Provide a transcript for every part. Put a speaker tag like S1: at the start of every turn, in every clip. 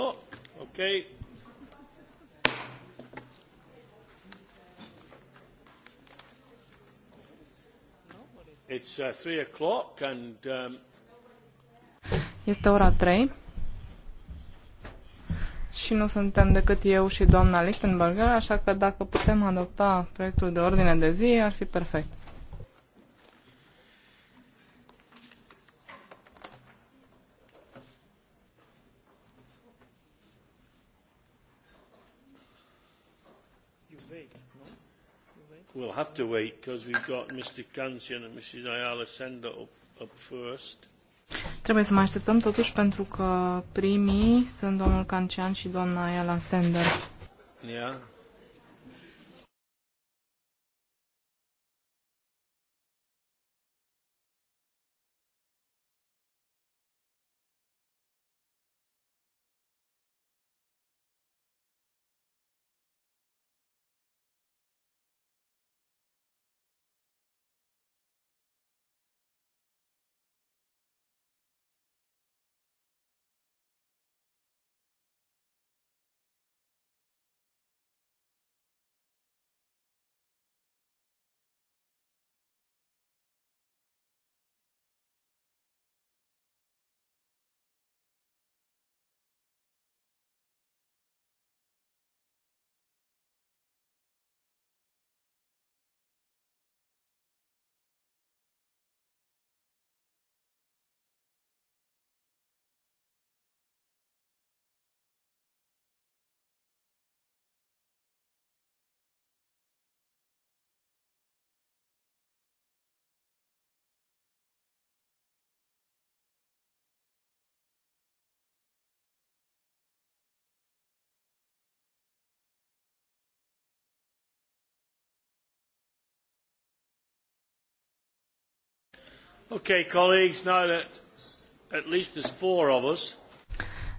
S1: Oh, okay. It's uh, three o'clock and. Um...
S2: Este ora 3 și nu suntem decât eu și doamna Lichtenberger, așa că dacă putem adopta proiectul de ordine de zi, ar fi perfect.
S1: to wait because we've got Mr. Kansian and Mrs. Ayala Sender up, up first.
S2: Trebuie să mai așteptăm totuși pentru că primii sunt domnul Cancian și doamna Ayala Sender. Yeah.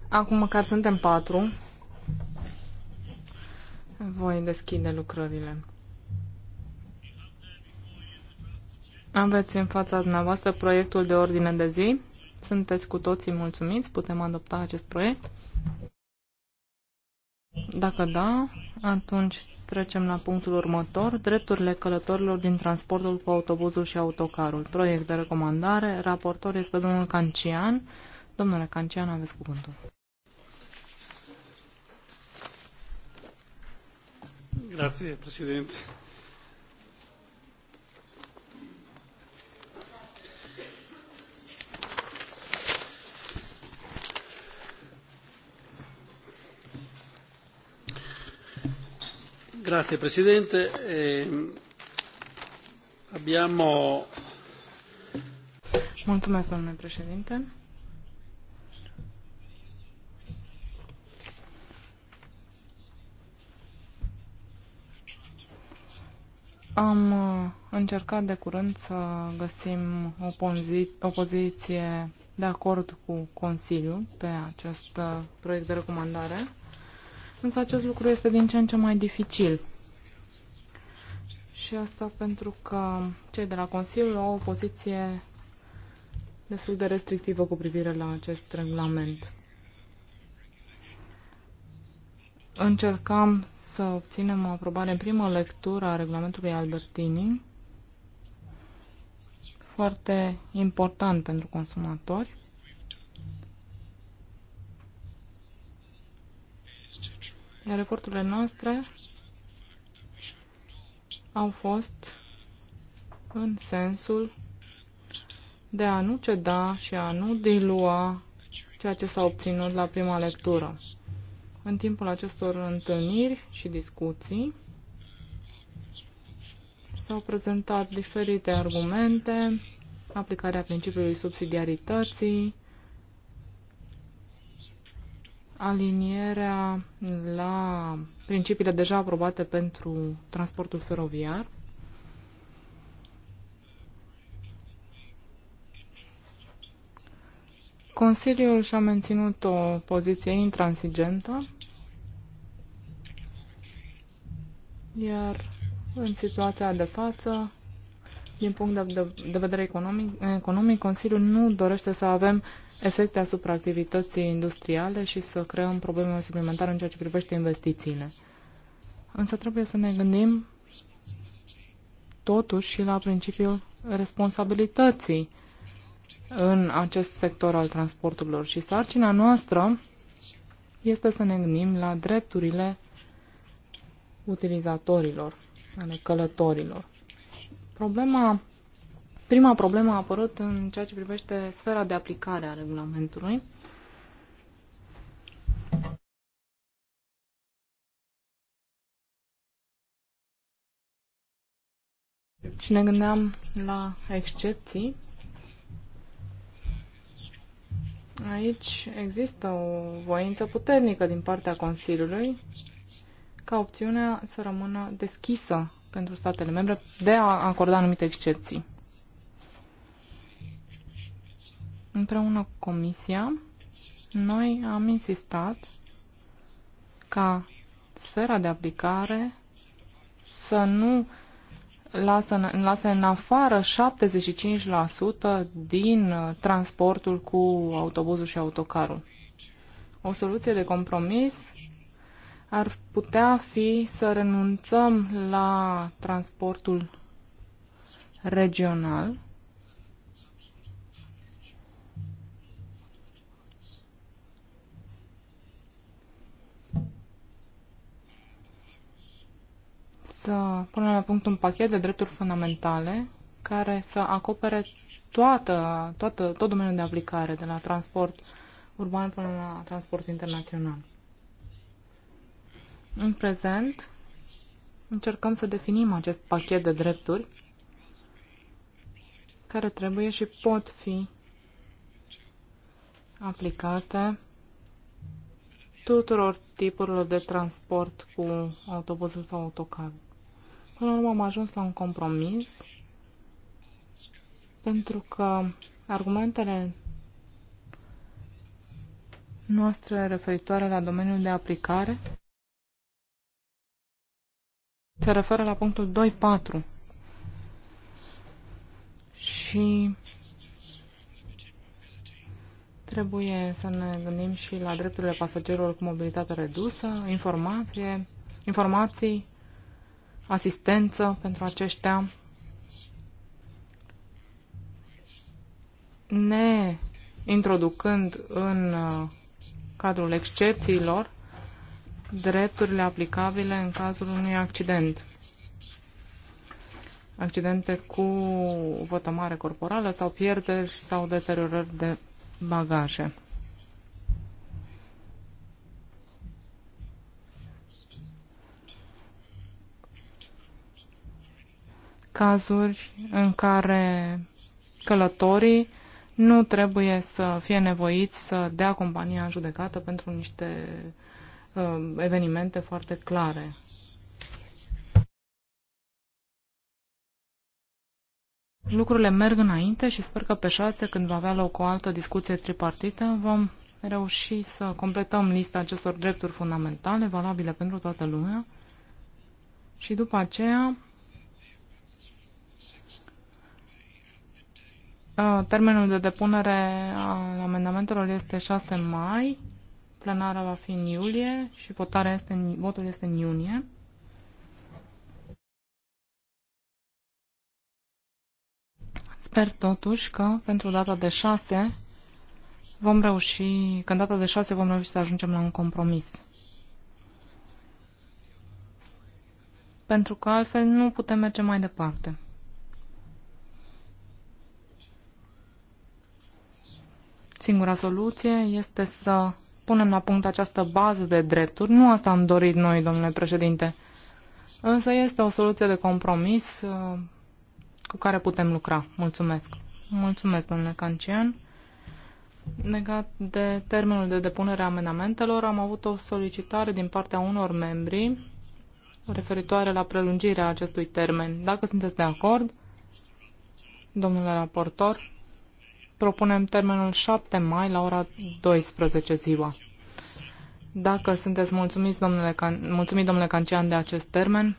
S2: Acum măcar suntem patru. Voi deschide lucrările. Aveți în fața dumneavoastră proiectul de ordine de zi. Sunteți cu toții mulțumiți? Putem adopta acest proiect? Dacă da, atunci trecem la punctul următor, drepturile călătorilor din transportul cu autobuzul și autocarul. Proiect de recomandare, raportor este domnul Cancian. Domnule Cancian, aveți cuvântul.
S1: Grazie, Presidente. Grazie Presidente. abbiamo...
S2: Mulțumesc, domnule președinte. Am uh, încercat de curând să găsim o, poziție, o poziție de acord cu Consiliul pe acest uh, proiect de recomandare. Însă acest lucru este din ce în ce mai dificil. Și asta pentru că cei de la Consiliu au o poziție destul de restrictivă cu privire la acest regulament. Încercam să obținem o aprobare în primă lectură a regulamentului Albertini, foarte important pentru consumatori. Iar eforturile noastre au fost în sensul de a nu ceda și a nu dilua ceea ce s-a obținut la prima lectură. În timpul acestor întâlniri și discuții s-au prezentat diferite argumente, aplicarea principiului subsidiarității, alinierea la principiile deja aprobate pentru transportul feroviar. Consiliul și-a menținut o poziție intransigentă, iar în situația de față din punct de, de, de vedere economic, economic, Consiliul nu dorește să avem efecte asupra activității industriale și să creăm probleme suplimentare în ceea ce privește investițiile. Însă trebuie să ne gândim totuși și la principiul responsabilității în acest sector al transporturilor și sarcina noastră este să ne gândim la drepturile utilizatorilor, ale călătorilor. Problema, prima problemă a apărut în ceea ce privește sfera de aplicare a regulamentului. Și ne gândeam la excepții. Aici există o voință puternică din partea Consiliului ca opțiunea să rămână deschisă pentru statele membre de a acorda anumite excepții. Împreună cu Comisia, noi am insistat ca sfera de aplicare să nu lasă, în afară 75% din uh, transportul cu autobuzul și autocarul. O soluție de compromis ar putea fi să renunțăm la transportul regional să punem la punct un pachet de drepturi fundamentale care să acopere toată, toată, tot domeniul de aplicare, de la transport urban până la transport internațional. În prezent, încercăm să definim acest pachet de drepturi care trebuie și pot fi aplicate tuturor tipurilor de transport cu autobuzul sau autocar. Până la urmă am ajuns la un compromis pentru că argumentele noastre referitoare la domeniul de aplicare se referă la punctul 2.4 și trebuie să ne gândim și la drepturile pasagerilor cu mobilitate redusă, informație, informații, asistență pentru aceștia. Ne introducând în uh, cadrul excepțiilor drepturile aplicabile în cazul unui accident. Accidente cu vătămare corporală sau pierderi sau deteriorări de bagaje. Cazuri în care călătorii nu trebuie să fie nevoiți să dea compania în judecată pentru niște uh, Um, evenimente foarte clare. Lucrurile merg înainte și sper că pe șase, când va avea loc o altă discuție tripartită, vom reuși să completăm lista acestor drepturi fundamentale, valabile pentru toată lumea. Și după aceea, uh, termenul de depunere al amendamentelor este 6 mai Plenara va fi în iulie și votarea este în, votul este în iunie. Sper totuși că pentru data de 6 vom reuși, că data de 6 vom reuși să ajungem la un compromis. Pentru că altfel nu putem merge mai departe. Singura soluție este să punem la punct această bază de drepturi. Nu asta am dorit noi, domnule președinte. Însă este o soluție de compromis uh, cu care putem lucra. Mulțumesc. Mulțumesc, domnule Cancian. Legat de termenul de depunere a amendamentelor, am avut o solicitare din partea unor membri referitoare la prelungirea acestui termen. Dacă sunteți de acord, domnule raportor, propunem termenul 7 mai la ora 12 ziua. Dacă sunteți mulțumiți, domnule, Can mulțumit, domnule Cancian, de acest termen,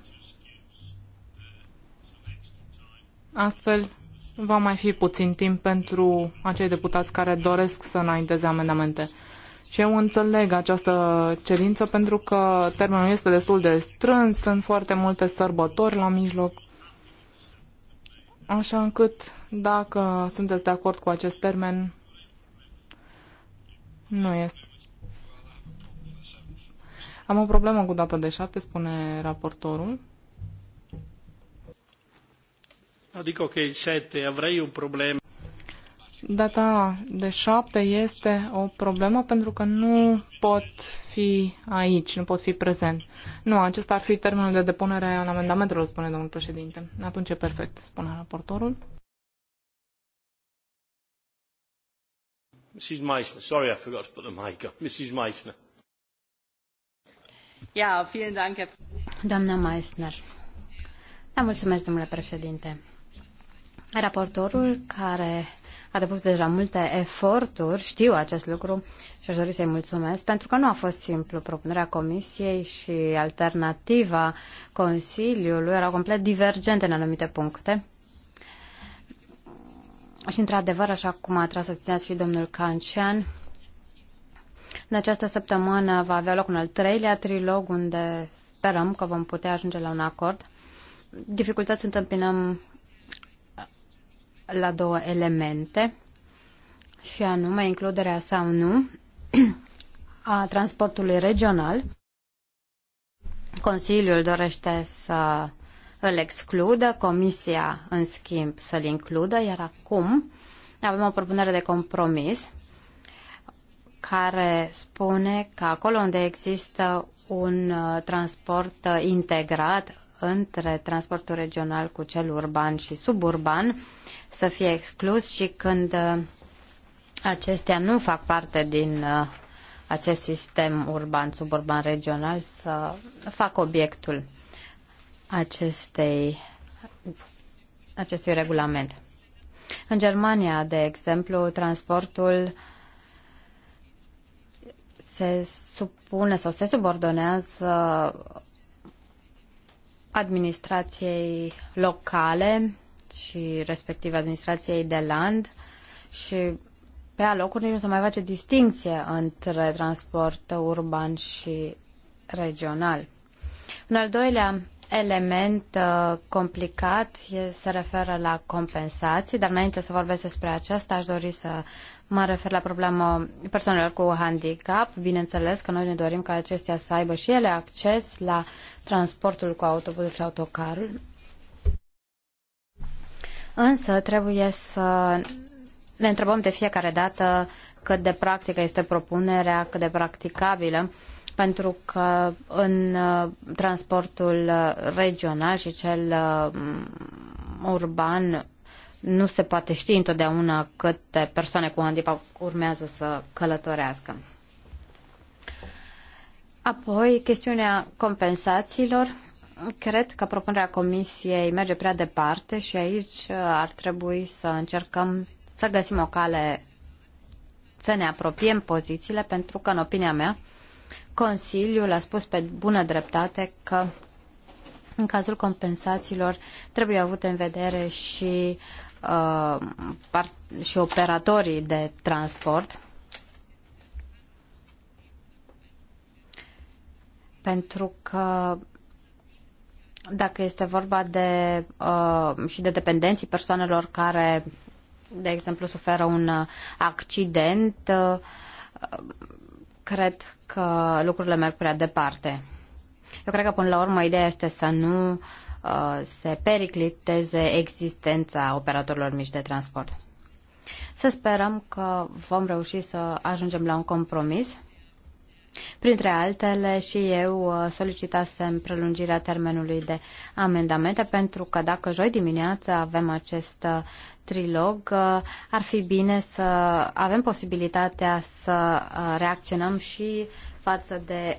S2: astfel va mai fi puțin timp pentru acei deputați care doresc să înainteze amendamente. Și eu înțeleg această cerință pentru că termenul este destul de strâns, sunt foarte multe sărbători la mijloc Așa încât, dacă sunteți de acord cu acest termen, nu este. Am o problemă cu data de 7, spune raportorul.
S1: Adică, dico che 7 avrei un problem.
S2: Data de 7 este o problemă pentru că nu pot fi aici, nu pot fi prezent. Nu, acesta ar fi termenul de depunere al amendamentelor, spune domnul președinte. Atunci e perfect, spune raportorul.
S1: Mrs. Meissner, sorry, I forgot to put the mic on. Mrs. Meissner.
S3: Ja, vielen Dank, Herr Doamna Meissner. Da, mulțumesc, domnule președinte. Raportorul care a depus deja multe eforturi, știu acest lucru și aș dori să-i mulțumesc, pentru că nu a fost simplu. Propunerea Comisiei și alternativa Consiliului erau complet divergente în anumite puncte. Și, într-adevăr, așa cum a tras atenția și domnul Cancian, în această săptămână va avea loc un al treilea trilog unde sperăm că vom putea ajunge la un acord. Dificultăți întâmpinăm la două elemente, și anume includerea sau nu a transportului regional. Consiliul dorește să îl excludă, Comisia, în schimb, să-l includă, iar acum avem o propunere de compromis care spune că acolo unde există un uh, transport uh, integrat între transportul regional cu cel urban și suburban să fie exclus și când uh, acestea nu fac parte din uh, acest sistem urban, suburban, regional să fac obiectul acestei, acestui regulament. În Germania, de exemplu, transportul se supune sau se subordonează administrației locale și respectiv administrației de land și pe alocuri nici nu se mai face distinție între transport urban și regional. În al doilea element uh, complicat e, se referă la compensații, dar înainte să vorbesc despre aceasta, aș dori să mă refer la problema persoanelor cu handicap. Bineînțeles că noi ne dorim ca acestea să aibă și ele acces la transportul cu autobuzul și autocarul. Însă trebuie să ne întrebăm de fiecare dată cât de practică este propunerea, cât de practicabilă pentru că în uh, transportul uh, regional și cel uh, urban nu se poate ști întotdeauna câte persoane cu handicap urmează să călătorească. Apoi, chestiunea compensațiilor. Cred că propunerea Comisiei merge prea departe și aici ar trebui să încercăm să găsim o cale să ne apropiem pozițiile, pentru că, în opinia mea, Consiliul a spus pe bună dreptate că în cazul compensațiilor trebuie avut în vedere și, uh, și operatorii de transport pentru că dacă este vorba de uh, și de dependenții persoanelor care, de exemplu, suferă un uh, accident, uh, cred că lucrurile merg prea departe. Eu cred că, până la urmă, ideea este să nu uh, se pericliteze existența operatorilor mici de transport. Să sperăm că vom reuși să ajungem la un compromis Printre altele și eu uh, solicitasem prelungirea termenului de amendamente pentru că dacă joi dimineață avem acest uh, trilog, uh, ar fi bine să avem posibilitatea să reacționăm și față de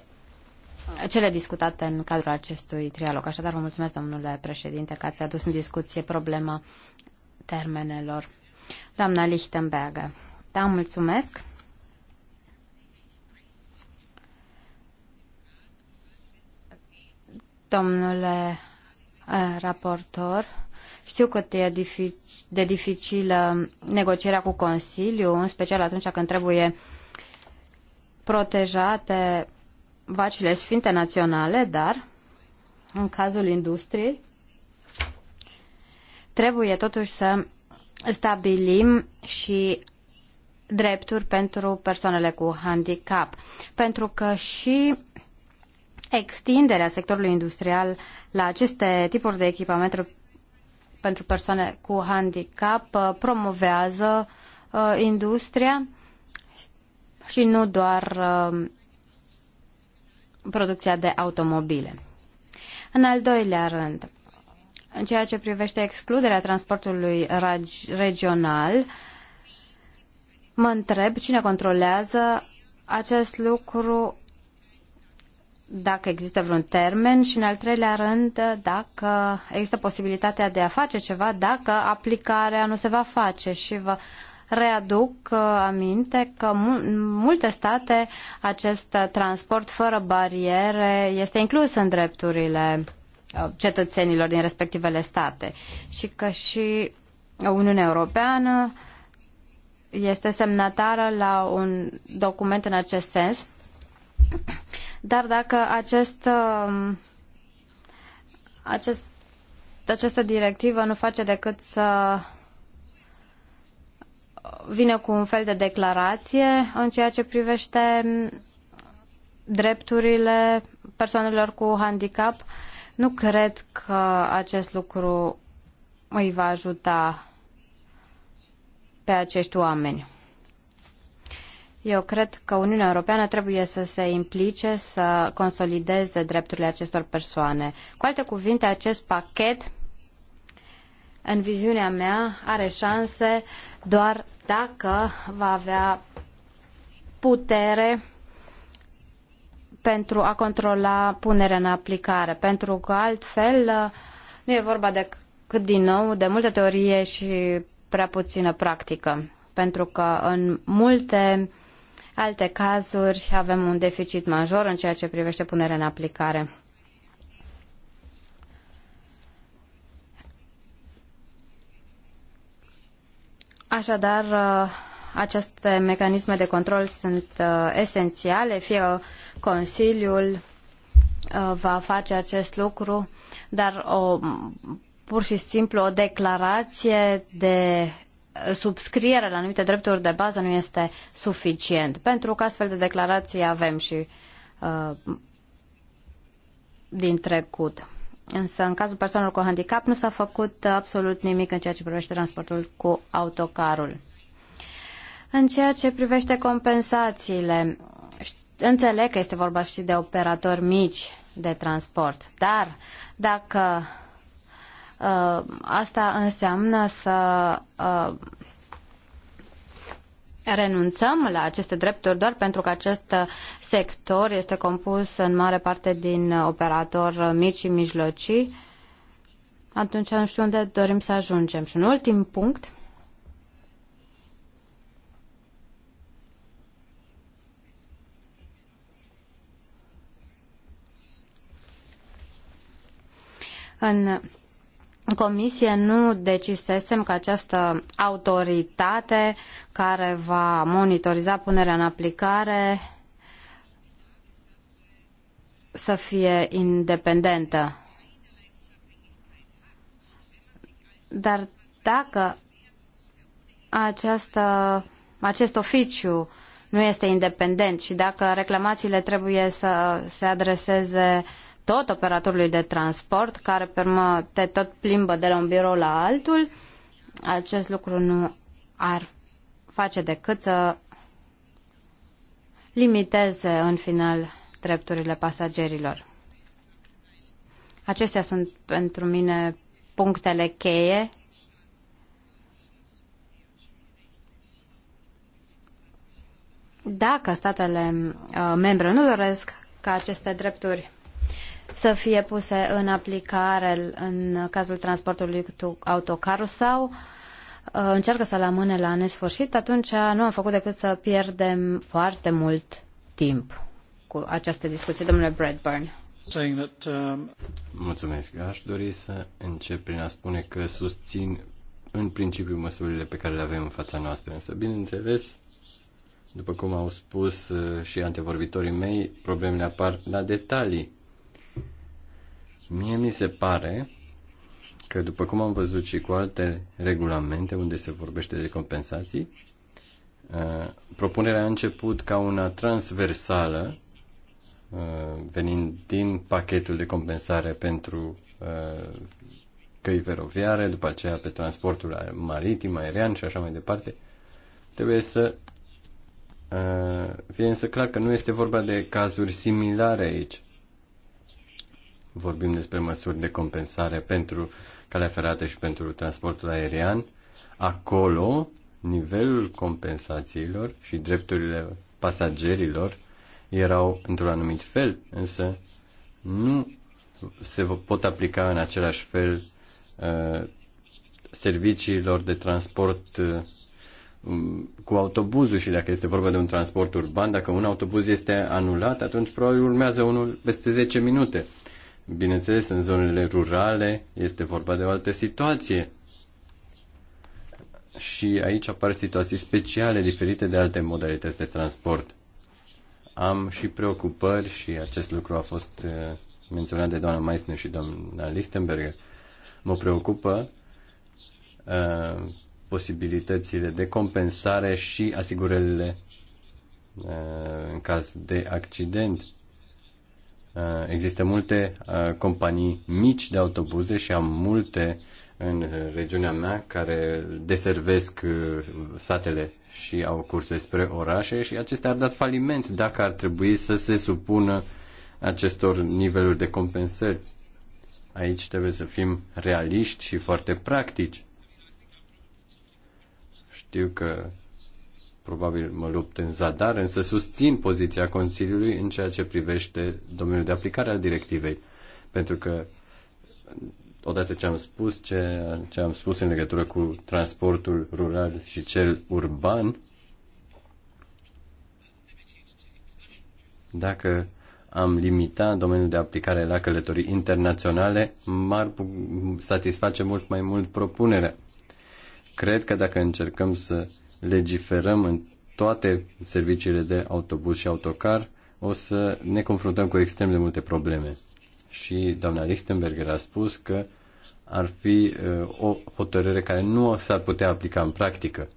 S3: cele discutate în cadrul acestui trialog. Așadar, vă mulțumesc, domnule președinte, că ați adus în discuție problema termenelor. Doamna Lichtenberger, da, mulțumesc. domnule eh, raportor. Știu cât e de dificilă negocierea cu Consiliu, în special atunci când trebuie protejate vacile sfinte naționale, dar în cazul industriei trebuie totuși să stabilim și drepturi pentru persoanele cu handicap, pentru că și extinderea sectorului industrial la aceste tipuri de echipamente pentru persoane cu handicap uh, promovează uh, industria și nu doar uh, producția de automobile. În al doilea rând, în ceea ce privește excluderea transportului regional, mă întreb cine controlează acest lucru dacă există vreun termen și, în al treilea rând, dacă există posibilitatea de a face ceva, dacă aplicarea nu se va face și vă readuc uh, aminte că în multe state acest transport fără bariere este inclus în drepturile uh, cetățenilor din respectivele state și că și Uniunea Europeană este semnatară la un document în acest sens dar dacă acest, um, acest, această directivă nu face decât să vină cu un fel de declarație în ceea ce privește drepturile persoanelor cu handicap, nu cred că acest lucru îi va ajuta pe acești oameni. Eu cred că Uniunea Europeană trebuie să se implice, să consolideze drepturile acestor persoane. Cu alte cuvinte, acest pachet, în viziunea mea, are șanse doar dacă va avea putere pentru a controla punerea în aplicare, pentru că altfel nu e vorba cât din nou de multă teorie și prea puțină practică, pentru că în multe alte cazuri avem un deficit major în ceea ce privește punerea în aplicare. Așadar, aceste mecanisme de control sunt uh, esențiale, fie Consiliul uh, va face acest lucru, dar o, pur și simplu o declarație de subscrierea la anumite drepturi de bază nu este suficient, pentru că astfel de declarații avem și uh, din trecut. Însă, în cazul persoanelor cu handicap, nu s-a făcut absolut nimic în ceea ce privește transportul cu autocarul. În ceea ce privește compensațiile, înțeleg că este vorba și de operatori mici de transport, dar dacă Uh, asta înseamnă să uh, renunțăm la aceste drepturi doar pentru că acest sector este compus în mare parte din operatori mici și mijlocii, atunci nu știu unde dorim să ajungem. Și un ultim punct. În Comisie nu decisesem că această autoritate care va monitoriza punerea în aplicare să fie independentă. Dar dacă această, acest oficiu nu este independent și dacă reclamațiile trebuie să se adreseze uh, tot operatorului de transport care pe urmă te tot plimbă de la un birou la altul, acest lucru nu ar face decât să limiteze în final drepturile pasagerilor. Acestea sunt pentru mine punctele cheie dacă statele uh, membre nu doresc ca aceste drepturi să fie puse în aplicare în cazul transportului cu autocarul sau uh, încearcă să-l amâne la nesfârșit, atunci nu am făcut decât să pierdem foarte mult timp cu această discuție. Domnule Bradburn.
S4: Um, Mulțumesc. Aș dori să încep prin a spune că susțin în principiu măsurile pe care le avem în fața noastră, însă, bineînțeles, după cum au spus uh, și antevorbitorii mei, problemele apar la detalii Mie mi se pare că, după cum am văzut și cu alte regulamente unde se vorbește de compensații, uh, propunerea a început ca una transversală, uh, venind din pachetul de compensare pentru uh, căi feroviare, după aceea pe transportul maritim, aerian și așa mai departe, trebuie să fie însă clar că nu este vorba de cazuri similare aici vorbim despre măsuri de compensare pentru calea ferată și pentru transportul aerian, acolo nivelul compensațiilor și drepturile pasagerilor erau într-un anumit fel, însă nu se pot aplica în același fel uh, serviciilor de transport uh, um, cu autobuzul și dacă este vorba de un transport urban, dacă un autobuz este anulat, atunci probabil urmează unul peste 10 minute. Uh, Bineînțeles, în zonele rurale este vorba de o altă situație. Și aici apar situații speciale diferite de alte modalități de transport. Am și preocupări și acest lucru a fost uh, menționat de doamna Meissner și doamna Lichtenberger. Mă preocupă uh, posibilitățile de compensare și asigurările uh, în caz de accident. Uh, Uh, există multe uh, companii mici de autobuze și am multe în regiunea mea care deservesc uh, satele și au curse spre orașe și acestea ar dat faliment dacă ar trebui să se supună acestor niveluri de compensări. Aici trebuie să fim realiști și foarte practici. Știu că probabil mă lupt în zadar, însă susțin poziția Consiliului în ceea ce privește domeniul de aplicare al directivei. Pentru că, odată ce am spus ce, ce am spus în legătură cu transportul rural și cel urban, dacă am limita domeniul de aplicare la călătorii internaționale, m-ar satisface mult mai mult propunerea. Cred că dacă încercăm să legiferăm în toate serviciile de autobuz și autocar, o să ne confruntăm cu extrem de multe probleme. Și doamna Lichtenberger a spus că ar fi uh, o hotărâre care nu s-ar putea aplica în practică.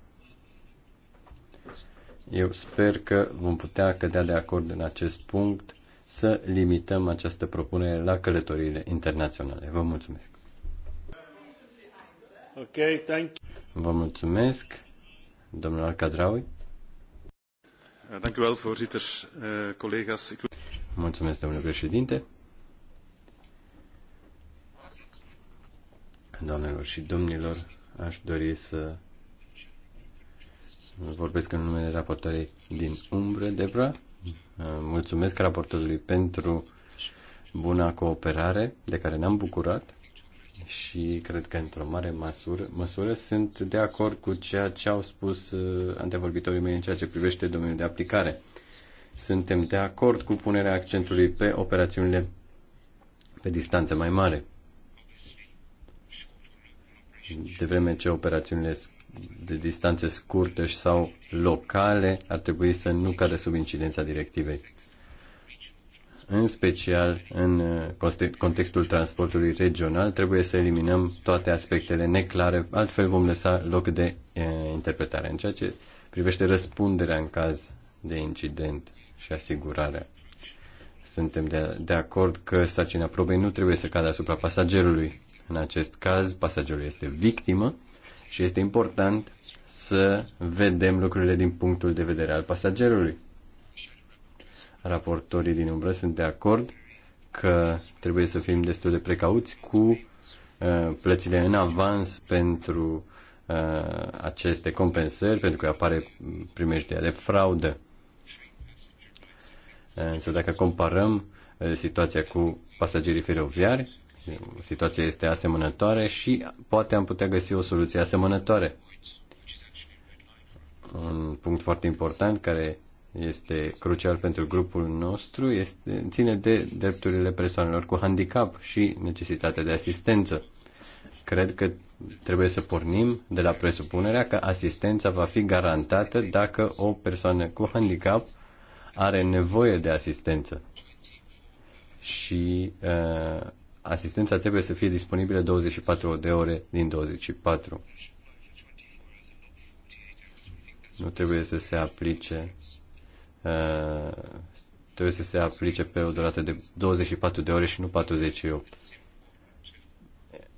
S4: Eu sper că vom putea cădea de acord în acest punct să limităm această propunere la călătoriile internaționale. Vă mulțumesc.
S1: Okay, thank
S4: you. Vă mulțumesc. Domnul Alcadraui. Dank u wel, voorzitter. Eh, collega's. Mulțumesc, domnule președinte. Doamnelor și domnilor, aș dori să vorbesc în numele raportoarei din umbră, Debra. Mulțumesc raportorului pentru buna cooperare de care ne-am bucurat și cred că într-o mare măsură, măsură sunt de acord cu ceea ce au spus uh, antevorbitorii mei în ceea ce privește domeniul de aplicare. Suntem de acord cu punerea accentului pe operațiunile pe distanță mai mare. De vreme ce operațiunile de distanțe scurte sau locale ar trebui să nu cadă sub incidența directivei în special în uh, contextul transportului regional, trebuie să eliminăm toate aspectele neclare, altfel vom lăsa loc de uh, interpretare. În ceea ce privește răspunderea în caz de incident și asigurarea. Suntem de, de acord că sarcina probei nu trebuie să cadă asupra pasagerului. În acest caz, pasagerul este victimă și este important să vedem lucrurile din punctul de vedere al pasagerului raportorii din umbră sunt de acord că trebuie să fim destul de precauți cu uh, plățile în avans pentru uh, aceste compensări, pentru că apare primejdea de fraudă. Însă dacă comparăm uh, situația cu pasagerii feroviari, situația este asemănătoare și poate am putea găsi o soluție asemănătoare. Un punct foarte important care este crucial pentru grupul nostru este, ține de drepturile persoanelor cu handicap și necesitatea de asistență. Cred că trebuie să pornim de la presupunerea că asistența va fi garantată dacă o persoană cu handicap are nevoie de asistență. Și uh, asistența trebuie să fie disponibilă 24 de ore din 24. Nu trebuie să se aplice Uh, trebuie să se aplice pe o durată de 24 de ore și nu 48.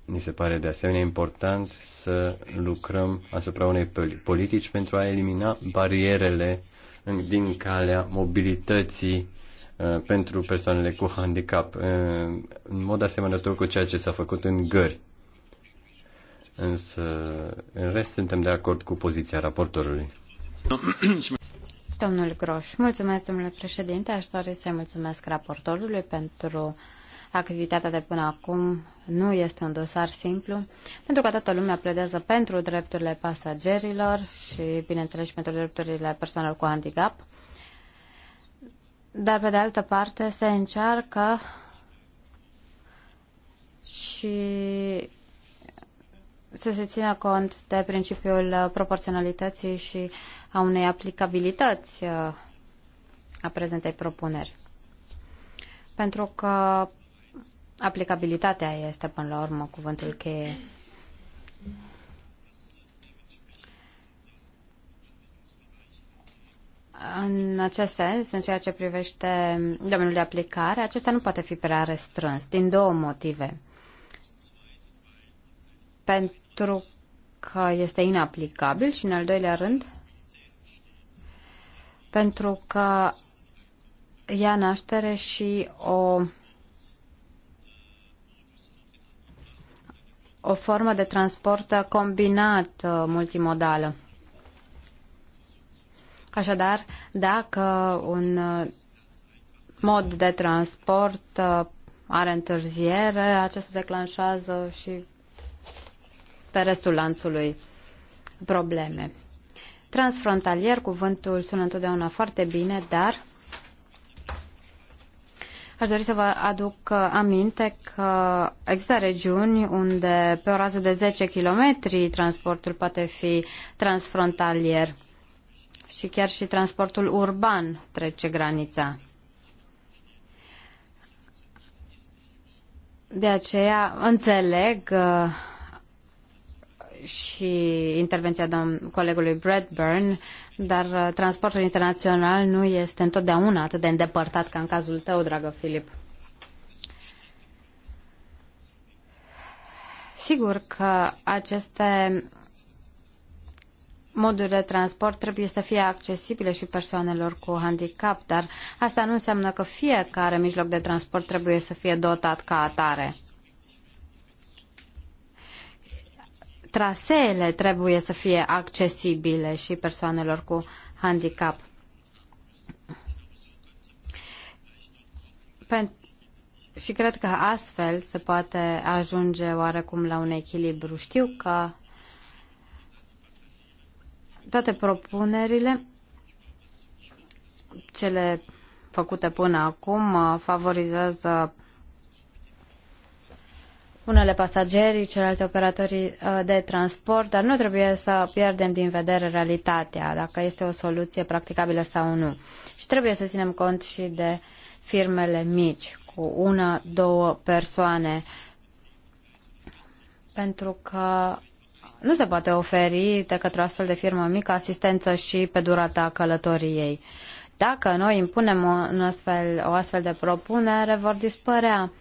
S4: Ni se pare de asemenea important să lucrăm asupra unei politici pentru a elimina barierele din calea mobilității uh, pentru persoanele cu handicap, uh, în mod asemănător cu ceea ce s-a făcut în gări. Însă, în rest, suntem de acord cu poziția raportorului.
S3: Domnul Groș, mulțumesc, domnule președinte. Aș dori să mulțumesc raportorului pentru activitatea de până acum. Nu este un dosar simplu, pentru că toată lumea pledează pentru drepturile pasagerilor și, bineînțeles, pentru drepturile persoanelor cu handicap. Dar, pe de altă parte, se încearcă și să se țină cont de principiul uh, proporționalității și a unei aplicabilități uh, a prezentei propuneri. Pentru că aplicabilitatea este, până la urmă, cuvântul cheie. În acest sens, în ceea ce privește domeniul de aplicare, acesta nu poate fi prea restrâns, din două motive. Pentru pentru că este inaplicabil și, în al doilea rând, pentru că ia naștere și o, o formă de transport combinat uh, multimodală. Așadar, dacă un uh, mod de transport uh, are întârziere, acesta declanșează și pe restul lanțului probleme. Transfrontalier, cuvântul sună întotdeauna foarte bine, dar Aș dori să vă aduc aminte că există regiuni unde pe o rază de 10 km transportul poate fi transfrontalier și chiar și transportul urban trece granița. De aceea înțeleg uh, și intervenția domnului colegului Bradburn, dar uh, transportul internațional nu este întotdeauna atât de îndepărtat ca în cazul tău, dragă Filip. Sigur că aceste moduri de transport trebuie să fie accesibile și persoanelor cu handicap, dar asta nu înseamnă că fiecare mijloc de transport trebuie să fie dotat ca atare. traseele trebuie să fie accesibile și persoanelor cu handicap. și cred că astfel se poate ajunge oarecum la un echilibru. Știu că toate propunerile, cele făcute până acum, uh, favorizează unele pasageri, celelalte operatorii uh, de transport, dar nu trebuie să pierdem din vedere realitatea, dacă este o soluție practicabilă sau nu. Și trebuie să ținem cont și de firmele mici, cu una, două persoane, pentru că nu se poate oferi de către o astfel de firmă mică asistență și pe durata călătoriei. Dacă noi impunem un astfel, o astfel de propunere, vor dispărea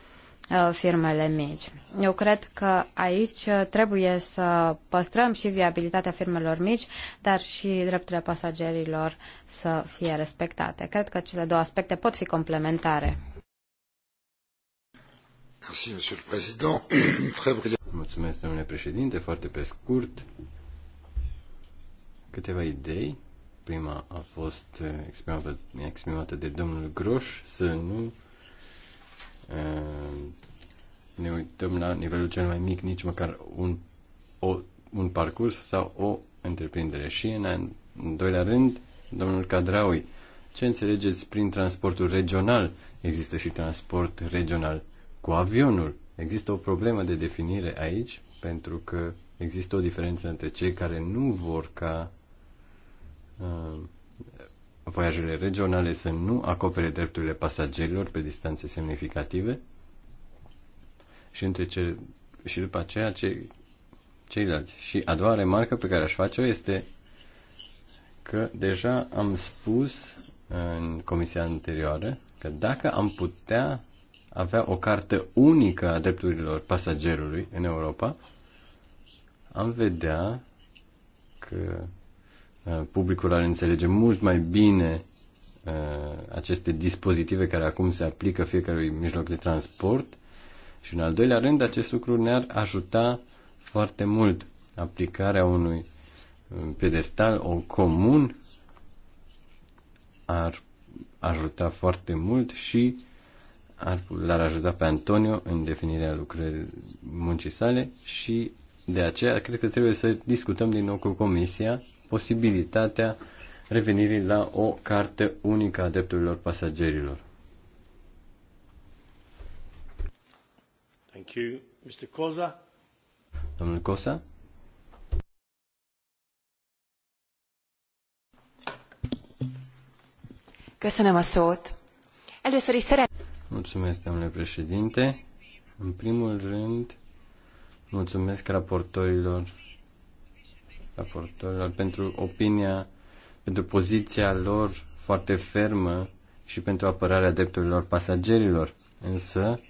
S3: Uh, firmele mici. Eu cred că aici uh, trebuie să păstrăm și viabilitatea firmelor mici, dar și drepturile pasagerilor să fie respectate. Cred că cele două aspecte pot fi complementare.
S4: Mulțumesc, domnule președinte, foarte pe scurt. Câteva idei. Prima a fost uh, exprimată, exprimată de domnul Groș să nu Ehm, ne uităm la nivelul cel mai mic, nici măcar un, o, un parcurs sau o întreprindere. Și în, în doilea rând, domnul Cadraui, ce înțelegeți prin transportul regional? Există și transport regional cu avionul. Există o problemă de definire aici, pentru că există o diferență între cei care nu vor ca uh, voiajele regionale să nu acopere drepturile pasagerilor pe distanțe semnificative și între ce și după aceea ce, ceilalți. Și a doua remarcă pe care aș face-o este că deja am spus în comisia anterioară că dacă am putea avea o carte unică a drepturilor pasagerului în Europa, am vedea că Uh, publicul ar înțelege mult mai bine uh, aceste dispozitive care acum se aplică fiecărui mijloc de transport și în al doilea rând acest lucru ne-ar ajuta foarte mult aplicarea unui uh, pedestal o comun ar ajuta foarte mult și ar, l-ar ajuta pe Antonio în definirea lucrării muncii sale și de aceea cred că trebuie să discutăm din nou cu Comisia posibilitatea revenirii la o carte unică a drepturilor pasagerilor.
S1: Thank you. Mr. Cosa.
S4: Domnul Cosa.
S2: Köszönöm asot. El este is
S4: Mulțumesc, domnule președinte. În primul rând, mulțumesc raportorilor dar pentru opinia, pentru poziția lor foarte fermă și pentru apărarea drepturilor pasagerilor. Însă,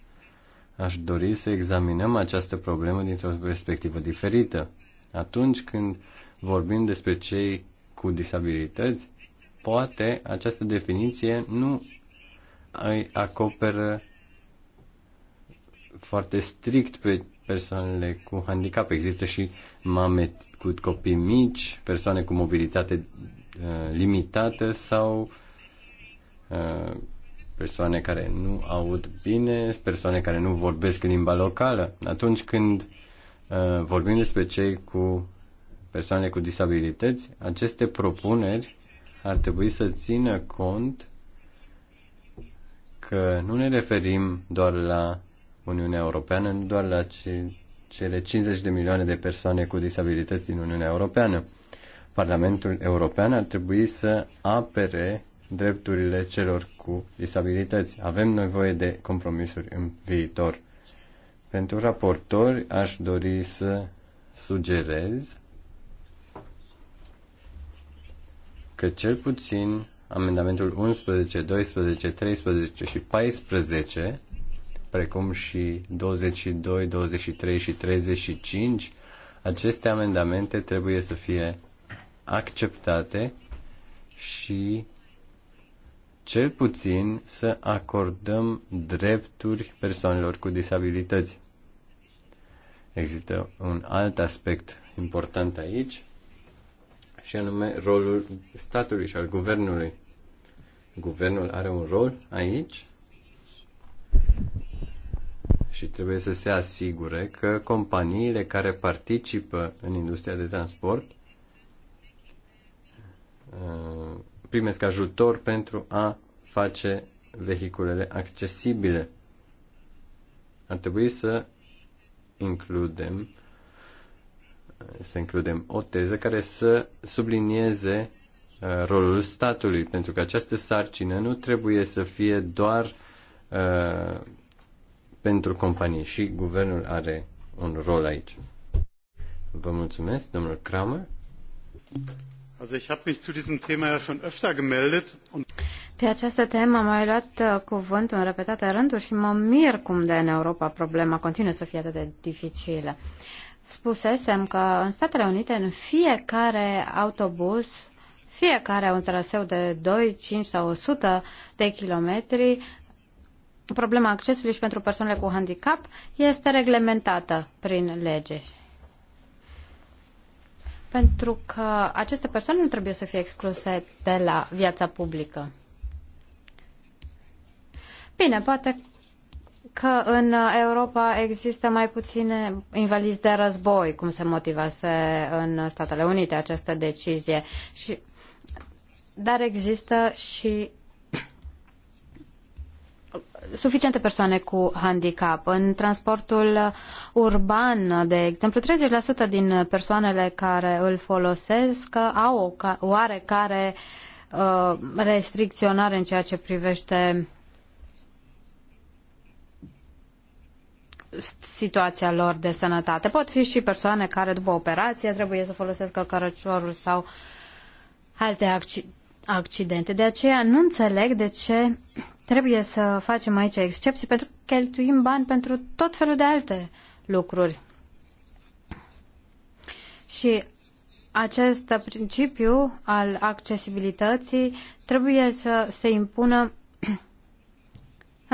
S4: aș dori să examinăm această problemă dintr-o perspectivă diferită. Atunci când vorbim despre cei cu disabilități, poate această definiție nu îi acoperă foarte strict pe persoanele cu handicap. Există și mame cu copii mici, persoane cu mobilitate uh, limitată sau uh, persoane care nu aud bine, persoane care nu vorbesc limba locală. Atunci când uh, vorbim despre cei cu persoane cu disabilități, aceste propuneri ar trebui să țină cont că nu ne referim doar la Uniunea Europeană, nu doar la ce, cele 50 de milioane de persoane cu disabilități din Uniunea Europeană. Parlamentul European ar trebui să apere drepturile celor cu disabilități. Avem nevoie de compromisuri în viitor. Pentru raportori aș dori să sugerez că cel puțin amendamentul 11, 12, 13 și 14 precum și 22, 23 și 35, aceste amendamente trebuie să fie acceptate și cel puțin să acordăm drepturi persoanelor cu disabilități. Există un alt aspect important aici și anume rolul statului și al guvernului. Guvernul are un rol aici și trebuie să se asigure că companiile care participă în industria de transport uh, primesc ajutor pentru a face vehiculele accesibile. Ar trebui să includem să includem o teză care să sublinieze uh, rolul statului, pentru că această sarcină nu trebuie să fie doar uh, pentru companii și guvernul are un rol aici. Vă mulțumesc, domnul Kramer. Also ich habe mich zu diesem Thema ja schon öfter gemeldet und
S3: pe această temă am mai luat uh, cuvântul în repetate rânduri și mă mir cum de în Europa problema continuă să fie atât de dificilă. Spusesem că în Statele Unite în fiecare autobuz, fiecare un traseu de 2, 5 sau 100 de kilometri problema accesului și pentru persoanele cu handicap este reglementată prin lege. Pentru că aceste persoane nu trebuie să fie excluse de la viața publică. Bine, poate că în Europa există mai puține invalizi de război, cum se motivase în Statele Unite această decizie. Și, dar există și suficiente persoane cu handicap. În transportul urban, de exemplu, 30% din persoanele care îl folosesc au o oarecare uh, restricționare în ceea ce privește situația lor de sănătate. Pot fi și persoane care după operație trebuie să folosească cărăciorul sau alte accidente. De aceea nu înțeleg de ce trebuie să facem aici excepții pentru că cheltuim bani pentru tot felul de alte lucruri. Și acest principiu al accesibilității trebuie să se impună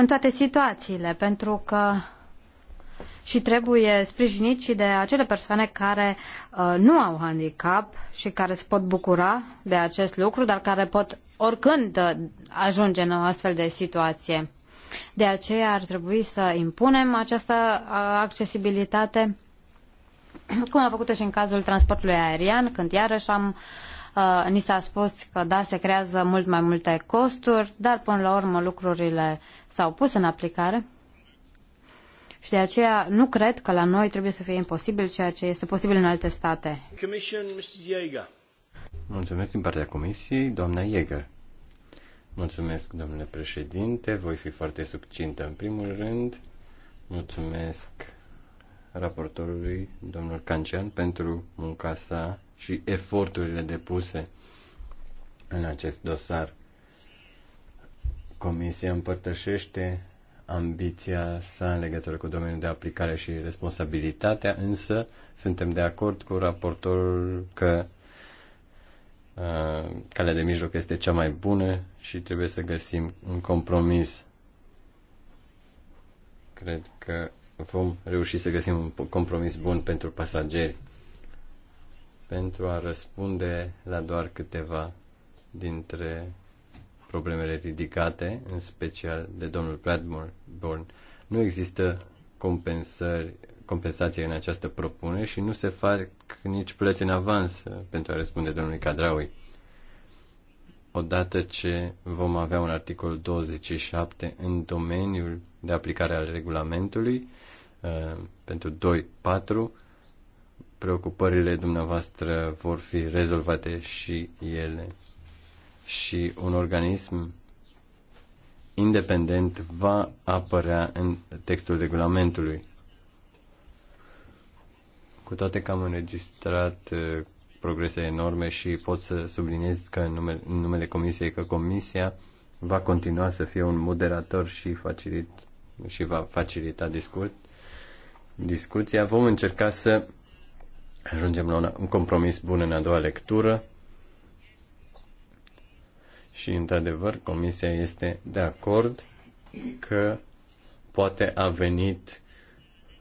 S3: în toate situațiile, pentru că și trebuie sprijinit și de acele persoane care uh, nu au handicap și care se pot bucura de acest lucru, dar care pot oricând uh, ajunge în o astfel de situație. De aceea ar trebui să impunem această uh, accesibilitate, cum am făcut-o și în cazul transportului aerian, când iarăși am uh, ni s-a spus că da, se creează mult mai multe costuri, dar până la urmă lucrurile s-au pus în aplicare și de aceea nu cred că la noi trebuie să fie imposibil ceea ce este posibil în alte state.
S4: Mulțumesc din partea Comisiei, doamna Jäger. Mulțumesc, domnule președinte, voi fi foarte succintă în primul rând. Mulțumesc raportorului, domnul Cancian, pentru munca sa și eforturile depuse în acest dosar. Comisia împărtășește ambiția sa în legătură cu domeniul de aplicare și responsabilitatea, însă suntem de acord cu raportorul că uh, calea de mijloc este cea mai bună și trebuie să găsim un compromis. Cred că vom reuși să găsim un compromis bun pentru pasageri pentru a răspunde la doar câteva dintre problemele ridicate, în special de domnul Bradborn. Nu există compensări, compensație în această propunere și nu se fac nici plăți în avans uh, pentru a răspunde domnului Cadraui. Odată ce vom avea un articol 27 în domeniul de aplicare al regulamentului, uh, pentru 2.4, preocupările dumneavoastră vor fi rezolvate și ele și un organism independent va apărea în textul regulamentului. Cu toate că am înregistrat uh, progrese enorme și pot să subliniez că în numele, în numele Comisiei că Comisia va continua să fie un moderator și, facilit, și va facilita discut, discuția. Vom încerca să ajungem la un compromis bun în a doua lectură și, într-adevăr, Comisia este de acord că poate a venit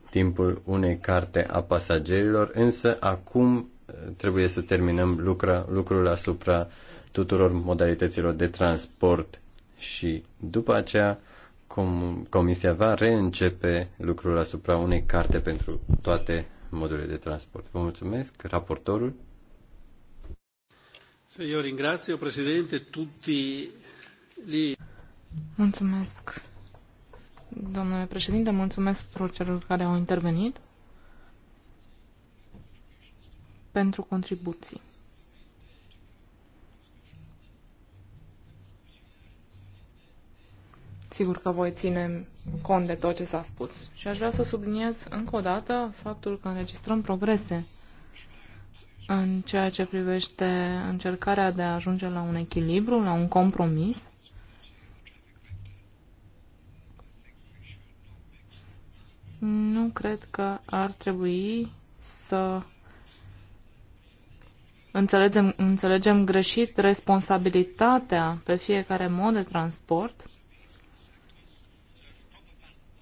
S4: timpul unei carte a pasagerilor, însă acum eh, trebuie să terminăm lucra, lucrul asupra tuturor modalităților de transport și după aceea com, Comisia va reîncepe lucrul asupra unei carte pentru toate modurile de transport. Vă mulțumesc, raportorul.
S1: Se eu ringrazio, președinte, tutti li...
S2: Mulțumesc, domnule președinte, mulțumesc tuturor celor care au intervenit pentru contribuții. Sigur că voi ține cont de tot ce s-a spus. Și aș vrea să subliniez încă o dată faptul că înregistrăm progrese în ceea ce privește încercarea de a ajunge la un echilibru, la un compromis. Nu cred că ar trebui să înțelegem, înțelegem greșit responsabilitatea pe fiecare mod de transport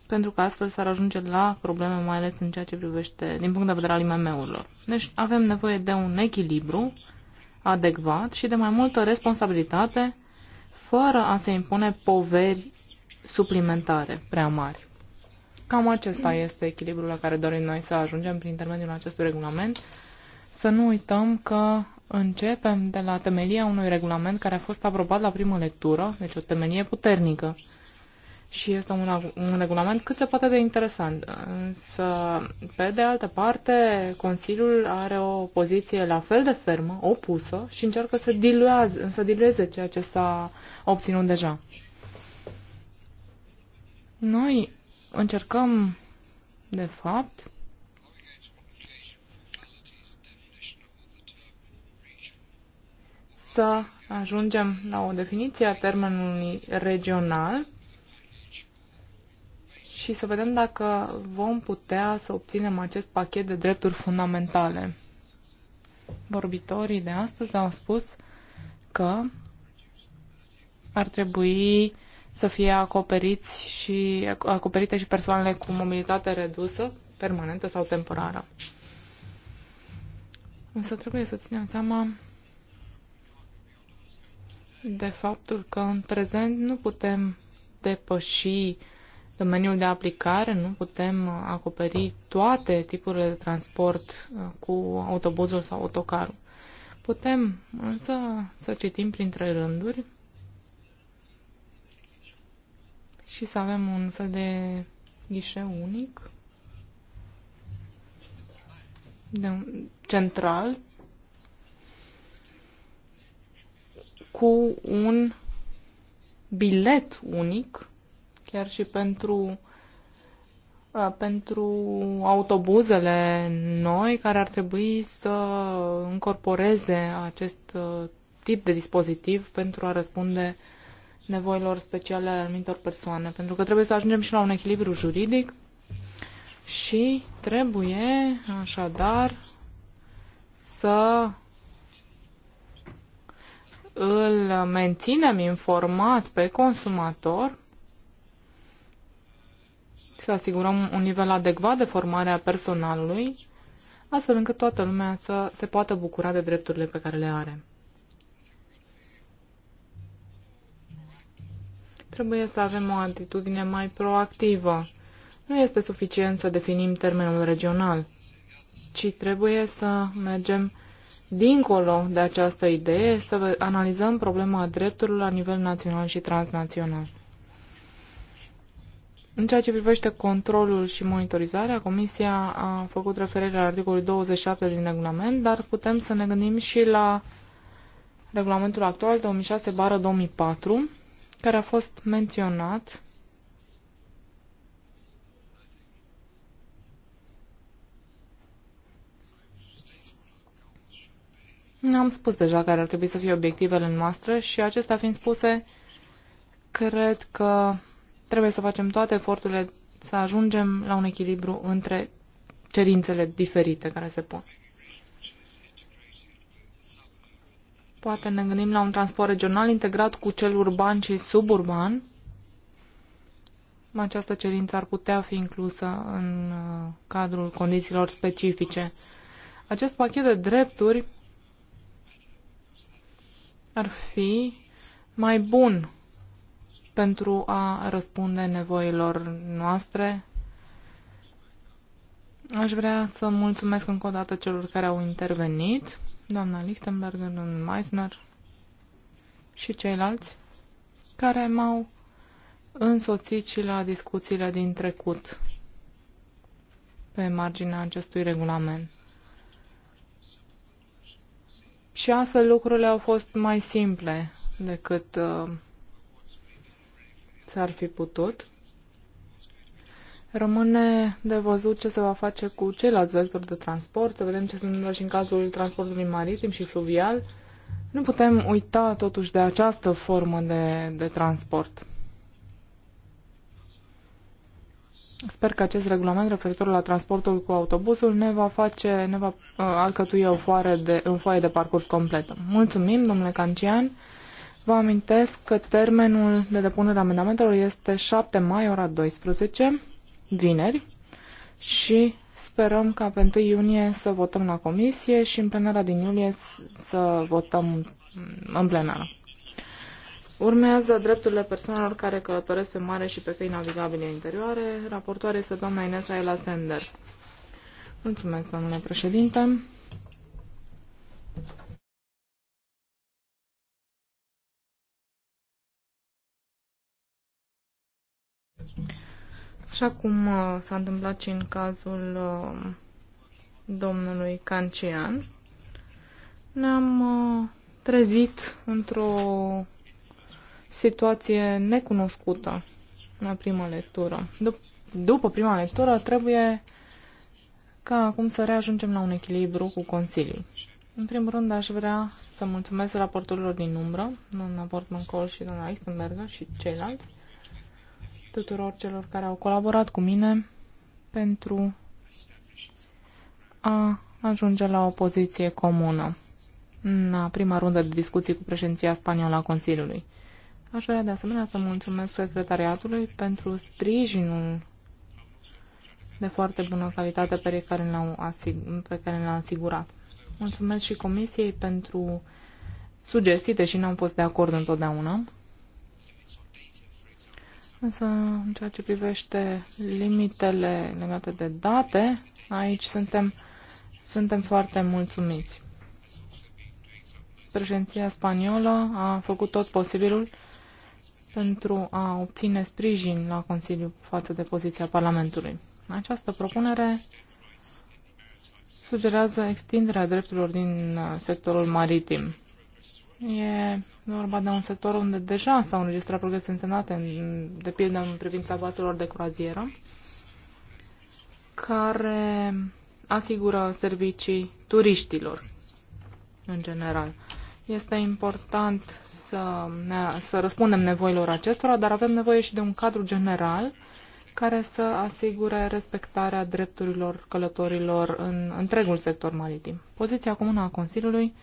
S2: pentru că astfel s-ar ajunge la probleme, mai ales în ceea ce privește, din punct de vedere al IMM-urilor. Deci avem nevoie de un echilibru adecvat și de mai multă responsabilitate fără a se impune poveri suplimentare prea mari. Cam acesta este echilibrul la care dorim noi să ajungem prin intermediul acestui regulament. Să nu uităm că începem de la temelia unui regulament care a fost aprobat la primă lectură, deci o temelie puternică și este un, un regulament cât se poate de interesant. Însă, pe de altă parte, Consiliul are o poziție la fel de fermă, opusă, și încearcă să dilueze, să dilueze ceea ce s-a obținut deja. Noi încercăm, de fapt, să ajungem la o definiție a termenului regional și să vedem dacă vom putea să obținem acest pachet de drepturi fundamentale. Vorbitorii de astăzi au spus că ar trebui să fie acoperiți și, acoperite și persoanele cu mobilitate redusă, permanentă sau temporară. Însă trebuie să ținem seama de faptul că în prezent nu putem depăși domeniul de aplicare, nu putem uh, acoperi toate tipurile de transport uh, cu autobuzul sau autocarul. Putem însă să citim printre rânduri și să avem un fel de ghișeu unic de, central cu un bilet unic chiar și pentru pentru autobuzele noi care ar trebui să incorporeze acest tip de dispozitiv pentru a răspunde nevoilor speciale ale anumitor persoane. Pentru că trebuie să ajungem și la un echilibru juridic și trebuie așadar să îl menținem informat pe consumator să asigurăm un nivel adecvat de formare a personalului, astfel încât toată lumea să se poată bucura de drepturile pe care le are. Trebuie să avem o atitudine mai proactivă. Nu este suficient să definim termenul regional, ci trebuie să mergem dincolo de această idee, să analizăm problema drepturilor la nivel național și transnațional. În ceea ce privește controlul și monitorizarea, Comisia a făcut referire la articolul 27 din regulament, dar putem să ne gândim și la regulamentul actual 2006-2004, care a fost menționat Am spus deja care ar trebui să fie obiectivele noastre și acestea fiind spuse, cred că Trebuie să facem toate eforturile să ajungem la un echilibru între cerințele diferite care se pun. Poate ne gândim la un transport regional integrat cu cel urban și suburban. Această cerință ar putea fi inclusă în uh, cadrul condițiilor specifice. Acest pachet de drepturi ar fi mai bun pentru a răspunde nevoilor noastre. Aș vrea să mulțumesc încă o dată celor care au intervenit, doamna Lichtenberger, domnul Meisner și ceilalți care m-au însoțit și la discuțiile din trecut pe marginea acestui regulament. Și astfel lucrurile au fost mai simple decât uh, s-ar fi putut. Rămâne de văzut ce se va face cu ceilalți vectori de transport, să vedem ce se întâmplă și în cazul transportului maritim și fluvial. Nu putem uita totuși de această formă de, de transport. Sper că acest regulament referitor la transportul cu autobuzul ne va face, ne va uh, alcătui o foaie de, un foaie de parcurs completă. Mulțumim, domnule Cancian. Vă amintesc că termenul de depunere a amendamentelor este 7 mai, ora 12, vineri, și sperăm ca pe 1 iunie să votăm la comisie și în plenara din iulie să votăm în plenară. Urmează drepturile persoanelor care călătoresc pe mare și pe căi navigabile interioare. Raportoare este doamna Inesa Ela Sender. Mulțumesc, domnule președinte. Așa cum uh, s-a întâmplat și în cazul uh, domnului Cancian, ne-am uh, trezit într-o situație necunoscută la prima lectură. Dup- după prima lectură trebuie ca acum să reajungem la un echilibru cu Consiliul. În primul rând aș vrea să mulțumesc raporturilor din umbră, doamna Portman Cole și doamna Lichtenberger și ceilalți, tuturor celor care au colaborat cu mine pentru a ajunge la o poziție comună în prima rundă de discuții cu președinția spaniolă a Consiliului. Aș vrea de asemenea să mulțumesc secretariatului pentru sprijinul de foarte bună calitate pe care ne au asig- asigurat. Mulțumesc și Comisiei pentru sugestii, deși n-am fost de acord întotdeauna. Însă, în ceea ce privește limitele legate de date, aici suntem, suntem foarte mulțumiți. Președinția spaniolă a făcut tot posibilul pentru a obține sprijin la Consiliu față de poziția Parlamentului. Această propunere sugerează extinderea drepturilor din sectorul maritim. E vorba de un sector unde deja s-au înregistrat progrese însemnate, în, de pildă în privința vaselor de croazieră, care asigură servicii turiștilor în general. Este important să, ne, să răspundem nevoilor acestora, dar avem nevoie și de un cadru general care să asigure respectarea drepturilor călătorilor în întregul sector maritim. Poziția comună a Consiliului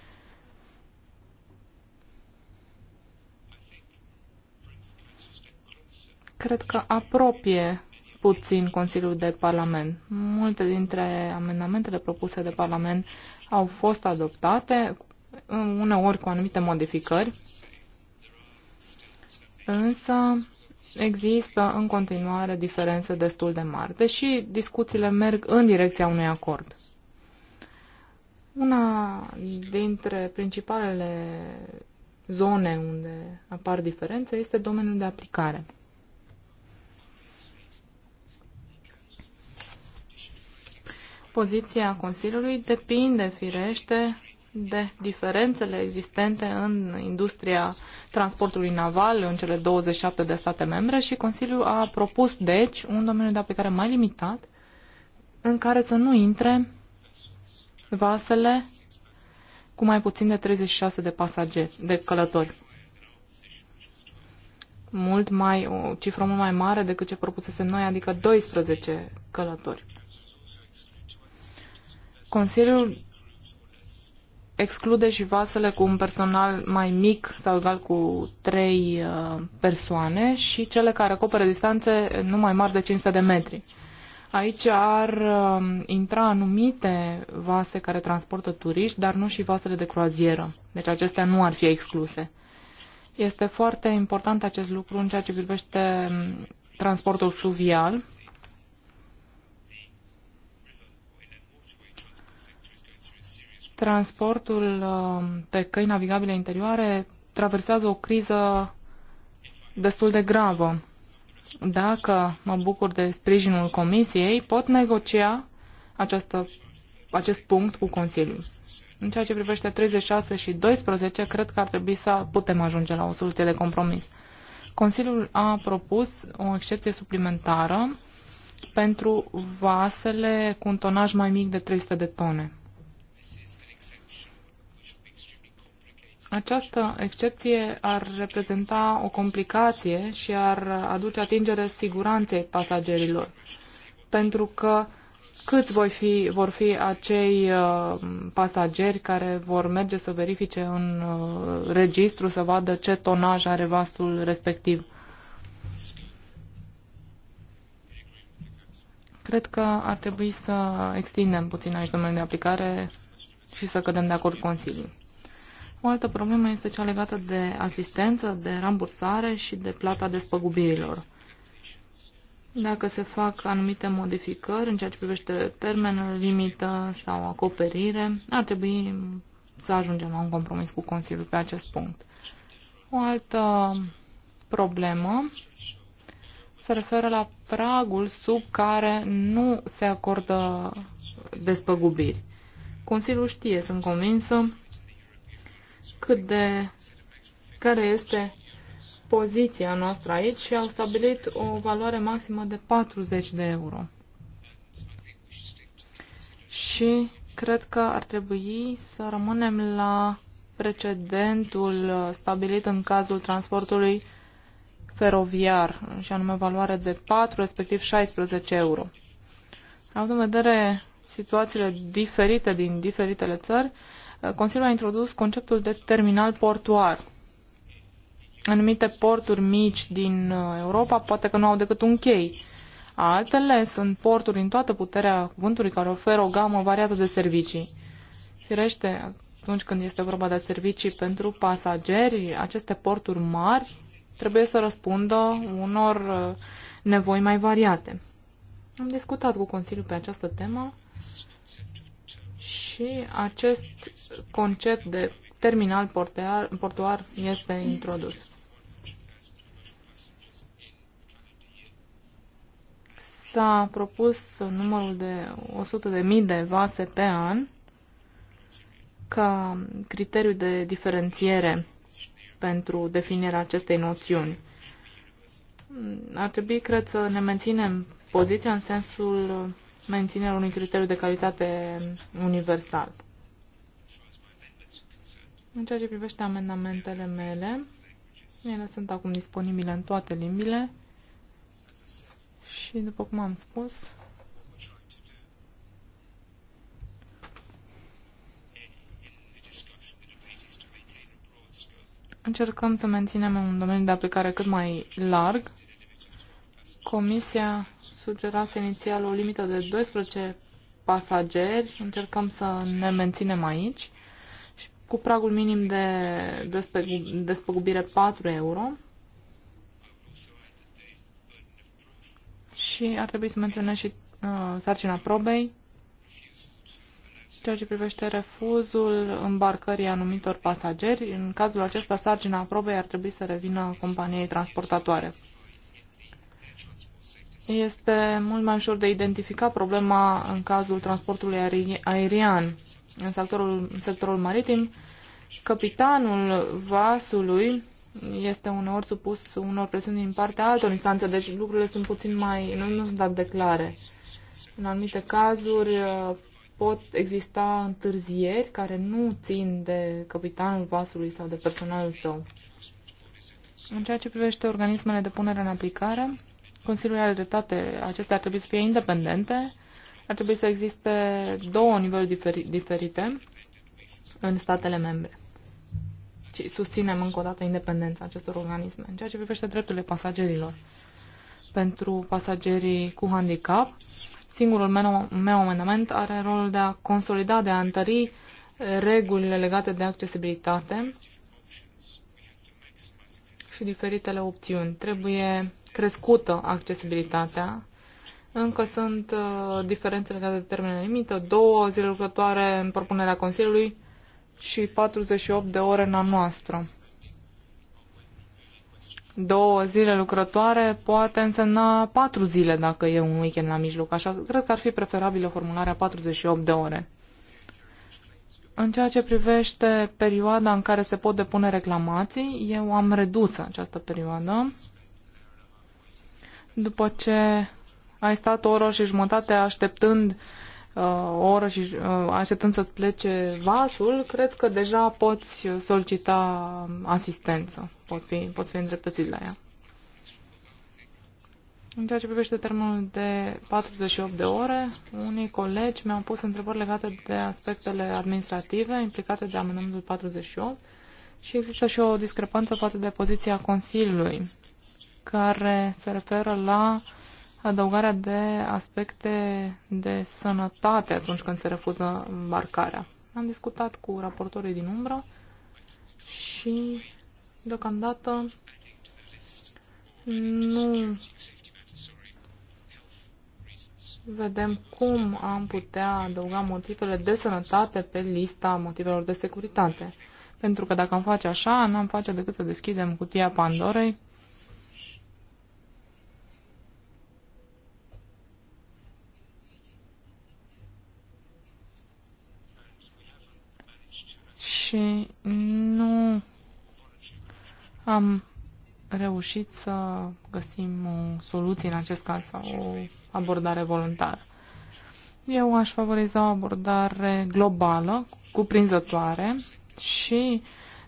S2: cred că apropie puțin Consiliul de Parlament. Multe dintre amendamentele propuse de Parlament au fost adoptate, uneori cu anumite modificări, însă există în continuare diferențe destul de mari, deși discuțiile merg în direcția unui acord. Una dintre principalele zone unde apar diferențe este domeniul de aplicare. Poziția Consiliului depinde, firește, de diferențele existente în industria transportului naval în cele 27 de state membre și Consiliul a propus, deci, un domeniu de aplicare mai limitat în care să nu intre vasele cu mai puțin de 36 de pasageri, de călători. Mult mai, o cifră mult mai mare decât ce propusesem noi, adică 12 călători. Consiliul exclude și vasele cu un personal mai mic sau egal cu trei uh, persoane și cele care acoperă distanțe nu mai mari de 500 de metri. Aici ar uh, intra anumite vase care transportă turiști, dar nu și vasele de croazieră. Deci acestea nu ar fi excluse. Este foarte important acest lucru în ceea ce privește um, transportul fluvial, transportul um, pe căi navigabile interioare traversează o criză destul de gravă. Dacă mă bucur de sprijinul Comisiei, pot negocia această, acest punct cu Consiliul. În ceea ce privește 36 și 12, cred că ar trebui să putem ajunge la o soluție de compromis. Consiliul a propus o excepție suplimentară pentru vasele cu un tonaj mai mic de 300 de tone. Această excepție ar reprezenta o complicație și ar aduce atingere siguranței pasagerilor, pentru că cât voi fi, vor fi acei uh, pasageri care vor merge să verifice în uh, registru, să vadă ce tonaj are vasul respectiv. Cred că ar trebui să extindem puțin aici domeniul de aplicare și să cădem de acord cu Consiliul. O altă problemă este cea legată de asistență, de rambursare și de plata despăgubirilor. Dacă se fac anumite modificări în ceea ce privește termenul, limită sau acoperire, ar trebui să ajungem la un compromis cu Consiliul pe acest punct. O altă problemă se referă la pragul sub care nu se acordă despăgubiri. Consiliul știe, sunt convinsă, cât de care este poziția noastră aici și au stabilit o valoare maximă de 40 de euro. Și cred că ar trebui să rămânem la precedentul stabilit în cazul transportului feroviar, și anume valoare de 4, respectiv 16 euro. Având în vedere situațiile diferite din diferitele țări, Consiliul a introdus conceptul de terminal portuar. Anumite porturi mici din uh, Europa poate că nu au decât un chei. Altele sunt porturi în toată puterea cuvântului care oferă o gamă variată de servicii. Firește, atunci când este vorba de servicii pentru pasageri, aceste porturi mari trebuie să răspundă unor uh, nevoi mai variate. Am discutat cu Consiliul pe această temă și acest concept de terminal portuar, portuar este introdus. S-a propus numărul de 100.000 de vase pe an ca criteriu de diferențiere pentru definirea acestei noțiuni. Ar trebui, cred, să ne menținem poziția în sensul menținerea unui criteriu de calitate universal. În ceea ce privește amendamentele mele, ele sunt acum disponibile în toate limbile și, după cum am spus, încercăm să menținem un domeniu de aplicare cât mai larg. Comisia sugerase inițial o limită de 12 pasageri. Încercăm să ne menținem aici și cu pragul minim de despăgubire 4 euro. Și ar trebui să menționez și uh, sarcina probei, ceea ce privește refuzul îmbarcării anumitor pasageri. În cazul acesta, sarcina probei ar trebui să revină companiei transportatoare. Este mult mai ușor de identificat problema în cazul transportului aerian. În sectorul, în sectorul maritim, capitanul vasului este uneori supus unor presiuni din partea altor instanțe, deci lucrurile sunt puțin mai, nu, nu sunt dat de clare. În anumite cazuri uh, pot exista întârzieri care nu țin de capitanul vasului sau de personalul său. În ceea ce privește organismele de punere în aplicare, Consiliul are dreptate, acestea ar trebui să fie independente, ar trebui să existe două niveluri diferi- diferite în statele membre. Și susținem încă o dată independența acestor organisme. În ceea ce privește drepturile pasagerilor, pentru pasagerii cu handicap, singurul meu, meu amendament are rolul de a consolida, de a întări regulile legate de accesibilitate și diferitele opțiuni. Trebuie crescută accesibilitatea. Încă sunt uh, diferențe legate de termene limită, două zile lucrătoare în propunerea Consiliului și 48 de ore în a noastră. Două zile lucrătoare poate însemna patru zile dacă e un weekend la mijloc, așa cred că ar fi preferabilă formularea 48 de ore. În ceea ce privește perioada în care se pot depune reclamații, eu am redus această perioadă după ce ai stat o oră și jumătate așteptând uh, o oră și uh, așteptând să-ți plece vasul, cred că deja poți solicita asistență, poți fi, poți fi îndreptățit la ea. În ceea ce privește termenul de 48 de ore, unii colegi mi-au pus întrebări legate de aspectele administrative implicate de amendamentul 48 și există și o discrepanță față de poziția Consiliului care se referă la adăugarea de aspecte de sănătate atunci când se refuză îmbarcarea. Am discutat cu raportorii din umbră și deocamdată nu vedem cum am putea adăuga motivele de sănătate pe lista motivelor de securitate. Pentru că dacă am face așa, nu am face decât să deschidem cutia Pandorei și nu am reușit să găsim o soluție în acest caz sau o abordare voluntară. Eu aș favoriza o abordare globală, cuprinzătoare și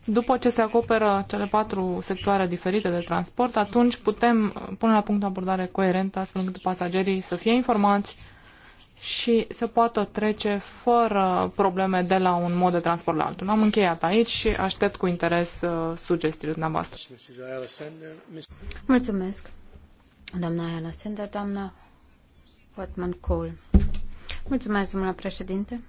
S2: după ce se acoperă cele patru sectoare diferite de transport, atunci putem pune la punct o abordare coerentă astfel încât pasagerii să fie informați și se poată trece fără probleme de la un mod de transport la altul. Am încheiat aici și aștept cu interes uh, sugestiile dumneavoastră. Mulțumesc,
S3: doamna Ayala Sender, doamna Watman Cole. Mulțumesc, domnule președinte.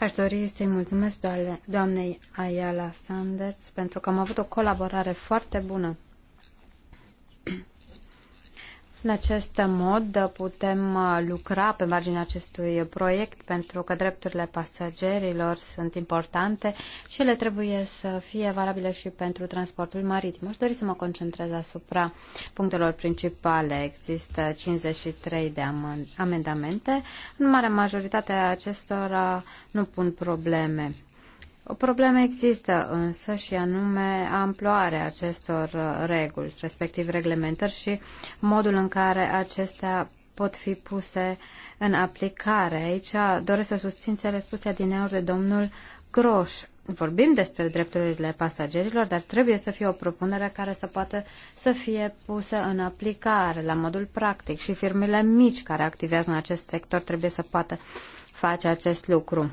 S3: Aș dori să-i mulțumesc doamnei Ayala Sanders pentru că am avut o colaborare foarte bună în acest mod putem uh, lucra pe marginea acestui proiect pentru că drepturile pasagerilor sunt importante și ele trebuie să fie valabile și pentru transportul maritim. Aș dori să mă concentrez asupra punctelor principale. Există 53 de amendamente. În marea majoritate acestora nu pun probleme. O problemă există însă și anume amploarea acestor uh, reguli, respectiv reglementări și modul în care acestea pot fi puse în aplicare. Aici doresc să susțin cele spuse adineauri de domnul Groș. Vorbim despre drepturile pasagerilor, dar trebuie să fie o propunere care să poată să fie pusă în aplicare la modul practic și firmele mici care activează în acest sector trebuie să poată face acest lucru.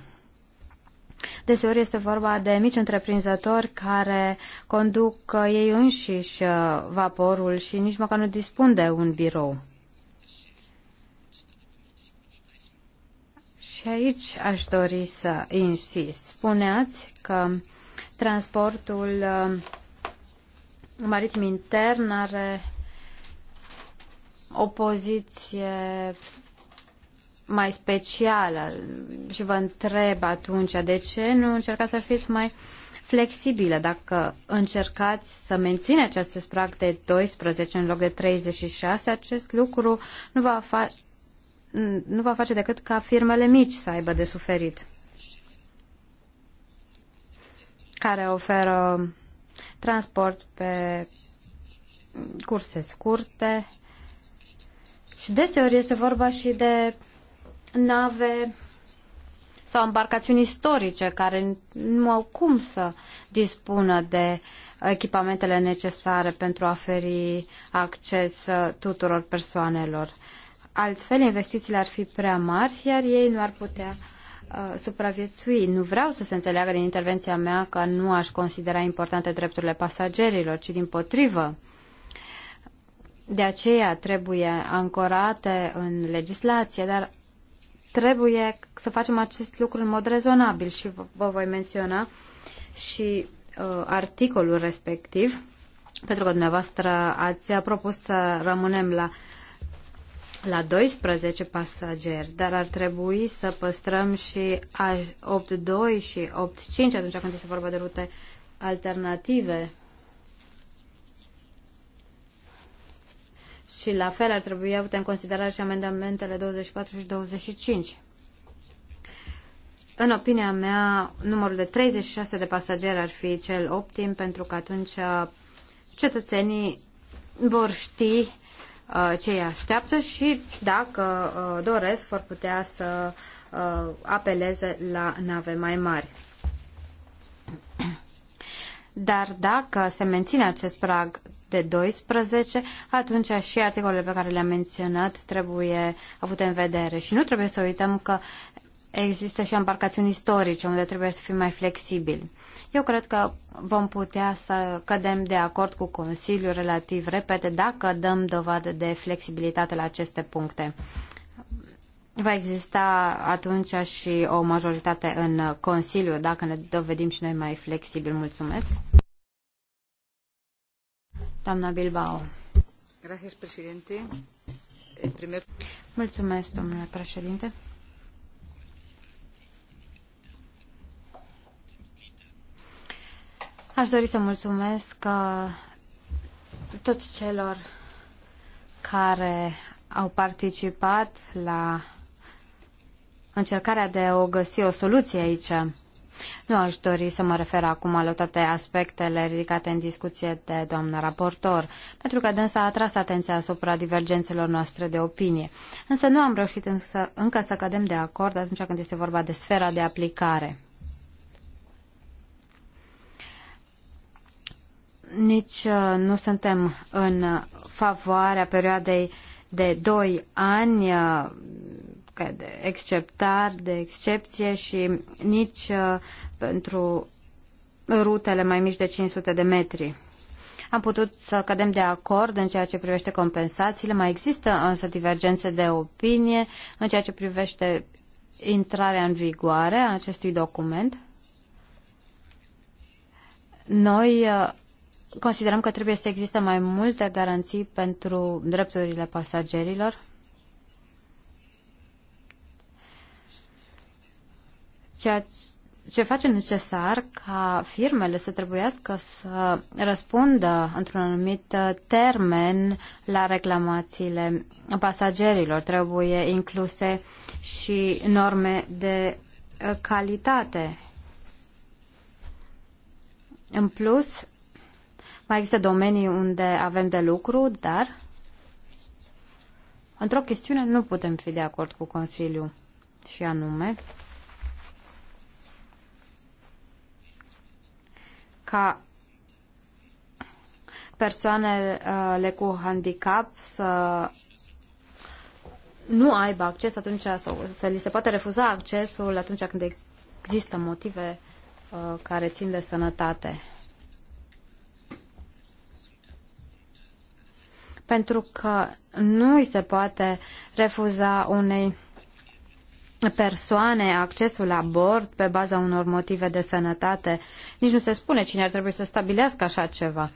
S3: Deseori este vorba de mici întreprinzători care conduc uh, ei înșiși uh, vaporul și nici măcar nu dispun de un birou. Și aici aș dori să insist. Spuneați că transportul uh, maritim intern are o poziție mai specială și vă întreb atunci de ce nu încercați să fiți mai flexibilă dacă încercați să mențineți aceste sprag de 12 în loc de 36, acest lucru nu va, fa- nu va face decât ca firmele mici să aibă de suferit care oferă transport pe curse scurte și deseori este vorba și de nave sau embarcațiuni istorice care nu au cum să dispună de echipamentele necesare pentru a oferi acces uh, tuturor persoanelor. Altfel, investițiile ar fi prea mari, iar ei nu ar putea uh, supraviețui. Nu vreau să se înțeleagă din intervenția mea că nu aș considera importante drepturile pasagerilor, ci din potrivă. De aceea trebuie ancorate în legislație, dar trebuie să facem acest lucru în mod rezonabil și vă, voi menționa și uh, articolul respectiv, pentru că dumneavoastră ați propus să rămânem la la 12 pasageri, dar ar trebui să păstrăm și 8.2 și 8.5 atunci când este vorba de rute alternative Și la fel ar trebui avute în considerare și amendamentele 24 și 25. În opinia mea, numărul de 36 de pasageri ar fi cel optim, pentru că atunci uh, cetățenii vor ști uh, ce îi așteaptă și dacă uh, doresc vor putea să apeleze la nave mai mari dar dacă se menține acest prag de 12, atunci și articolele pe care le-am menționat trebuie avute în vedere. Și nu trebuie să uităm că există și embarcațiuni istorice unde trebuie să fim mai flexibili. Eu cred că vom putea să cădem de acord cu Consiliul relativ repede dacă dăm dovadă de flexibilitate la aceste puncte. Va exista atunci și o majoritate în Consiliu, dacă ne dovedim și noi mai flexibili. Mulțumesc. Doamna Bilbao.
S5: Gracias, presidente. Primer...
S3: Mulțumesc, domnule președinte. Aș dori să mulțumesc uh, toți celor care au participat la încercarea de a o găsi o soluție aici. Nu aș dori să mă refer acum la toate aspectele ridicate în discuție de doamna raportor, pentru că dânsa a atras atenția asupra divergențelor noastre de opinie. Însă nu am reușit însă, încă să cădem de acord atunci când este vorba de sfera de aplicare. Nici uh, nu suntem în favoarea perioadei de doi ani uh, ca de exceptar, de excepție și nici uh, pentru rutele mai mici de 500 de metri. Am putut să cădem de acord în ceea ce privește compensațiile, mai există însă divergențe de opinie în ceea ce privește intrarea în vigoare a acestui document. Noi uh, considerăm că trebuie să existe mai multe garanții pentru drepturile pasagerilor ceea ce face necesar ca firmele să trebuiască să răspundă într-un anumit uh, termen la reclamațiile pasagerilor. Trebuie incluse și norme de uh, calitate. În plus, mai există domenii unde avem de lucru, dar într-o chestiune nu putem fi de acord cu Consiliul și anume ca persoanele cu handicap să nu aibă acces atunci sau să li se poate refuza accesul atunci când există motive uh, care țin de sănătate. Pentru că nu îi se poate refuza unei persoane accesul la bord pe baza unor motive de sănătate. Nici nu se spune cine ar trebui să stabilească așa ceva.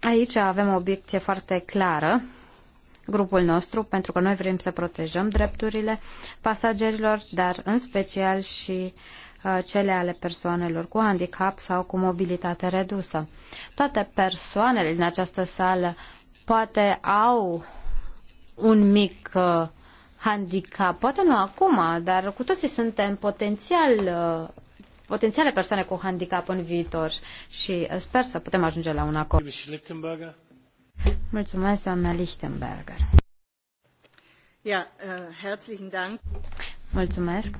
S3: Aici avem o obiecție foarte clară, grupul nostru, pentru că noi vrem să protejăm drepturile pasagerilor, dar în special și uh, cele ale persoanelor cu handicap sau cu mobilitate redusă. Toate persoanele din această sală poate au un mic uh, handicap. Poate nu acum, dar cu toții suntem potențial uh, potențiale persoane cu handicap în viitor și uh, sper să putem ajunge la un acord. Mulțumesc, doamna Lichtenberger. Ja, uh, herzlichen Dank. Mulțumesc.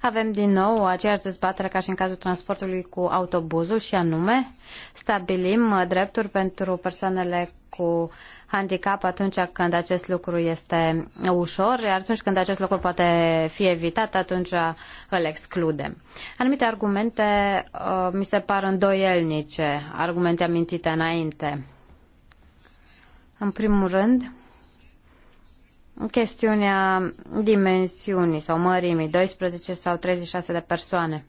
S3: Avem din nou aceeași dezbatere ca și în cazul transportului cu autobuzul și anume stabilim drepturi pentru persoanele cu handicap atunci când acest lucru este ușor, iar atunci când acest lucru poate fi evitat, atunci îl excludem. Anumite argumente uh, mi se par îndoielnice, argumente amintite înainte. În primul rând, chestiunea dimensiunii sau mărimii, 12 sau 36 de persoane.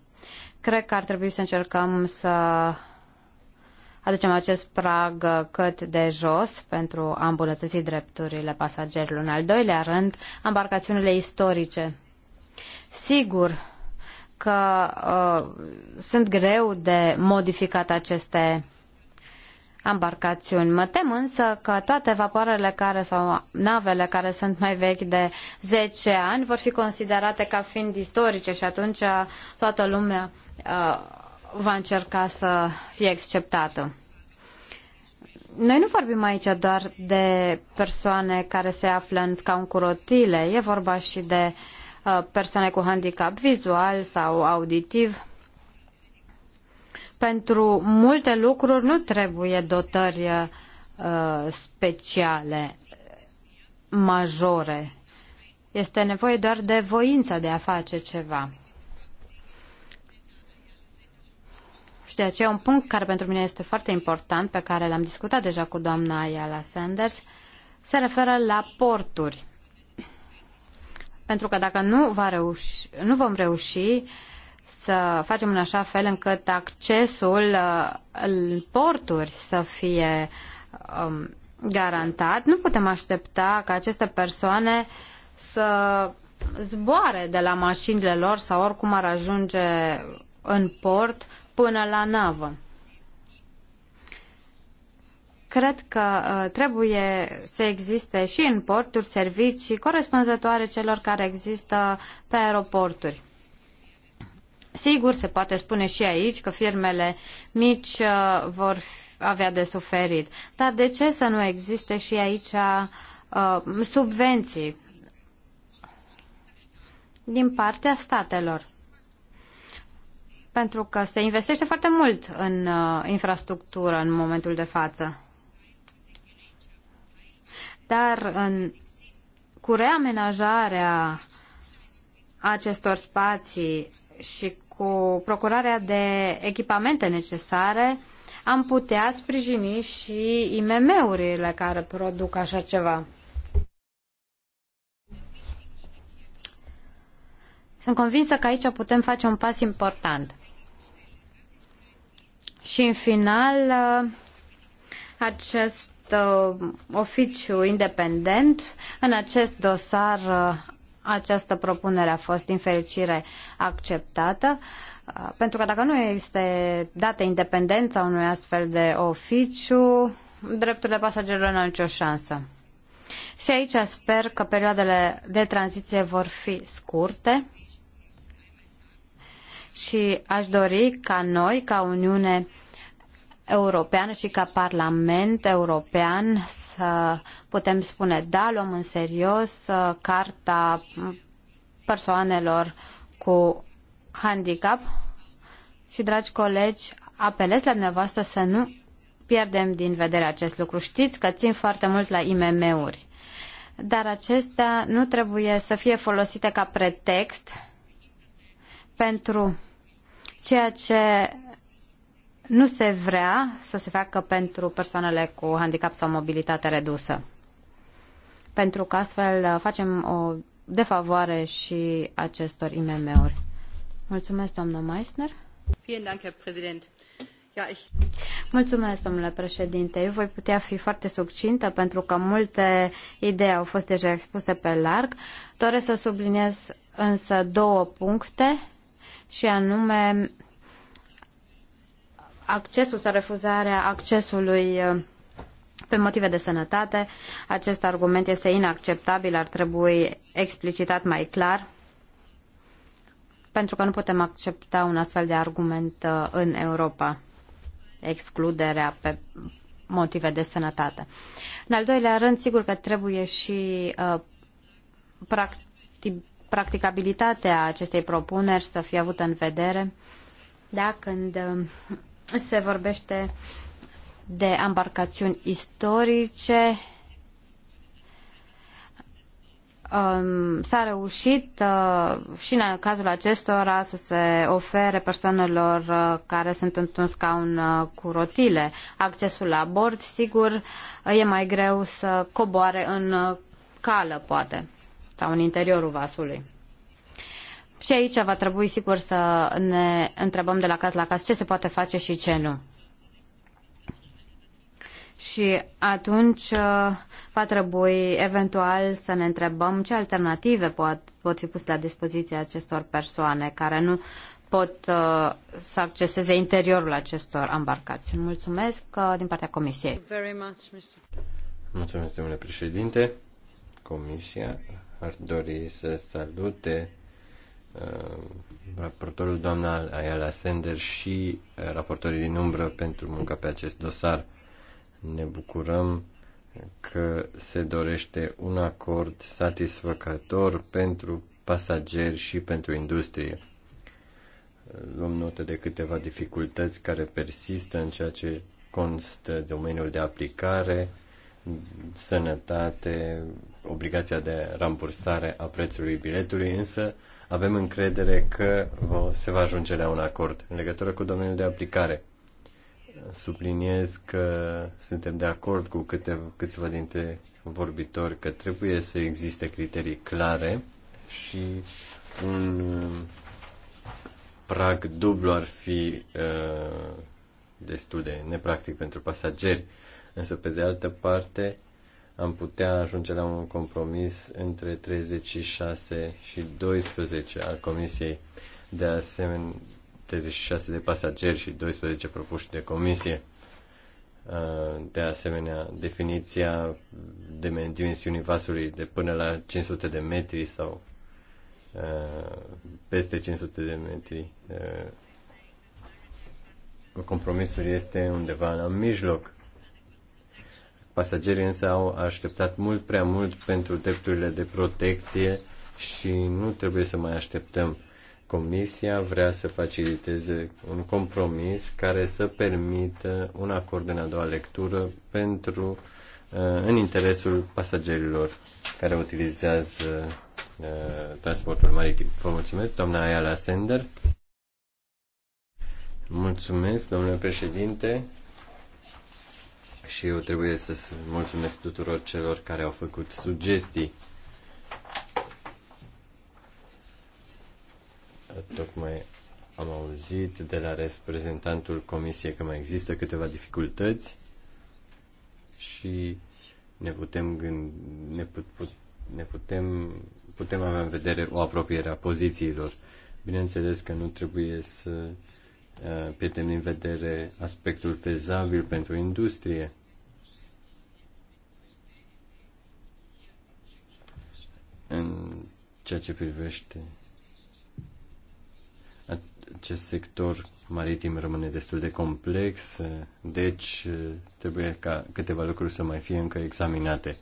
S3: Cred că ar trebui să încercăm să aducem acest prag cât de jos pentru a îmbunătăți drepturile pasagerilor. În al doilea rând, embarcațiunile istorice. Sigur că uh, sunt greu de modificat aceste embarcațiuni. Mă tem însă că toate vapoarele care sau navele care sunt mai vechi de 10 ani vor fi considerate ca fiind istorice și atunci toată lumea uh, va încerca să fie acceptată. Noi nu vorbim aici doar de persoane care se află în scaun cu rotile, e vorba și de uh, persoane cu handicap vizual sau auditiv pentru multe lucruri nu trebuie dotări uh, speciale, majore. Este nevoie doar de voință de a face ceva. Și de aceea un punct care pentru mine este foarte important, pe care l-am discutat deja cu doamna Ayala Sanders, se referă la porturi. Pentru că dacă nu, va reuși, nu vom reuși uh, să facem în așa fel încât accesul uh, în porturi să fie um, garantat. Nu putem aștepta ca aceste persoane să zboare de la mașinile lor sau oricum ar ajunge în port până la navă. Cred că uh, trebuie să existe și în porturi servicii corespunzătoare celor care există pe aeroporturi. Sigur, se poate spune și aici că firmele mici uh, vor avea de suferit. Dar de ce să nu existe și aici uh, subvenții din partea statelor? Pentru că se investește foarte mult în uh, infrastructură în momentul de față. Dar în, cu reamenajarea acestor spații și cu procurarea de echipamente necesare, am putea sprijini și IMM-urile care produc așa ceva. Sunt convinsă că aici putem face un pas important. Și în final, acest uh, oficiu independent în acest dosar uh, această propunere a fost, din fericire, acceptată, uh, pentru că dacă nu este dată independența unui astfel de oficiu, drepturile pasagerilor nu au nicio șansă. Și aici sper că perioadele de tranziție vor fi scurte și aș dori ca noi, ca Uniune Europeană și ca Parlament European să putem spune da, luăm în serios uh, Carta persoanelor cu handicap și, dragi colegi, apelez la dumneavoastră să nu pierdem din vedere acest lucru. Știți că țin foarte mult la IMM-uri, dar acestea nu trebuie să fie folosite ca pretext pentru ceea ce nu se vrea să se facă pentru persoanele cu handicap sau mobilitate redusă. Pentru că astfel uh, facem o defavoare și acestor IMM-uri. Mulțumesc, doamnă Meissner. Mulțumesc, domnule președinte. Eu voi putea fi foarte succintă pentru că multe idei au fost deja expuse pe larg. Doresc să subliniez însă două puncte și anume accesul sau refuzarea accesului uh, pe motive de sănătate. Acest argument este inacceptabil, ar trebui explicitat mai clar, pentru că nu putem accepta un astfel de argument uh, în Europa, excluderea pe motive de sănătate. În al doilea rând, sigur că trebuie și uh, practic, practicabilitatea acestei propuneri să fie avută în vedere, da, când se vorbește de embarcațiuni istorice. Um, s-a reușit uh, și în cazul acestora să se ofere persoanelor uh, care sunt într-un scaun uh, cu rotile accesul la bord. Sigur, e mai greu să coboare în cală, poate, sau în interiorul vasului. Și aici va trebui sigur să ne întrebăm de la caz la caz ce se poate face și ce nu. Și atunci uh, va trebui eventual să ne întrebăm ce alternative pot, pot fi puse la dispoziție acestor persoane care nu pot uh, să acceseze interiorul acestor ambarcați. Mulțumesc uh, din partea Comisiei.
S4: Mulțumesc, domnule președinte. Comisia ar dori să salute Uh, raportorul doamna Ayala Sender și uh, raportorii din umbră pentru munca pe acest dosar. Ne bucurăm că se dorește un acord satisfăcător pentru pasageri și pentru industrie. Luăm notă de câteva dificultăți care persistă în ceea ce constă domeniul de aplicare, sănătate, obligația de rambursare a prețului biletului, însă avem încredere că se va ajunge la un acord în legătură cu domeniul de aplicare. Subliniez că suntem de acord cu câte, câțiva dintre vorbitori că trebuie să existe criterii clare și un prag dublu ar fi uh, destul de nepractic pentru pasageri. Însă, pe de altă parte, am putea ajunge la un compromis între 36 și 12 al Comisiei. De asemenea, 36 de pasageri și 12 propuși de Comisie. Uh, de asemenea, definiția de dimensiunii vasului de până la 500 de metri sau uh, peste 500 de metri. Uh, compromisul este undeva la mijloc Pasagerii însă au așteptat mult prea mult pentru drepturile de protecție și nu trebuie să mai așteptăm. Comisia vrea să faciliteze un compromis care să permită un acord în a doua lectură pentru, uh, în interesul pasagerilor care utilizează uh, transportul maritim. Vă mulțumesc, doamna Ayala Sender. Mulțumesc, domnule președinte și eu trebuie să mulțumesc tuturor celor care au făcut sugestii. Tocmai am auzit de la reprezentantul comisiei că mai există câteva dificultăți și ne putem gând, ne, put, put, ne putem, putem avea în vedere o apropiere a pozițiilor. Bineînțeles că nu trebuie să uh, pierdem în vedere aspectul fezabil pentru industrie. în ceea ce privește acest sector maritim rămâne destul de complex, deci eh, trebuie ca câteva lucruri să mai fie încă examinate.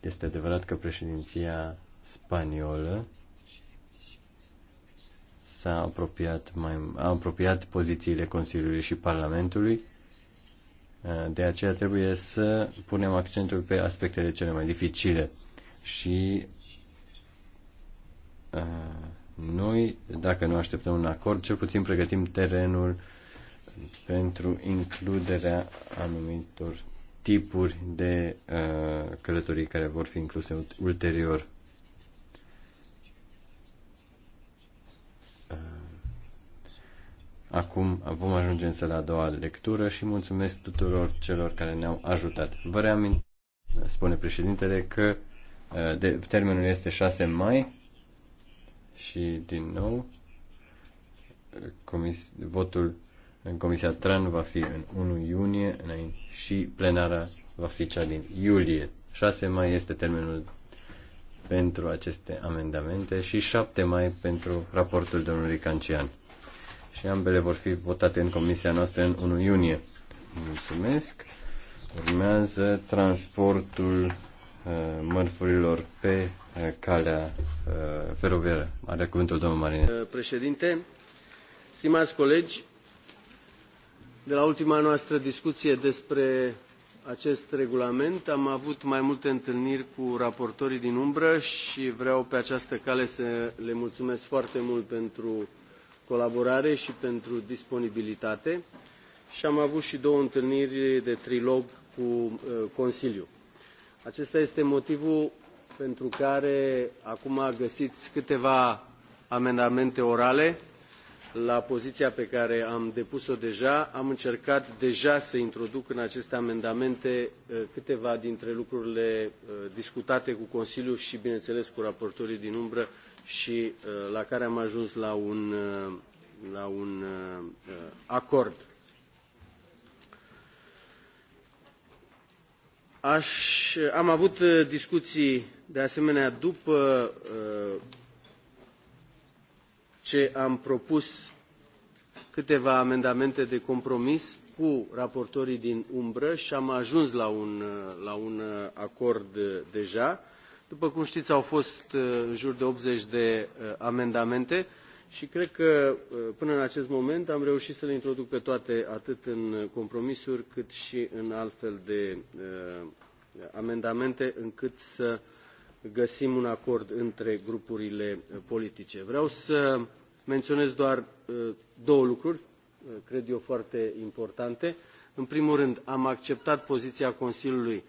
S4: Este adevărat că președinția spaniolă s-a apropiat, mai, a apropiat pozițiile Consiliului și Parlamentului, eh, de aceea trebuie să punem accentul pe aspectele cele mai dificile și uh, noi, dacă nu așteptăm un acord, cel puțin pregătim terenul pentru includerea anumitor tipuri de uh, călătorii care vor fi incluse ulterior. Uh, acum vom ajunge însă la a doua lectură și mulțumesc tuturor celor care ne-au ajutat. Vă reamintesc, spune președintele, că Eh, de, termenul este 6 mai și din nou comis, votul în Comisia Tran va fi în 1 iunie înainte, și plenara va fi cea din iulie. 6 mai este termenul pentru aceste amendamente și 7 mai pentru raportul domnului Cancian. Și ambele vor fi votate în comisia noastră în 1 iunie. Mulțumesc. Urmează transportul Uh, mărfurilor pe uh, calea uh, feroviară. Are cuvântul domnul Marin.
S1: Președinte, stimați colegi, de la ultima noastră discuție despre acest regulament am avut mai multe întâlniri cu raportorii din umbră și vreau pe această cale să le mulțumesc foarte mult pentru colaborare și pentru disponibilitate și am avut și două întâlniri de trilog cu Consiliul. Acesta este motivul pentru care acum găsiți câteva amendamente orale la poziția pe care am depus-o deja. Am încercat deja să introduc în aceste amendamente uh, câteva dintre lucrurile uh, discutate cu Consiliul și, bineînțeles, cu raportorii din umbră și uh, la care am ajuns la un, la un acord. Aș, am avut uh, discuții de asemenea după uh, ce am propus câteva amendamente de compromis cu raportorii din umbră și am ajuns la un, uh, la un acord deja. După cum știți, au fost în jur de 80 de amendamente și cred că uh, până în acest moment am reușit să le introduc pe toate atât în compromisuri cât și în altfel de uh, amendamente încât să găsim un acord între grupurile uh, politice. Vreau să menționez doar uh, două lucruri, uh, cred eu foarte importante. În primul rând, am acceptat poziția Consiliului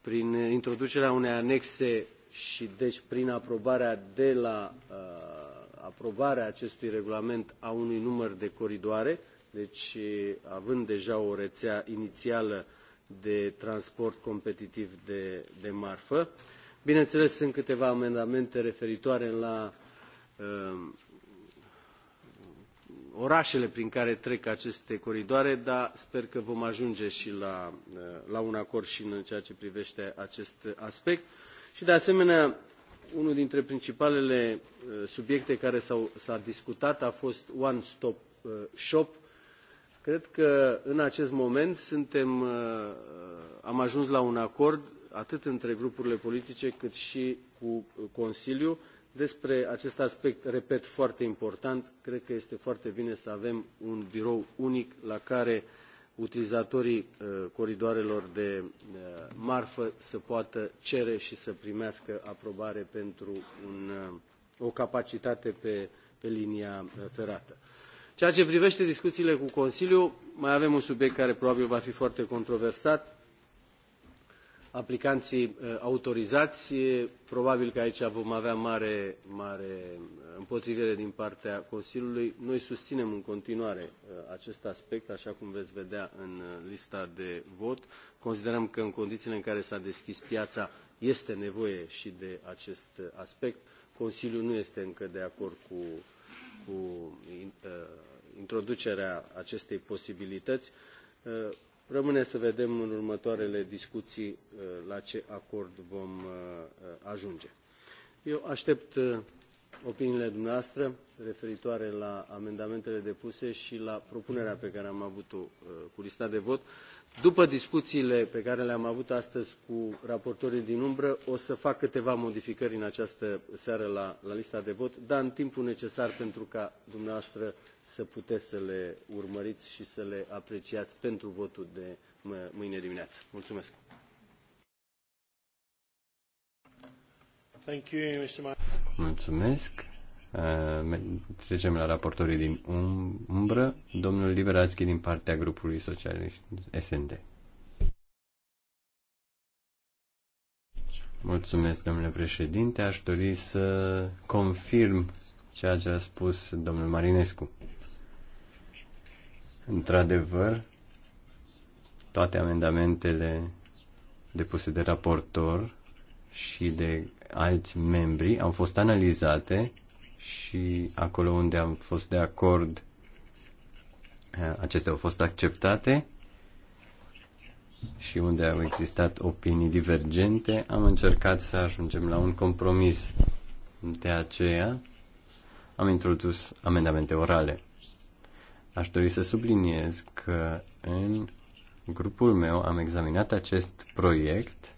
S1: prin introducerea unei anexe și deci prin aprobarea de la uh, aprobarea acestui regulament a unui număr de coridoare, deci având deja o rețea inițială de transport competitiv de, de marfă. Bineînțeles, sunt câteva amendamente referitoare la uh, orașele prin care trec aceste coridoare, dar sper că vom ajunge și la, uh, la un acord și în ceea ce privește acest aspect. Și de asemenea, unul dintre principalele uh, subiecte care s-a discutat a fost One Stop uh, Shop. Cred că în acest moment suntem, uh, am ajuns la un acord atât între grupurile politice cât și cu Consiliul despre acest aspect, repet, foarte important. Cred că este foarte bine să avem un birou unic la care utilizatorii uh, coridoarelor de uh, marfă să poată cere și să primească aprobare pentru un, uh, o capacitate pe, pe linia ferată. Ceea ce privește discuțiile cu Consiliul, mai avem un subiect care probabil va fi foarte controversat, aplicanții uh, autorizați. Probabil că aici vom avea mare, mare uh, împotrivire din partea Consiliului. Noi susținem în continuare uh, acest aspect, așa cum veți vedea în lista de vot. Considerăm că în condițiile în care s-a deschis piața este nevoie și de acest aspect. Consiliul nu este încă de acord cu, cu introducerea acestei posibilități Rămâne să vedem în următoarele discuții uh, la ce acord vom uh, uh, ajunge. Eu aștept opiniile dumneavoastră referitoare la amendamentele depuse și la propunerea pe care am avut-o cu lista de vot. După discuțiile pe care le-am avut astăzi cu raportorii din umbră, o să fac câteva modificări în această seară la, la lista de vot, dar în timpul necesar pentru ca dumneavoastră să puteți să le urmăriți și să le apreciați pentru votul de mâine dimineață. Mulțumesc!
S4: Mulțumesc! Uh, trecem la raportorii din um- umbră. Domnul Liberațchi din partea grupului socialist SND. Mulțumesc, domnule președinte. Aș dori să confirm ceea ce a spus domnul Marinescu. Într-adevăr, toate amendamentele depuse de raportor și de alți membri au fost analizate și acolo unde am fost de acord, eh, acestea au fost acceptate și unde au existat opinii divergente, am încercat să ajungem la un compromis. De aceea am introdus amendamente orale. Aș dori să subliniez că în grupul meu am examinat acest proiect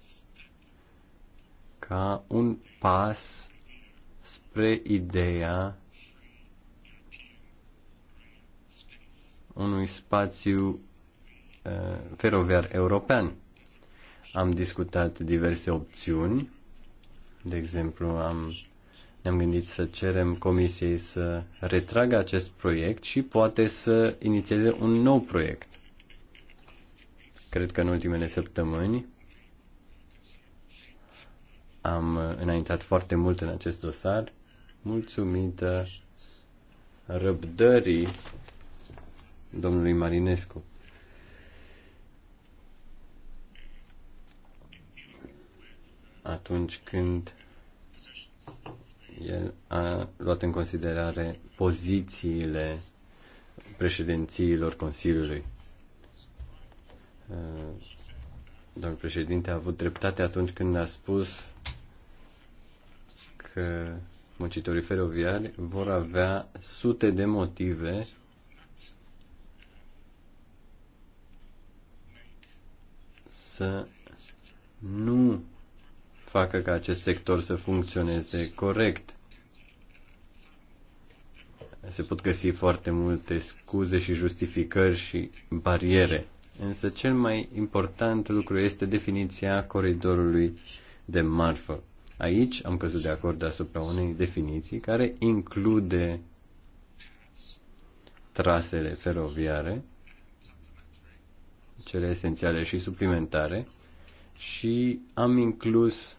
S4: ca un pas spre ideea unui spațiu uh, feroviar european. Am discutat diverse opțiuni, de exemplu, am, ne-am gândit să cerem comisiei să retragă acest proiect și poate să inițieze un nou proiect. Cred că în ultimele săptămâni am înaintat foarte mult în acest dosar, mulțumită răbdării domnului Marinescu. Atunci când el a luat în considerare pozițiile președințiilor Consiliului. Domnul președinte a avut dreptate atunci când a spus că muncitorii feroviari vor avea sute de motive să nu facă ca acest sector să funcționeze corect. Se pot găsi foarte multe scuze și justificări și bariere. Însă cel mai important lucru este definiția coridorului de marfă. Aici am căzut de acord asupra unei definiții care include trasele feroviare, cele esențiale și suplimentare, și am inclus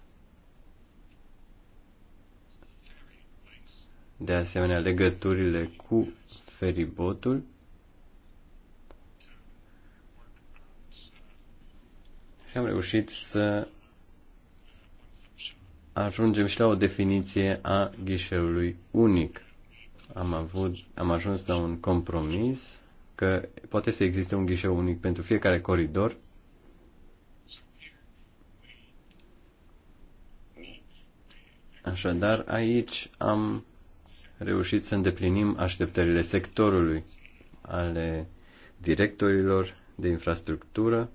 S4: de asemenea legăturile cu feribotul și am reușit să ajungem și la o definiție a ghișeului unic. Am, avut, am ajuns la un compromis că poate să existe un ghișeu unic pentru fiecare coridor. Așadar, aici am reușit să îndeplinim așteptările sectorului ale directorilor de infrastructură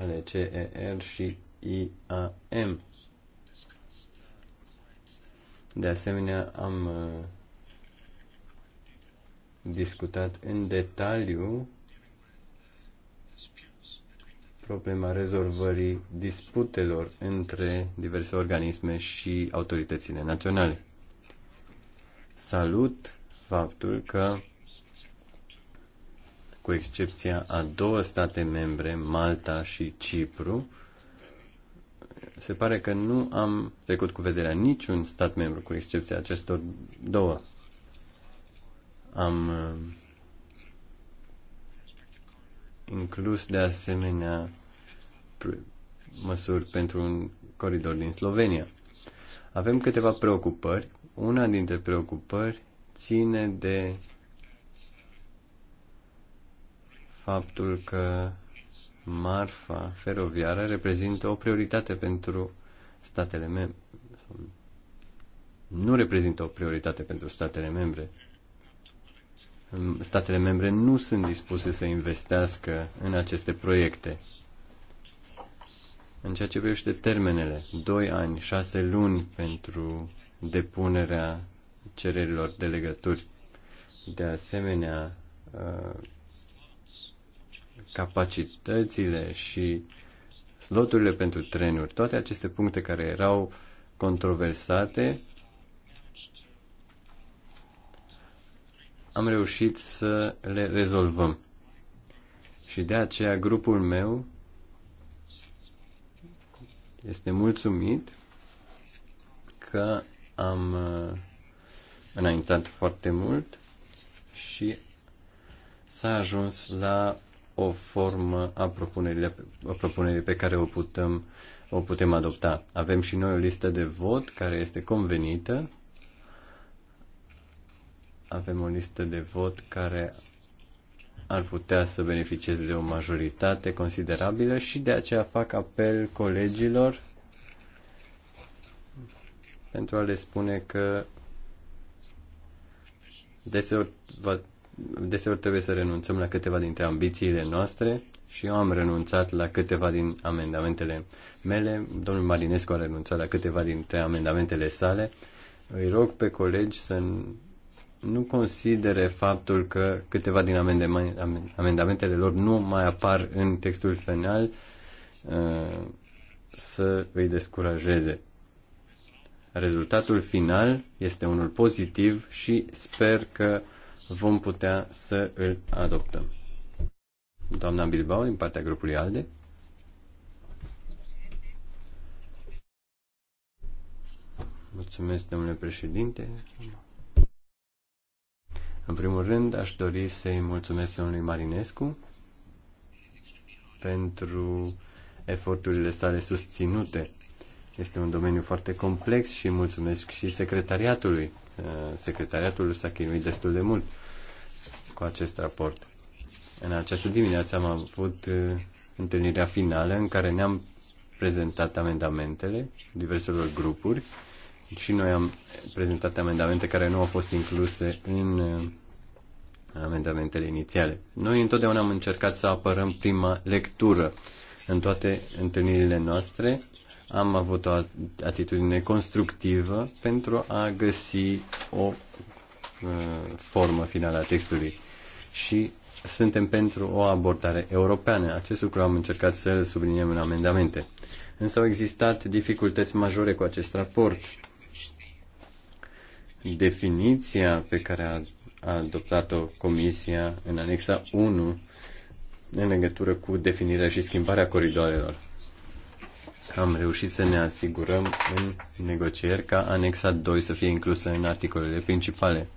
S4: ale R și IAM. De asemenea, am uh, discutat în detaliu problema rezolvării disputelor între diverse organisme și autoritățile naționale. Salut faptul că cu excepția a două state membre, Malta și Cipru, se pare că nu am trecut cu vederea niciun stat membru, cu excepția acestor două. Am uh, inclus de asemenea măsuri pentru un coridor din Slovenia. Avem câteva preocupări. Una dintre preocupări ține de faptul că marfa feroviară reprezintă o prioritate pentru statele membre. Nu reprezintă o prioritate pentru statele membre. Statele membre nu sunt dispuse să investească în aceste proiecte. În ceea ce privește termenele, 2 ani, 6 luni pentru depunerea cererilor de legături. De asemenea, uh, capacitățile și sloturile pentru trenuri, toate aceste puncte care erau controversate, am reușit să le rezolvăm. Și de aceea grupul meu este mulțumit că am uh, înaintat foarte mult și s-a ajuns la o formă a propunerii, a propunerii pe care o putem, o putem adopta. Avem și noi o listă de vot care este convenită. Avem o listă de vot care ar putea să beneficieze de o majoritate considerabilă și de aceea fac apel colegilor pentru a le spune că deseori deseori trebuie să renunțăm la câteva dintre ambițiile noastre și eu am renunțat la câteva din amendamentele mele. Domnul Marinescu a renunțat la câteva dintre amendamentele sale. Îi rog pe colegi să nu considere faptul că câteva din amendamentele lor nu mai apar în textul final uh, să îi descurajeze. Rezultatul final este unul pozitiv și sper că uh, vom putea să îl adoptăm. Doamna Bilbao, din partea grupului ALDE. Mulțumesc, domnule președinte. În primul rând, aș dori să-i mulțumesc domnului Marinescu pentru eforturile sale susținute. Este un domeniu foarte complex și mulțumesc și secretariatului Eh, secretariatul s-a chinuit destul de mult cu acest raport. În această dimineață am avut eh, întâlnirea finală în care ne-am prezentat amendamentele diverselor grupuri și noi am prezentat amendamente care nu au fost incluse în eh, amendamentele inițiale. Noi întotdeauna am încercat să apărăm prima lectură în toate întâlnirile noastre am avut o atitudine constructivă pentru a găsi o uh, formă finală a textului. Și suntem pentru o abordare europeană. Acest lucru am încercat să subliniem în amendamente. Însă au existat dificultăți majore cu acest raport. Definiția pe care a adoptat-o Comisia în anexa 1 în legătură cu definirea și schimbarea coridoarelor am reușit să ne asigurăm în negocieri ca anexa 2 să fie inclusă în articolele principale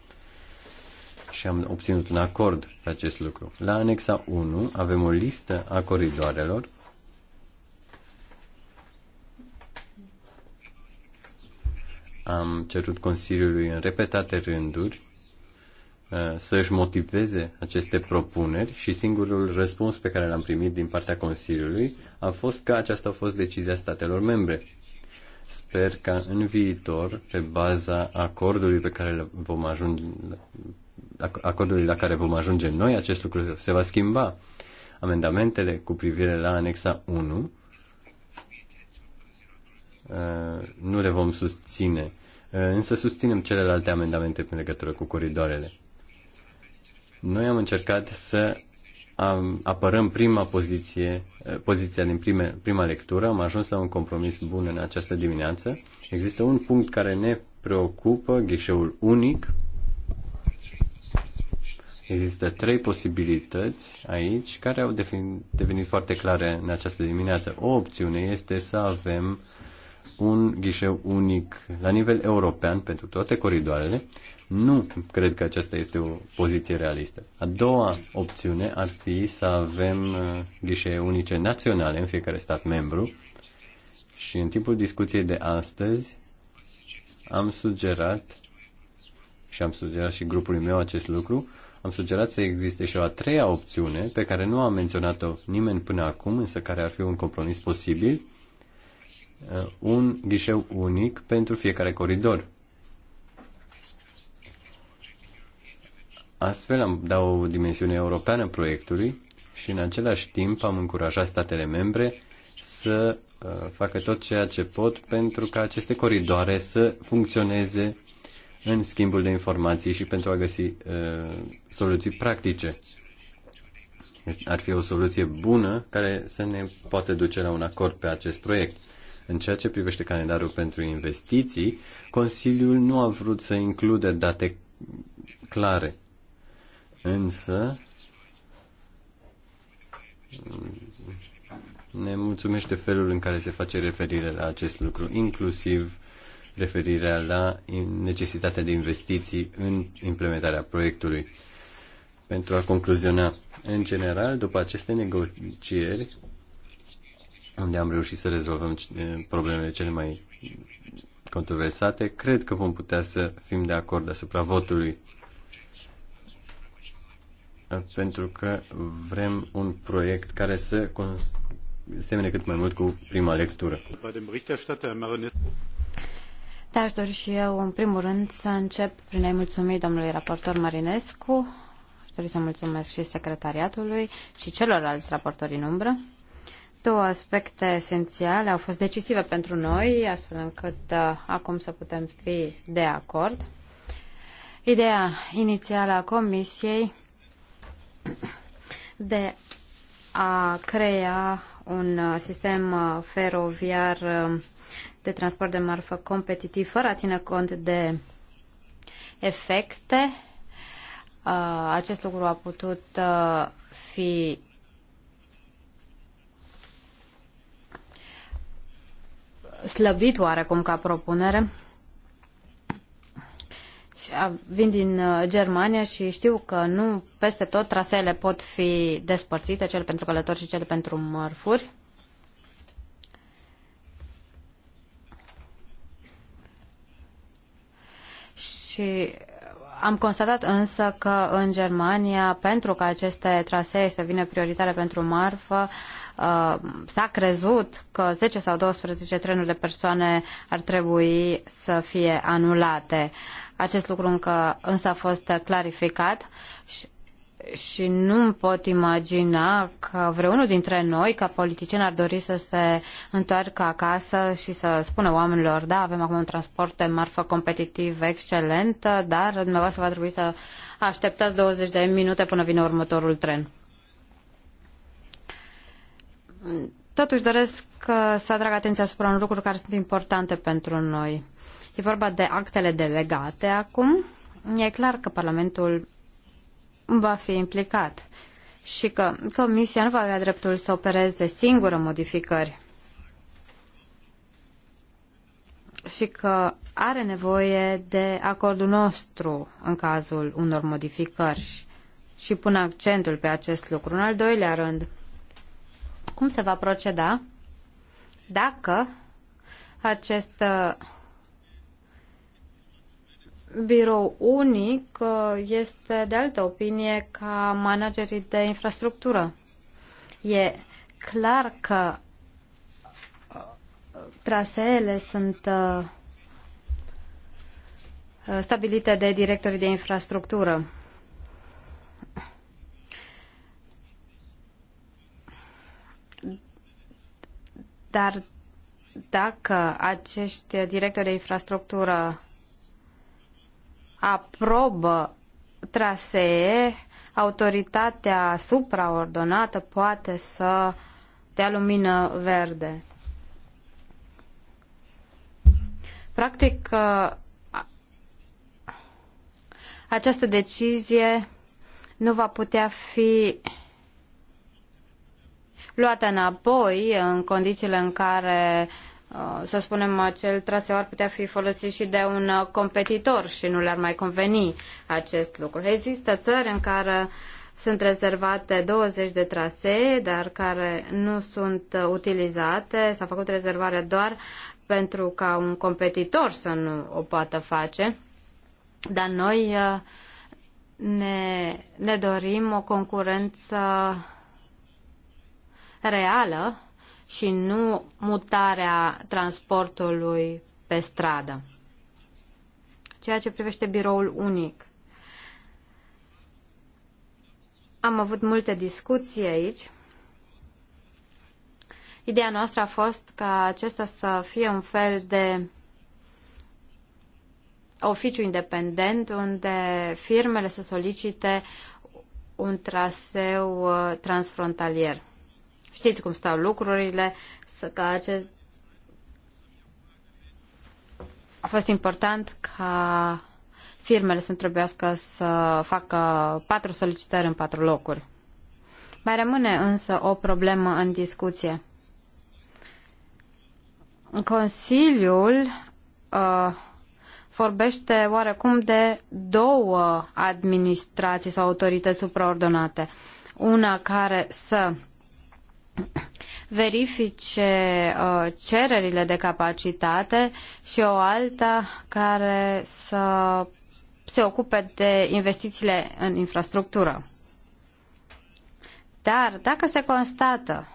S4: și am obținut un acord pe acest lucru. La anexa 1 avem o listă a coridoarelor Am cerut Consiliului în repetate rânduri Uh, să își motiveze aceste propuneri și singurul răspuns pe care l-am primit din partea Consiliului a fost că aceasta a fost decizia statelor membre. Sper ca în viitor, pe baza acordului pe care vom ajunge, acordului la care vom ajunge noi, acest lucru se va schimba. Amendamentele cu privire la anexa 1 uh, nu le vom susține, uh, însă susținem celelalte amendamente în legătură cu coridoarele. Noi am încercat să apărăm prima poziție, eh, poziția din prime, prima lectură, am ajuns la un compromis bun în această dimineață. Există un punct care ne preocupă, ghișeul unic. Există trei posibilități aici care au devenit foarte clare în această dimineață. O opțiune este să avem un ghișeu unic la nivel european pentru toate coridoarele nu cred că aceasta este o poziție realistă. A doua opțiune ar fi să avem uh, ghișee unice naționale în fiecare stat membru și în timpul discuției de astăzi am sugerat și am sugerat și grupului meu acest lucru, am sugerat să existe și o a treia opțiune pe care nu a menționat-o nimeni până acum, însă care ar fi un compromis posibil, uh, un ghișeu unic pentru fiecare coridor Astfel am dat o dimensiune europeană proiectului și în același timp am încurajat statele membre să uh, facă tot ceea ce pot pentru ca aceste coridoare să funcționeze în schimbul de informații și pentru a găsi uh, soluții practice. Ar fi o soluție bună care să ne poată duce la un acord pe acest proiect. În ceea ce privește calendarul pentru investiții, Consiliul nu a vrut să include date clare. Însă, ne mulțumește felul în care se face referire la acest lucru, inclusiv referirea la necesitatea de investiții în implementarea proiectului. Pentru a concluziona, în general, după aceste negocieri, unde am reușit să rezolvăm eh, problemele cele mai controversate, cred că vom putea să fim de acord asupra votului pentru că vrem un proiect care să semene cât mai mult cu prima lectură.
S3: Da, aș dori și eu, în primul rând, să încep prin a-i mulțumi domnului raportor Marinescu. Aș dori să mulțumesc și secretariatului și celorlalți raportori în umbră. Două aspecte esențiale au fost decisive pentru noi, astfel încât uh, acum să putem fi de acord. Ideea inițială a Comisiei de a crea un uh, sistem uh, feroviar uh, de transport de marfă competitiv fără a ține cont de efecte. Acest lucru a putut fi slăbit oarecum ca propunere vin din uh, Germania și știu că nu peste tot traseele pot fi despărțite, cele pentru călători și cele pentru mărfuri. Și am constatat însă că în Germania, pentru că aceste trasee să vină prioritare pentru marfă, uh, Uh, s-a crezut că 10 sau 12 trenuri de persoane ar trebui să fie anulate. Acest lucru încă însă a fost clarificat și, și nu pot imagina că vreunul dintre noi, ca politicieni, ar dori să se întoarcă acasă și să spună oamenilor, da, avem acum un transport de marfă competitiv excelent, dar dumneavoastră va trebui să așteptați 20 de minute până vine următorul tren. Totuși doresc uh, să atrag atenția asupra unor lucruri care sunt importante pentru noi. E vorba de actele delegate acum. E clar că Parlamentul va fi implicat și că Comisia nu va avea dreptul să opereze singură modificări și că are nevoie de acordul nostru în cazul unor modificări și pun accentul pe acest lucru. În al doilea rând, cum se va proceda dacă acest uh, birou unic uh, este de altă opinie ca managerii de infrastructură. E clar că uh, traseele sunt stabilite de directorii de infrastructură. Dar dacă acești directori de infrastructură aprobă trasee, autoritatea supraordonată poate să dea lumină verde. Practic, această decizie nu va putea fi luată înapoi în condițiile în care uh, să spunem, acel traseu ar putea fi folosit și de un uh, competitor și nu le-ar mai conveni acest lucru. Există țări în care sunt rezervate 20 de trasee, dar care nu sunt uh, utilizate. S-a făcut rezervare doar pentru ca un competitor să nu o poată face. Dar noi ne, ne dorim o concurență reală și nu mutarea transportului pe stradă. Ceea ce privește biroul unic. Am avut multe discuții aici. Ideea noastră a fost ca acesta să fie un fel de oficiu independent unde firmele să solicite un traseu uh, transfrontalier știți cum stau lucrurile, să ca acest... A fost important ca firmele să trebuiască să facă patru solicitări în patru locuri. Mai rămâne însă o problemă în discuție. Consiliul uh, vorbește oarecum de două administrații sau autorități supraordonate. Una care să verifice uh, cererile de capacitate și o alta care să se ocupe de investițiile în infrastructură. Dar dacă se constată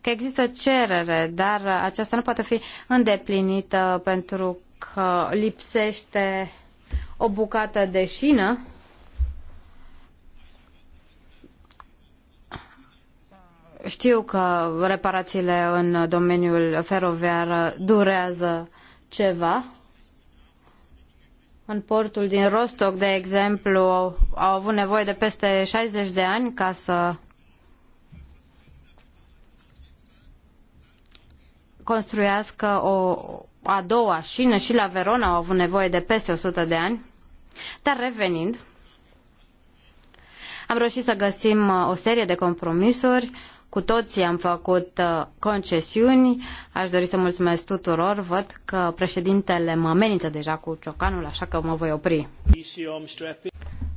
S3: că există cerere, dar aceasta nu poate fi îndeplinită pentru că lipsește o bucată de șină, Știu că reparațiile în domeniul feroviar durează ceva. În portul din Rostock, de exemplu, au avut nevoie de peste 60 de ani ca să construiască o a doua șină și la Verona au avut nevoie de peste 100 de ani. Dar revenind, am reușit să găsim uh, o serie de compromisuri, cu toții am făcut uh, concesiuni. Aș dori să mulțumesc tuturor. Văd că președintele mă amenință deja cu ciocanul, așa că mă voi opri.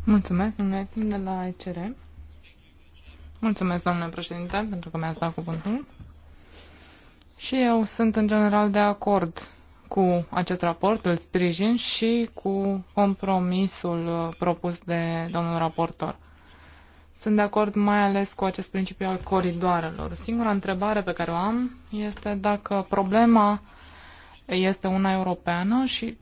S2: Mulțumesc, domnule Kim de la ECR. Mulțumesc, domnule președinte, pentru că mi-ați dat cuvântul. Și eu sunt în general de acord cu acest raport, îl sprijin și cu compromisul uh, propus de domnul raportor. Sunt de acord mai ales cu acest principiu al coridoarelor. Singura întrebare pe care o am este dacă problema este una europeană și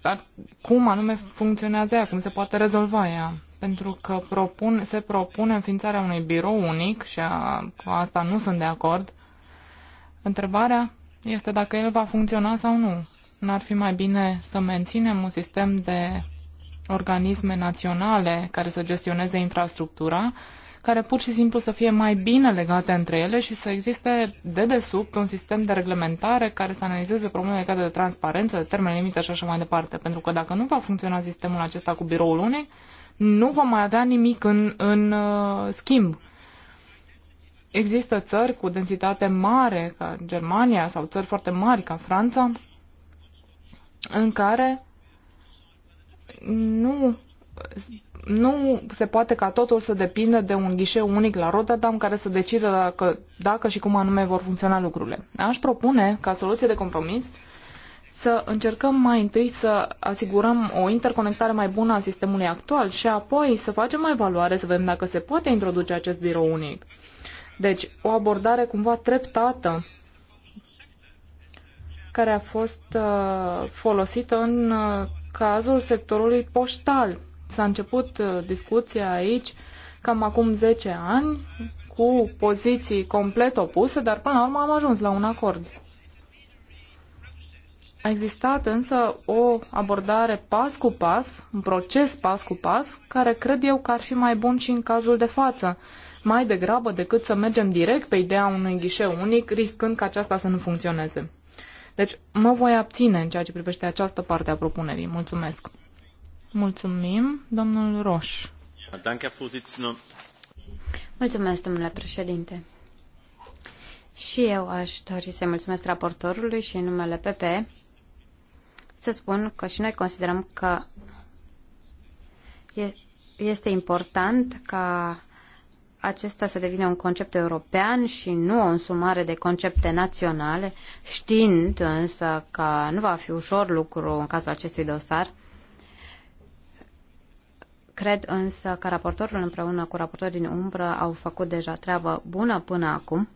S2: cum anume funcționează ea, cum se poate rezolva ea. Pentru că propun, se propune înființarea unui birou unic și a, cu asta nu sunt de acord. Întrebarea este dacă el va funcționa sau nu. N-ar fi mai bine să menținem un sistem de organisme naționale care să gestioneze infrastructura care pur și simplu să fie mai bine legate între ele și să existe dedesubt un sistem de reglementare care să analizeze problemele legate de transparență, de termen limită și așa mai departe. Pentru că dacă nu va funcționa sistemul acesta cu biroul unic, nu vom mai avea nimic în, în uh, schimb. Există țări cu densitate mare, ca Germania, sau țări foarte mari, ca Franța, în care nu nu se poate ca totul să depindă de un ghișeu unic la Rotterdam care să decidă dacă, dacă și cum anume vor funcționa lucrurile. Aș propune, ca soluție de compromis, să încercăm mai întâi să asigurăm o interconectare mai bună a sistemului actual și apoi să facem mai valoare să vedem dacă se poate introduce acest birou unic. Deci, o abordare cumva treptată care a fost uh, folosită în uh, cazul sectorului poștal S-a început uh, discuția aici cam acum 10 ani cu poziții complet opuse, dar până la urmă am ajuns la un acord. A existat însă o abordare pas cu pas, un proces pas cu pas, care cred eu că ar fi mai bun și în cazul de față, mai degrabă decât să mergem direct pe ideea unui ghișeu unic, riscând ca aceasta să nu funcționeze. Deci mă voi abține în ceea ce privește această parte a propunerii. Mulțumesc! Mulțumim, domnul Roș.
S3: Mulțumesc, domnule președinte. Și eu aș dori să mulțumesc raportorului și în numele PP să spun că și noi considerăm că este important ca acesta să devină un concept european și nu o însumare de concepte naționale, știind însă că nu va fi ușor lucru în cazul acestui dosar Cred însă că raportorul împreună cu raportorii din umbră au făcut deja treabă bună până acum.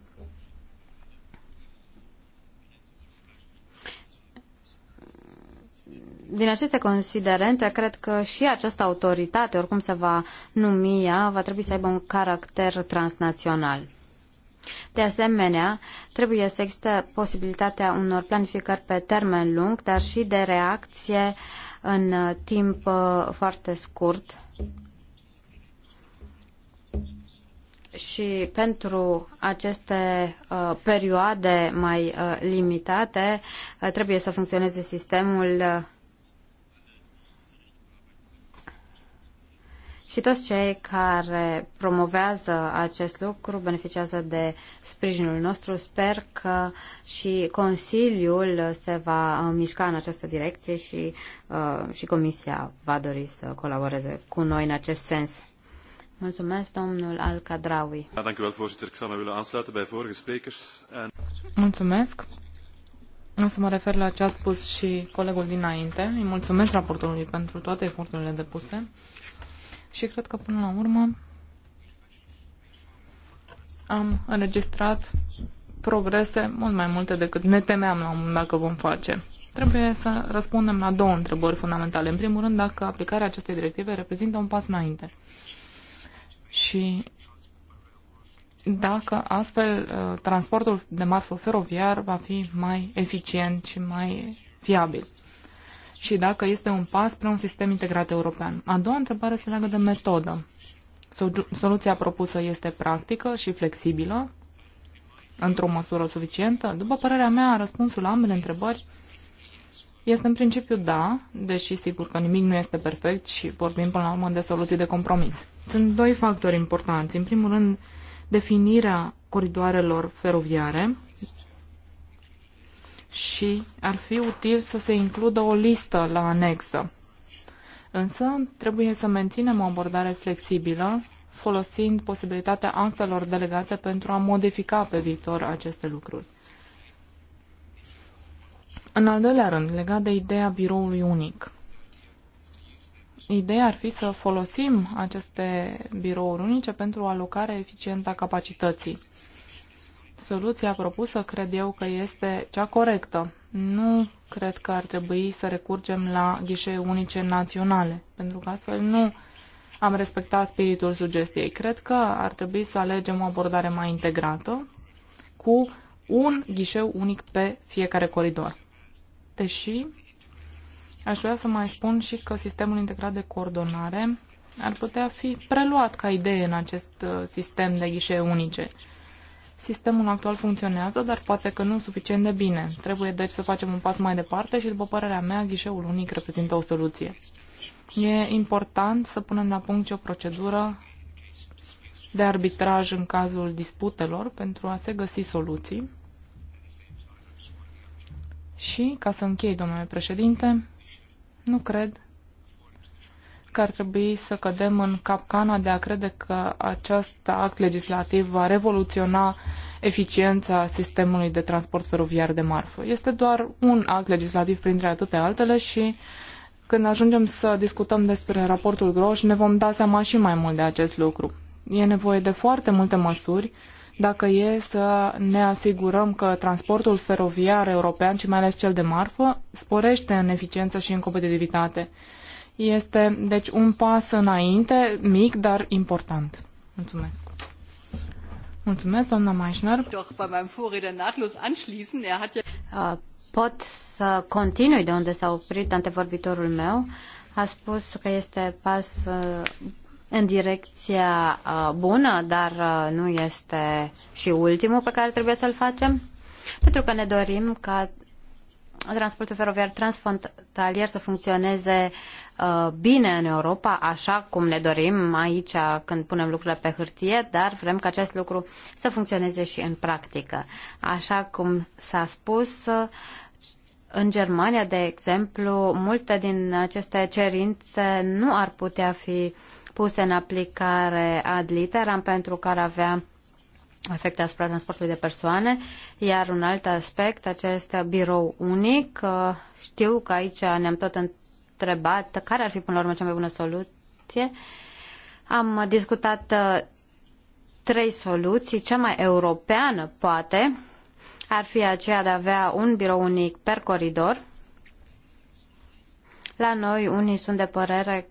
S3: din aceste considerente, cred că și această autoritate, oricum se va numi ea, va trebui să aibă un caracter transnațional. De asemenea, trebuie să existe posibilitatea unor planificări pe termen lung, dar și de reacție în timp uh, foarte scurt și pentru aceste uh, perioade mai uh, limitate uh, trebuie să funcționeze sistemul uh, și toți cei care promovează acest lucru beneficiază de sprijinul nostru. Sper că și Consiliul se va uh, mișca în această direcție și, uh, și Comisia va dori să colaboreze cu noi în acest sens. Mulțumesc,
S2: domnul Al-Kadrawi. Mulțumesc. O să mă refer la ce a spus și colegul dinainte. Îi mulțumesc raportorului pentru toate eforturile depuse și cred că până la urmă am înregistrat progrese mult mai multe decât ne temeam la un moment dacă vom face. Trebuie să răspundem la două întrebări fundamentale. În primul rând, dacă aplicarea acestei directive reprezintă un pas înainte și dacă astfel uh, transportul de marfă feroviar va fi mai eficient și mai fiabil și dacă este un pas spre un sistem integrat european. A doua întrebare se leagă de metodă. Soluția propusă este practică și flexibilă, într-o măsură suficientă? După părerea mea, răspunsul la ambele întrebări este în principiu da, deși sigur că nimic nu este perfect și vorbim până la urmă de soluții de compromis. Sunt doi factori importanți. În primul rând, definirea coridoarelor feroviare și ar fi util să se includă o listă la anexă. Însă, trebuie să menținem o abordare flexibilă, folosind posibilitatea actelor delegate pentru a modifica pe viitor aceste lucruri. În al doilea rând, legat de ideea biroului unic. Ideea ar fi să folosim aceste birouri unice pentru alocarea eficientă a capacității. Soluția propusă cred eu că este cea corectă. Nu cred că ar trebui să recurgem la ghișee unice naționale, pentru că astfel nu am respectat spiritul sugestiei. Cred că ar trebui să alegem o abordare mai integrată cu un ghișeu unic pe fiecare coridor. Deși Aș vrea să mai spun și că sistemul integrat de coordonare ar putea fi preluat ca idee în acest uh, sistem de ghișee unice. Sistemul actual funcționează, dar poate că nu suficient de bine. Trebuie deci să facem un pas mai departe și, după părerea mea, ghișeul unic reprezintă o soluție. E important să punem la punct și o procedură de arbitraj în cazul disputelor pentru a se găsi soluții. Și, ca să închei, domnule președinte, nu cred că ar trebui să cădem în capcana de a crede că acest act legislativ va revoluționa eficiența sistemului de transport feroviar de marfă. Este doar un act legislativ printre atâtea altele și când ajungem să discutăm despre raportul Groș ne vom da seama și mai mult de acest lucru. E nevoie de foarte multe măsuri dacă e să ne asigurăm că transportul feroviar european și mai ales cel de marfă sporește în eficiență și în competitivitate. Este deci un pas înainte, mic, dar important. Mulțumesc. Mulțumesc, doamna Maisner. Er
S3: pot să continui de unde s-a oprit antevorbitorul meu. A spus că este pas în direcția uh, bună, dar uh, nu este și ultimul pe care trebuie să-l facem, pentru că ne dorim ca transportul feroviar transfrontalier să funcționeze uh, bine în Europa, așa cum ne dorim aici când punem lucrurile pe hârtie, dar vrem ca acest lucru să funcționeze și în practică. Așa cum s-a spus, în Germania, de exemplu, multe din aceste cerințe nu ar putea fi uh, puse în aplicare ad literam pentru că avea efecte asupra transportului de persoane. Iar un alt aspect, acest birou unic, uh, știu că aici ne-am tot întrebat care ar fi până la urmă cea mai bună soluție. Am discutat uh, trei soluții, cea mai europeană poate ar fi aceea de a avea un birou unic per coridor. La noi unii sunt de părere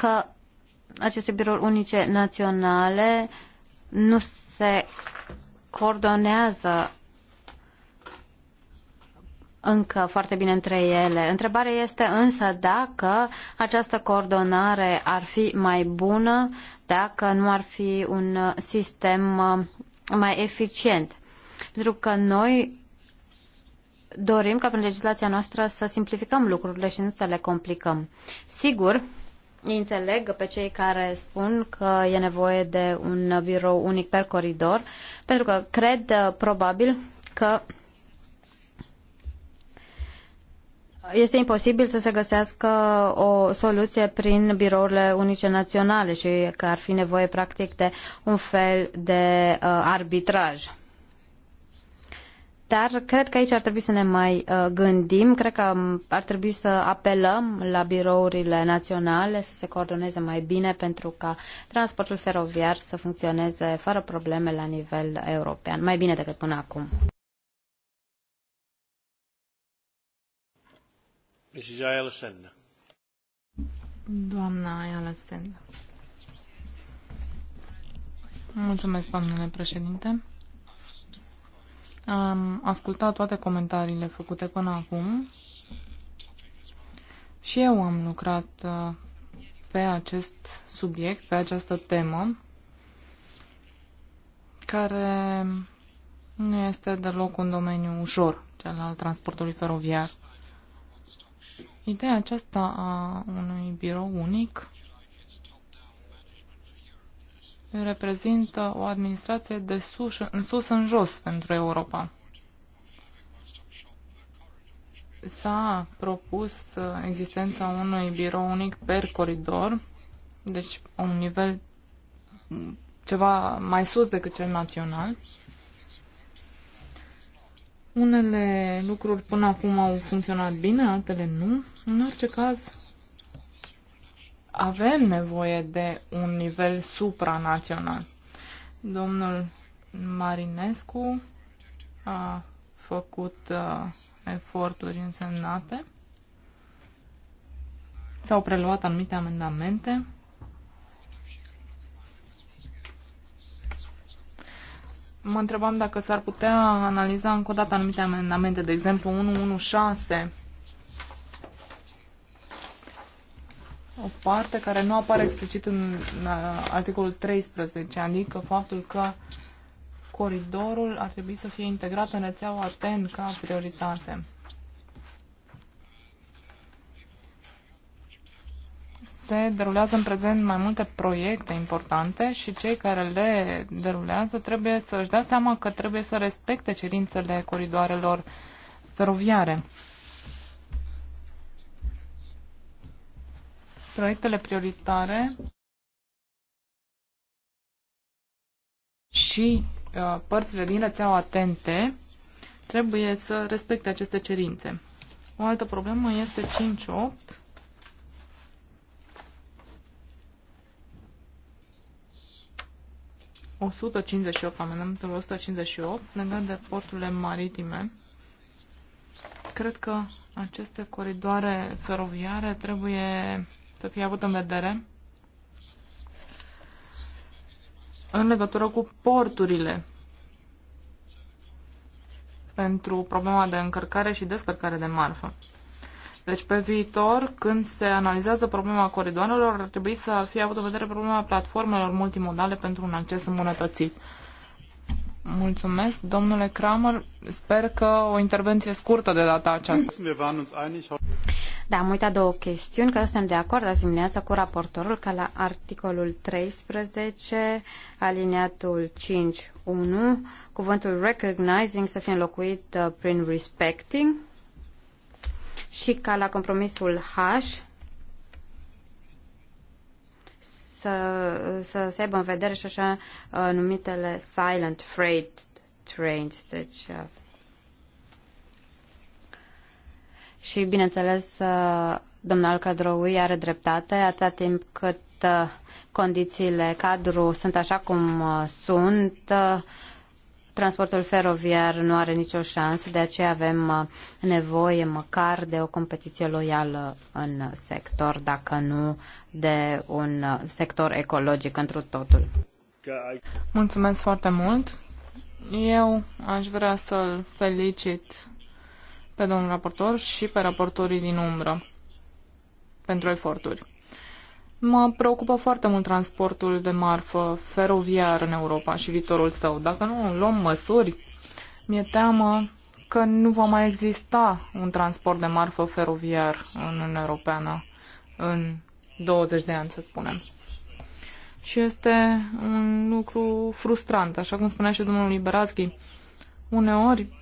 S3: că aceste birouri unice naționale nu se coordonează încă foarte bine între ele. Întrebarea este însă dacă această coordonare ar fi mai bună, dacă nu ar fi un sistem uh, mai eficient. Pentru că noi dorim ca prin legislația noastră să simplificăm lucrurile și nu să le complicăm. Sigur, înțeleg pe cei care spun că e nevoie de un birou unic per coridor, pentru că cred uh, probabil că este imposibil să se găsească o soluție prin birourile unice naționale și că ar fi nevoie practic de un fel de uh, arbitraj. Dar cred că aici ar trebui să ne mai uh, gândim, cred că um, ar trebui să apelăm la birourile naționale să se coordoneze mai bine pentru ca transportul feroviar să funcționeze fără probleme la nivel european, mai bine decât până acum.
S1: Mrs. Ayala
S2: Doamna Ayala Mulțumesc, domnule președinte. Am ascultat toate comentariile făcute până acum și eu am lucrat uh, pe acest subiect, pe această temă, care nu este deloc un domeniu ușor, cel al transportului feroviar. Ideea aceasta a unui birou unic reprezintă o administrație de sus, în sus în jos pentru Europa. S-a propus uh, existența unui birou unic per coridor, deci un nivel mm, ceva mai sus decât cel național. Unele lucruri până acum au funcționat bine, altele nu. În orice caz, avem nevoie de un nivel supranațional. Domnul Marinescu a făcut uh, eforturi însemnate. S-au preluat anumite amendamente. Mă întrebam dacă s-ar putea analiza încă o dată anumite amendamente, de exemplu 116 o parte care nu apare explicit în uh, articolul 13, adică faptul că coridorul ar trebui să fie integrat în rețeaua TEN ca prioritate. Se derulează în prezent mai multe proiecte importante și cei care le derulează trebuie să își dea seama că trebuie să respecte cerințele coridoarelor feroviare. proiectele prioritare și uh, părțile din rețeaua atente trebuie să respecte aceste cerințe. O altă problemă este 5.8 158, amendamentul 158, legat de porturile maritime. Cred că aceste coridoare feroviare trebuie să fie avut în vedere în legătură cu porturile pentru problema de încărcare și descărcare de marfă. Deci pe viitor, când se analizează problema coridoanelor, ar trebui să fie avut în vedere problema platformelor multimodale pentru un acces îmbunătățit. Mulțumesc, domnule Kramer. Sper că o intervenție scurtă de data aceasta. Da, am
S3: uitat două chestiuni, că suntem de acord azi dimineața cu raportorul că la articolul 13, aliniatul 5.1, cuvântul recognizing să fie înlocuit uh, prin respecting și ca la compromisul H să, să se aibă în vedere și așa uh, numitele silent freight trains, deci uh, și bineînțeles uh, domnul Alcadroui are dreptate atâta timp cât condițiile cadru sunt așa cum sunt transportul feroviar nu are nicio șansă, de aceea avem uh, nevoie măcar de o competiție loială în sector, dacă nu de un uh, sector ecologic
S2: întru totul. Mulțumesc foarte mult. Eu aș vrea să-l felicit pe domnul raportor și pe raportorii din umbră pentru eforturi. Mă preocupă foarte mult transportul de marfă feroviar în Europa și viitorul său. Dacă nu luăm măsuri, mi-e teamă că nu va mai exista un transport de marfă feroviar în Uniunea Europeană în 20 de ani, să spunem. Și este un lucru frustrant, așa cum spunea și domnul Liberațchi. Uneori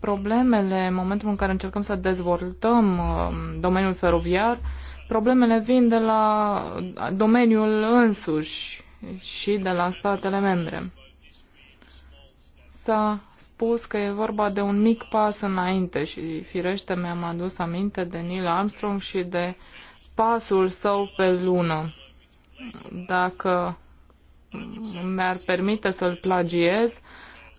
S2: problemele în momentul în care încercăm să dezvoltăm um, domeniul feroviar, problemele vin de la domeniul însuși și de la statele membre. S-a spus că e vorba de un mic pas înainte și firește mi-am adus aminte de Neil Armstrong și de pasul său pe lună. Dacă mi-ar permite să-l plagiez, uh,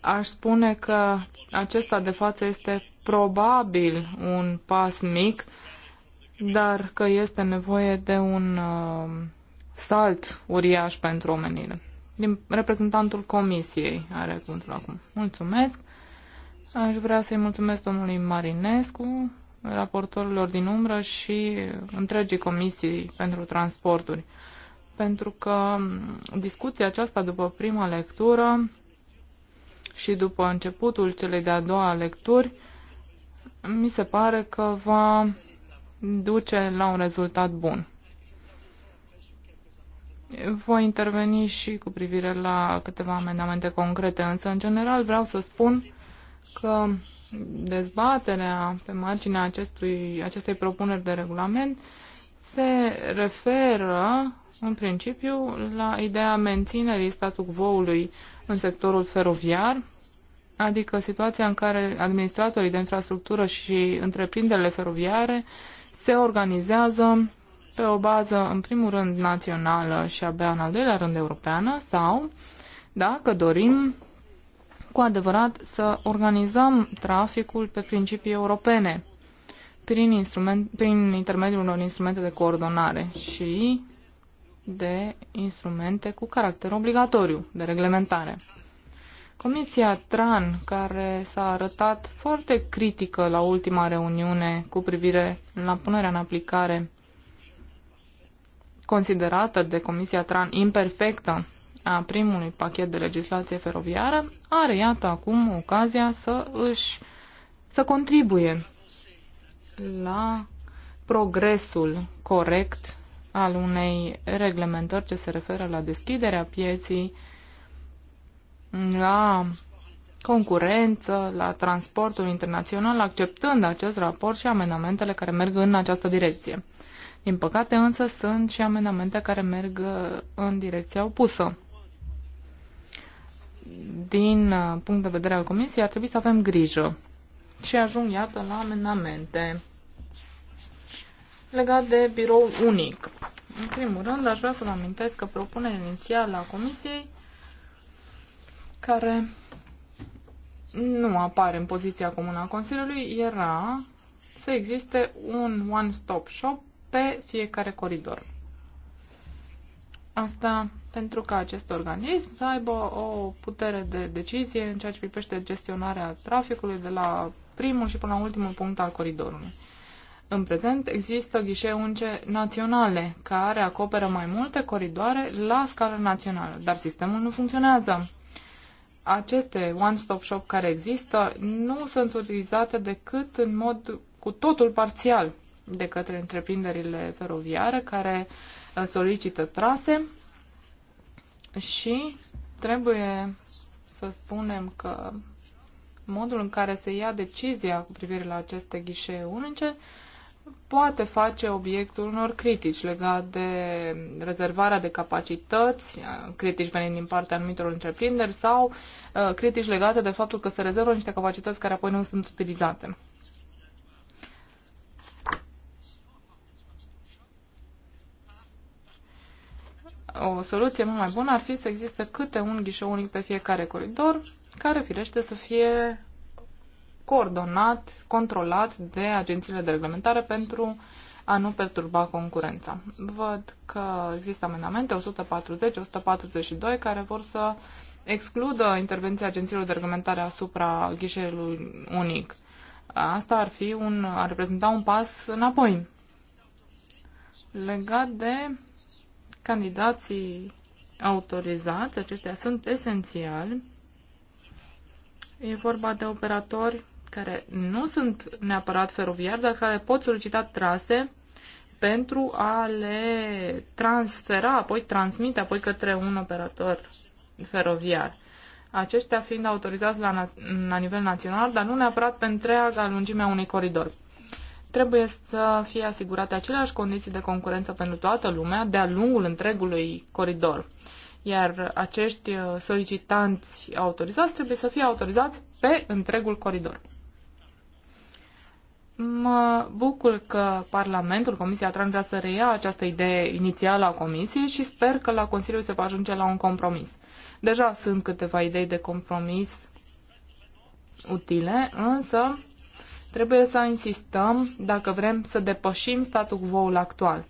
S2: aș spune că acesta de față este probabil un pas mic, dar că este nevoie de un uh, salt uriaș pentru omenire. Din reprezentantul comisiei are cuvântul acum. Mulțumesc. Aș vrea să-i mulțumesc domnului Marinescu, raportorilor din umbră și întregii comisii pentru transporturi. Pentru că um, discuția aceasta după prima lectură și după începutul celei de-a doua lecturi, mi se pare că va duce la un rezultat bun. Voi interveni și cu privire la câteva amendamente concrete, însă, în general, vreau să spun că dezbaterea pe marginea acestui, acestei propuneri de regulament se referă, în principiu, la ideea menținerii statul quo-ului în sectorul feroviar, adică situația în care administratorii de infrastructură și întreprinderile feroviare se organizează pe o bază, în primul rând, națională și abia în al doilea rând europeană, sau, dacă dorim, cu adevărat să organizăm traficul pe principii europene prin, instrument, prin intermediul unor instrumente de coordonare și de instrumente cu caracter obligatoriu de reglementare. Comisia TRAN, care s-a arătat foarte critică la ultima reuniune cu privire la punerea în aplicare considerată de Comisia TRAN imperfectă a primului pachet de legislație feroviară, are iată acum ocazia să își să contribuie la progresul corect al unei reglementări ce se referă la deschiderea pieții, la concurență, la transportul internațional, acceptând acest raport și amendamentele care merg în această direcție. Din păcate însă sunt și amendamente care merg uh, în direcția opusă. Din uh, punct de vedere al Comisiei ar trebui să avem grijă și ajung, iată, la amendamente legat de birou unic. În primul rând, aș vrea să vă amintesc că propunerea inițială a Comisiei, care nu apare în poziția comună a Consiliului, era să existe un one-stop shop pe fiecare coridor. Asta pentru ca acest organism să aibă o putere de decizie în ceea ce privește gestionarea traficului de la primul și până la ultimul punct al coridorului. În prezent există ghișee unice naționale care acoperă mai multe coridoare la scară națională, dar sistemul nu funcționează. Aceste one-stop shop care există nu sunt utilizate decât în mod cu totul parțial de către întreprinderile feroviare care uh, solicită trase și trebuie să spunem că modul în care se ia decizia cu privire la aceste ghișee unice poate face obiectul unor critici legat de rezervarea de capacități, critici venind din partea anumitor întreprinderi sau uh, critici legate de faptul că se rezervă niște capacități care apoi nu sunt utilizate. O soluție mult mai bună ar fi să existe câte un ghișeu unic pe fiecare coridor, care firește să fie coordonat, controlat de agențiile de reglementare pentru a nu perturba concurența. Văd că există amendamente 140-142 care vor să excludă intervenția agențiilor de reglementare asupra ghișeului unic. Asta ar, fi un, ar reprezenta un pas înapoi. Legat de candidații autorizați, aceștia sunt esențiali. E vorba de operatori care nu sunt neapărat feroviari, dar care pot solicita trase pentru a le transfera, apoi transmite apoi către un operator feroviar. Aceștia fiind autorizați la, la nivel național, dar nu neapărat pe întreaga lungimea unui coridor. Trebuie să fie asigurate aceleași condiții de concurență pentru toată lumea de-a lungul întregului coridor. Iar acești uh, solicitanți autorizați trebuie să fie autorizați pe întregul coridor. Mă bucur că Parlamentul, Comisia Tran vrea să reia această idee inițială a Comisiei și sper că la Consiliu se va ajunge la un compromis. Deja sunt câteva idei de compromis utile, însă trebuie să insistăm dacă vrem să depășim statul quo-ul actual.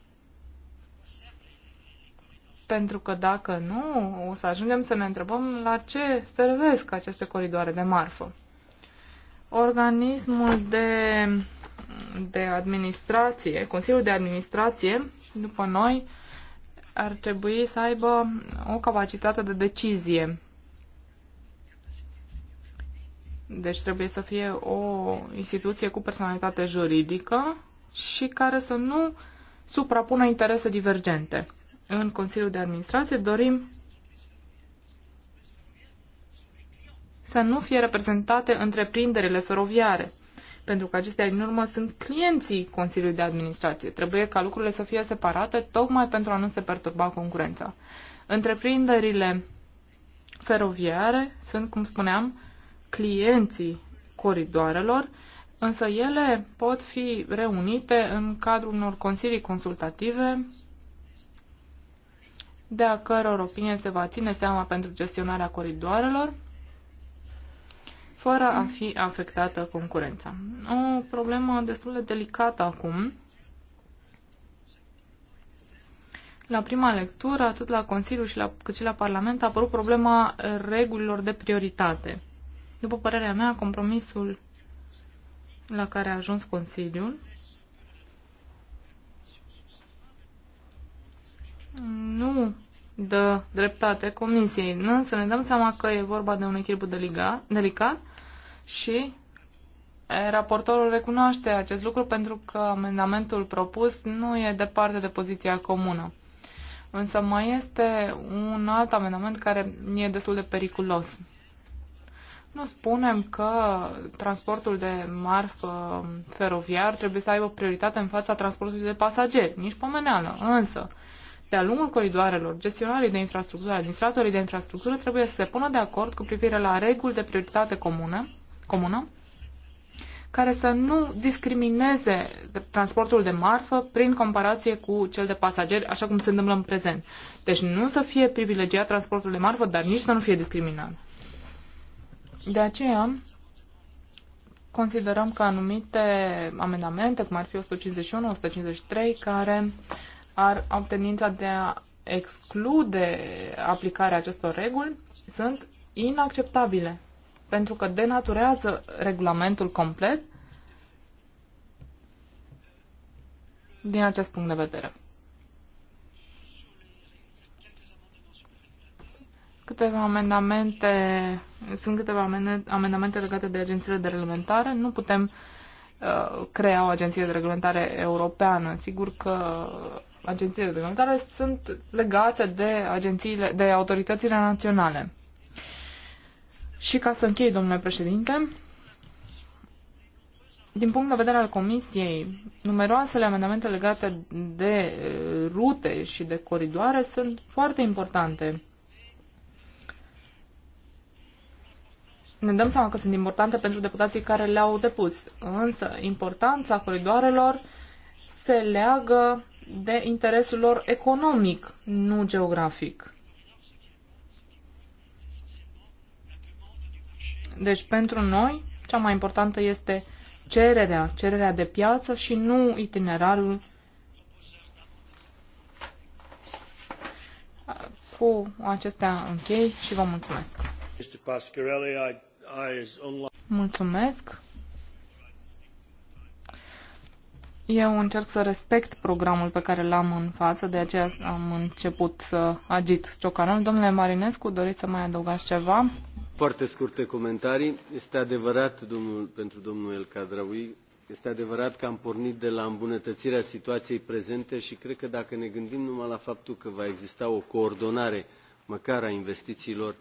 S2: Pentru că dacă nu, o să ajungem să ne întrebăm la ce servesc aceste coridoare de marfă. Organismul de de administrație, Consiliul de Administrație, după noi, ar trebui să aibă o capacitate de decizie. Deci trebuie să fie o instituție cu personalitate juridică și care să nu suprapună interese divergente. În Consiliul de Administrație dorim să nu fie reprezentate întreprinderile feroviare, pentru că acestea din urmă sunt clienții Consiliului de Administrație. Trebuie ca lucrurile să fie separate tocmai pentru a nu se perturba concurența. Întreprinderile feroviare sunt, cum spuneam, clienții coridoarelor, însă ele pot fi reunite în cadrul unor consilii consultative de a căror opinie se va ține seama pentru gestionarea coridoarelor fără a fi afectată concurența. O problemă destul de delicată acum. La prima lectură, atât la Consiliu și la, cât și la Parlament, a apărut problema regulilor de prioritate. După părerea mea, compromisul la care a ajuns Consiliul nu dă dreptate comisiei, însă ne dăm seama că e vorba de un echilibru delicat și raportorul recunoaște acest lucru pentru că amendamentul propus nu e departe de poziția comună. Însă mai este un alt amendament care e destul de periculos. Nu spunem că transportul de marfă um, feroviar trebuie să aibă prioritate în fața transportului de pasageri, nici pomeneală. Însă, de-a lungul coridoarelor, gestionarii de infrastructură, administratorii de infrastructură trebuie să se pună de acord cu privire la reguli de prioritate comună comună care să nu discrimineze transportul de marfă prin comparație cu cel de pasageri, așa cum se întâmplă în prezent. Deci nu să fie privilegiat transportul de marfă, dar nici să nu fie discriminat. De aceea, considerăm că anumite amendamente, cum ar fi 151, 153, care ar au tendința de a exclude aplicarea acestor reguli, sunt inacceptabile pentru că denaturează regulamentul complet din acest punct de vedere. câteva amendamente, sunt câteva amendamente legate de agențiile de reglementare. Nu putem uh, crea o agenție de reglementare europeană. Sigur că agențiile de reglementare sunt legate de agențiile, de autoritățile naționale. Și ca să închei, domnule președinte, din punct de vedere al Comisiei, numeroasele amendamente legate de eh, rute și de coridoare sunt foarte importante. Ne dăm seama că sunt importante pentru deputații care le-au depus, însă importanța coridoarelor se leagă de interesul lor economic, nu geografic. Deci, pentru noi, cea mai importantă este cererea, cererea de piață și nu itinerarul cu acestea închei și vă mulțumesc. Mulțumesc. Eu încerc să respect programul pe care l-am în față, de aceea am început să agit ciocanul. Domnule Marinescu, doriți să mai adăugați ceva?
S1: Foarte scurte comentarii. Este adevărat, domnul, pentru domnul El Cadraui, este adevărat că am pornit de la îmbunătățirea situației prezente și cred că dacă ne gândim numai la faptul că va exista o coordonare măcar a investițiilor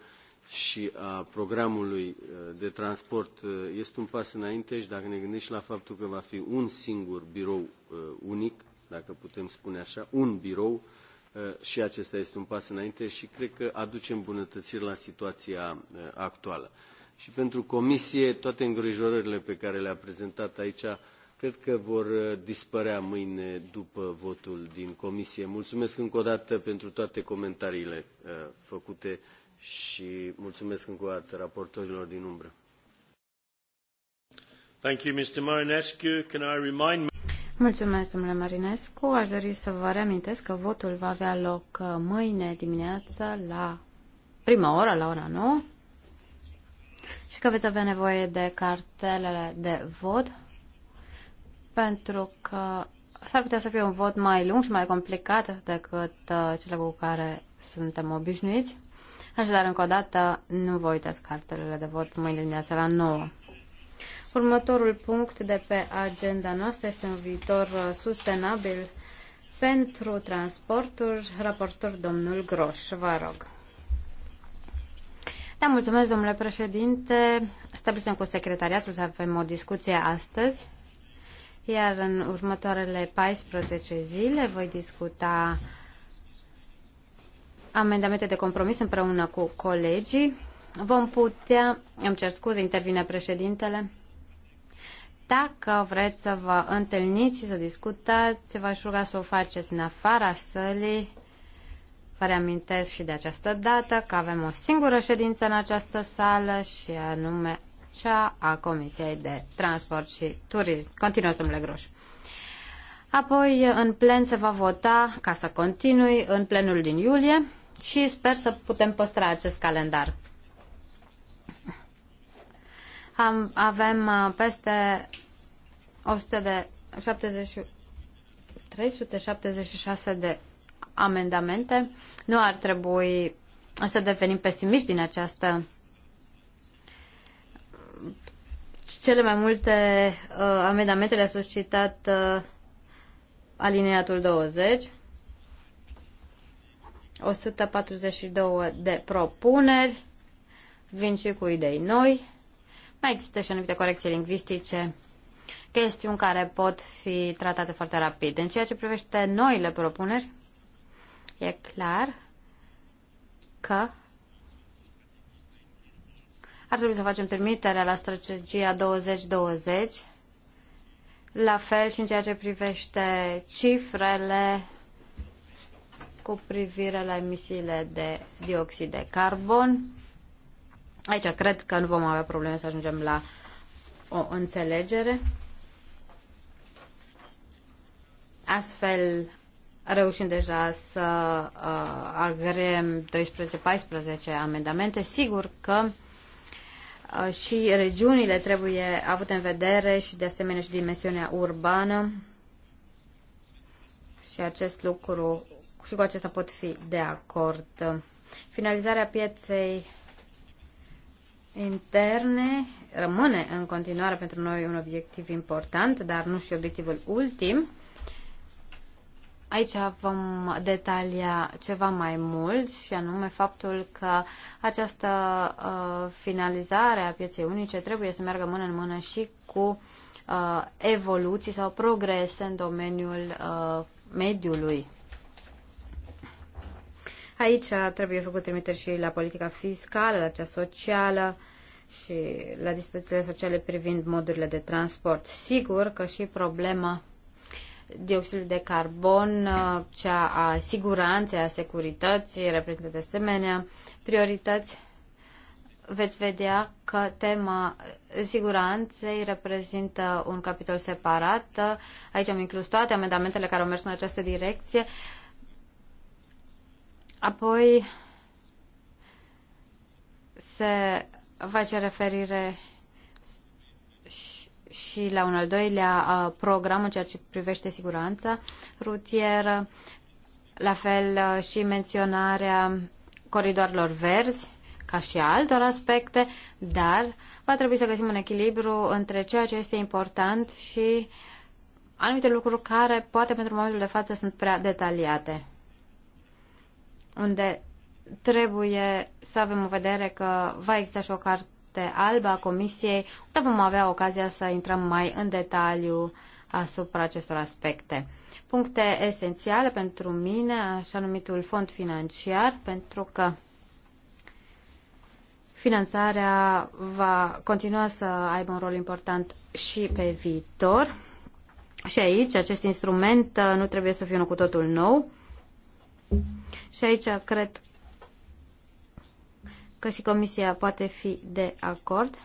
S1: și a programului uh, de transport uh, este un pas înainte și dacă ne gândim și la faptul că va fi un singur birou uh, unic, dacă putem spune așa, un birou Uh, și acesta este un pas înainte și cred că aduce îmbunătățiri la situația uh, actuală. Și pentru Comisie, toate îngrijorările pe care le-a prezentat aici, cred că vor uh, dispărea mâine după votul din Comisie. Mulțumesc încă o dată pentru toate comentariile făcute și mulțumesc încă o dată raportorilor din umbră. Thank you, Mr. Marinescu. Can I remind
S3: Mulțumesc, domnule Marinescu. Aș dori să vă reamintesc că votul va avea loc uh, mâine dimineață la prima oră, la ora 9 și că veți avea nevoie de cartelele de vot pentru că s-ar putea să fie un vot mai lung și mai complicat decât uh, cele cu care suntem obișnuiți. Așadar, încă o dată, nu vă uitați cartelele de vot mâine dimineața la 9. Următorul punct de pe agenda noastră este un viitor uh, sustenabil pentru transporturi, raportor domnul Groș. Vă rog. Da, mulțumesc, domnule președinte. Stabilisem cu secretariatul să avem o discuție astăzi, iar în următoarele 14 zile voi discuta amendamente de compromis împreună cu colegii. Vom putea, îmi cer scuze, intervine președintele, dacă vreți să vă întâlniți și să discutați, v-aș ruga să o faceți în afara sălii. Vă reamintesc și de această dată că avem o singură ședință în această sală și anume cea a Comisiei de Transport și Turism. Continuă, domnule Groș. Apoi, în plen se va vota, ca să continui, în plenul din iulie și sper să putem păstra acest calendar. Am, avem uh, peste 100 de 70, 376 de amendamente. Nu ar trebui să devenim pesimiști din această cele mai multe uh, amendamente le-a suscitat uh, alineatul 20, 142 de propuneri, vin și cu idei noi. Mai există și anumite corecții lingvistice, chestiuni care pot fi tratate foarte rapid. În ceea ce privește noile propuneri, e clar că ar trebui să facem trimiterea la strategia 2020, la fel și în ceea ce privește cifrele cu privire la emisiile de dioxid de carbon. Aici cred că nu vom avea probleme să ajungem la o înțelegere. Astfel, reușim deja să uh, agrem 12-14 amendamente. Sigur că uh, și regiunile trebuie avute în vedere și de asemenea și dimensiunea urbană și acest lucru și cu acesta pot fi de acord. Finalizarea pieței interne rămâne în continuare pentru noi un obiectiv important, dar nu și obiectivul ultim. Aici vom detalia ceva mai mult și anume faptul că această uh, finalizare a pieței unice trebuie să meargă mână în mână și cu uh, evoluții sau progrese în domeniul uh, mediului. Aici trebuie făcut trimiteri și la politica fiscală, la cea socială și la dispozițiile sociale privind modurile de transport. Sigur că și problema dioxidului de carbon, cea a siguranței, a securității, reprezintă de asemenea priorități. Veți vedea că tema siguranței reprezintă un capitol separat. Aici am inclus toate amendamentele care au mers în această direcție. Apoi se face referire și, la un al doilea uh, program în ceea ce privește siguranța rutieră, la fel uh, și menționarea coridorilor verzi, ca și altor aspecte, dar va trebui să găsim un echilibru între ceea ce este important și anumite lucruri care poate pentru momentul de față sunt prea detaliate unde trebuie să avem în vedere că va exista și o carte albă a Comisiei, unde vom avea ocazia să intrăm mai în detaliu asupra acestor aspecte. Puncte esențiale pentru mine, așa numitul fond financiar, pentru că finanțarea va continua să aibă un rol important și pe viitor. Și aici, acest instrument uh, nu trebuie să fie unul cu totul nou, și aici cred că și Comisia poate fi de acord.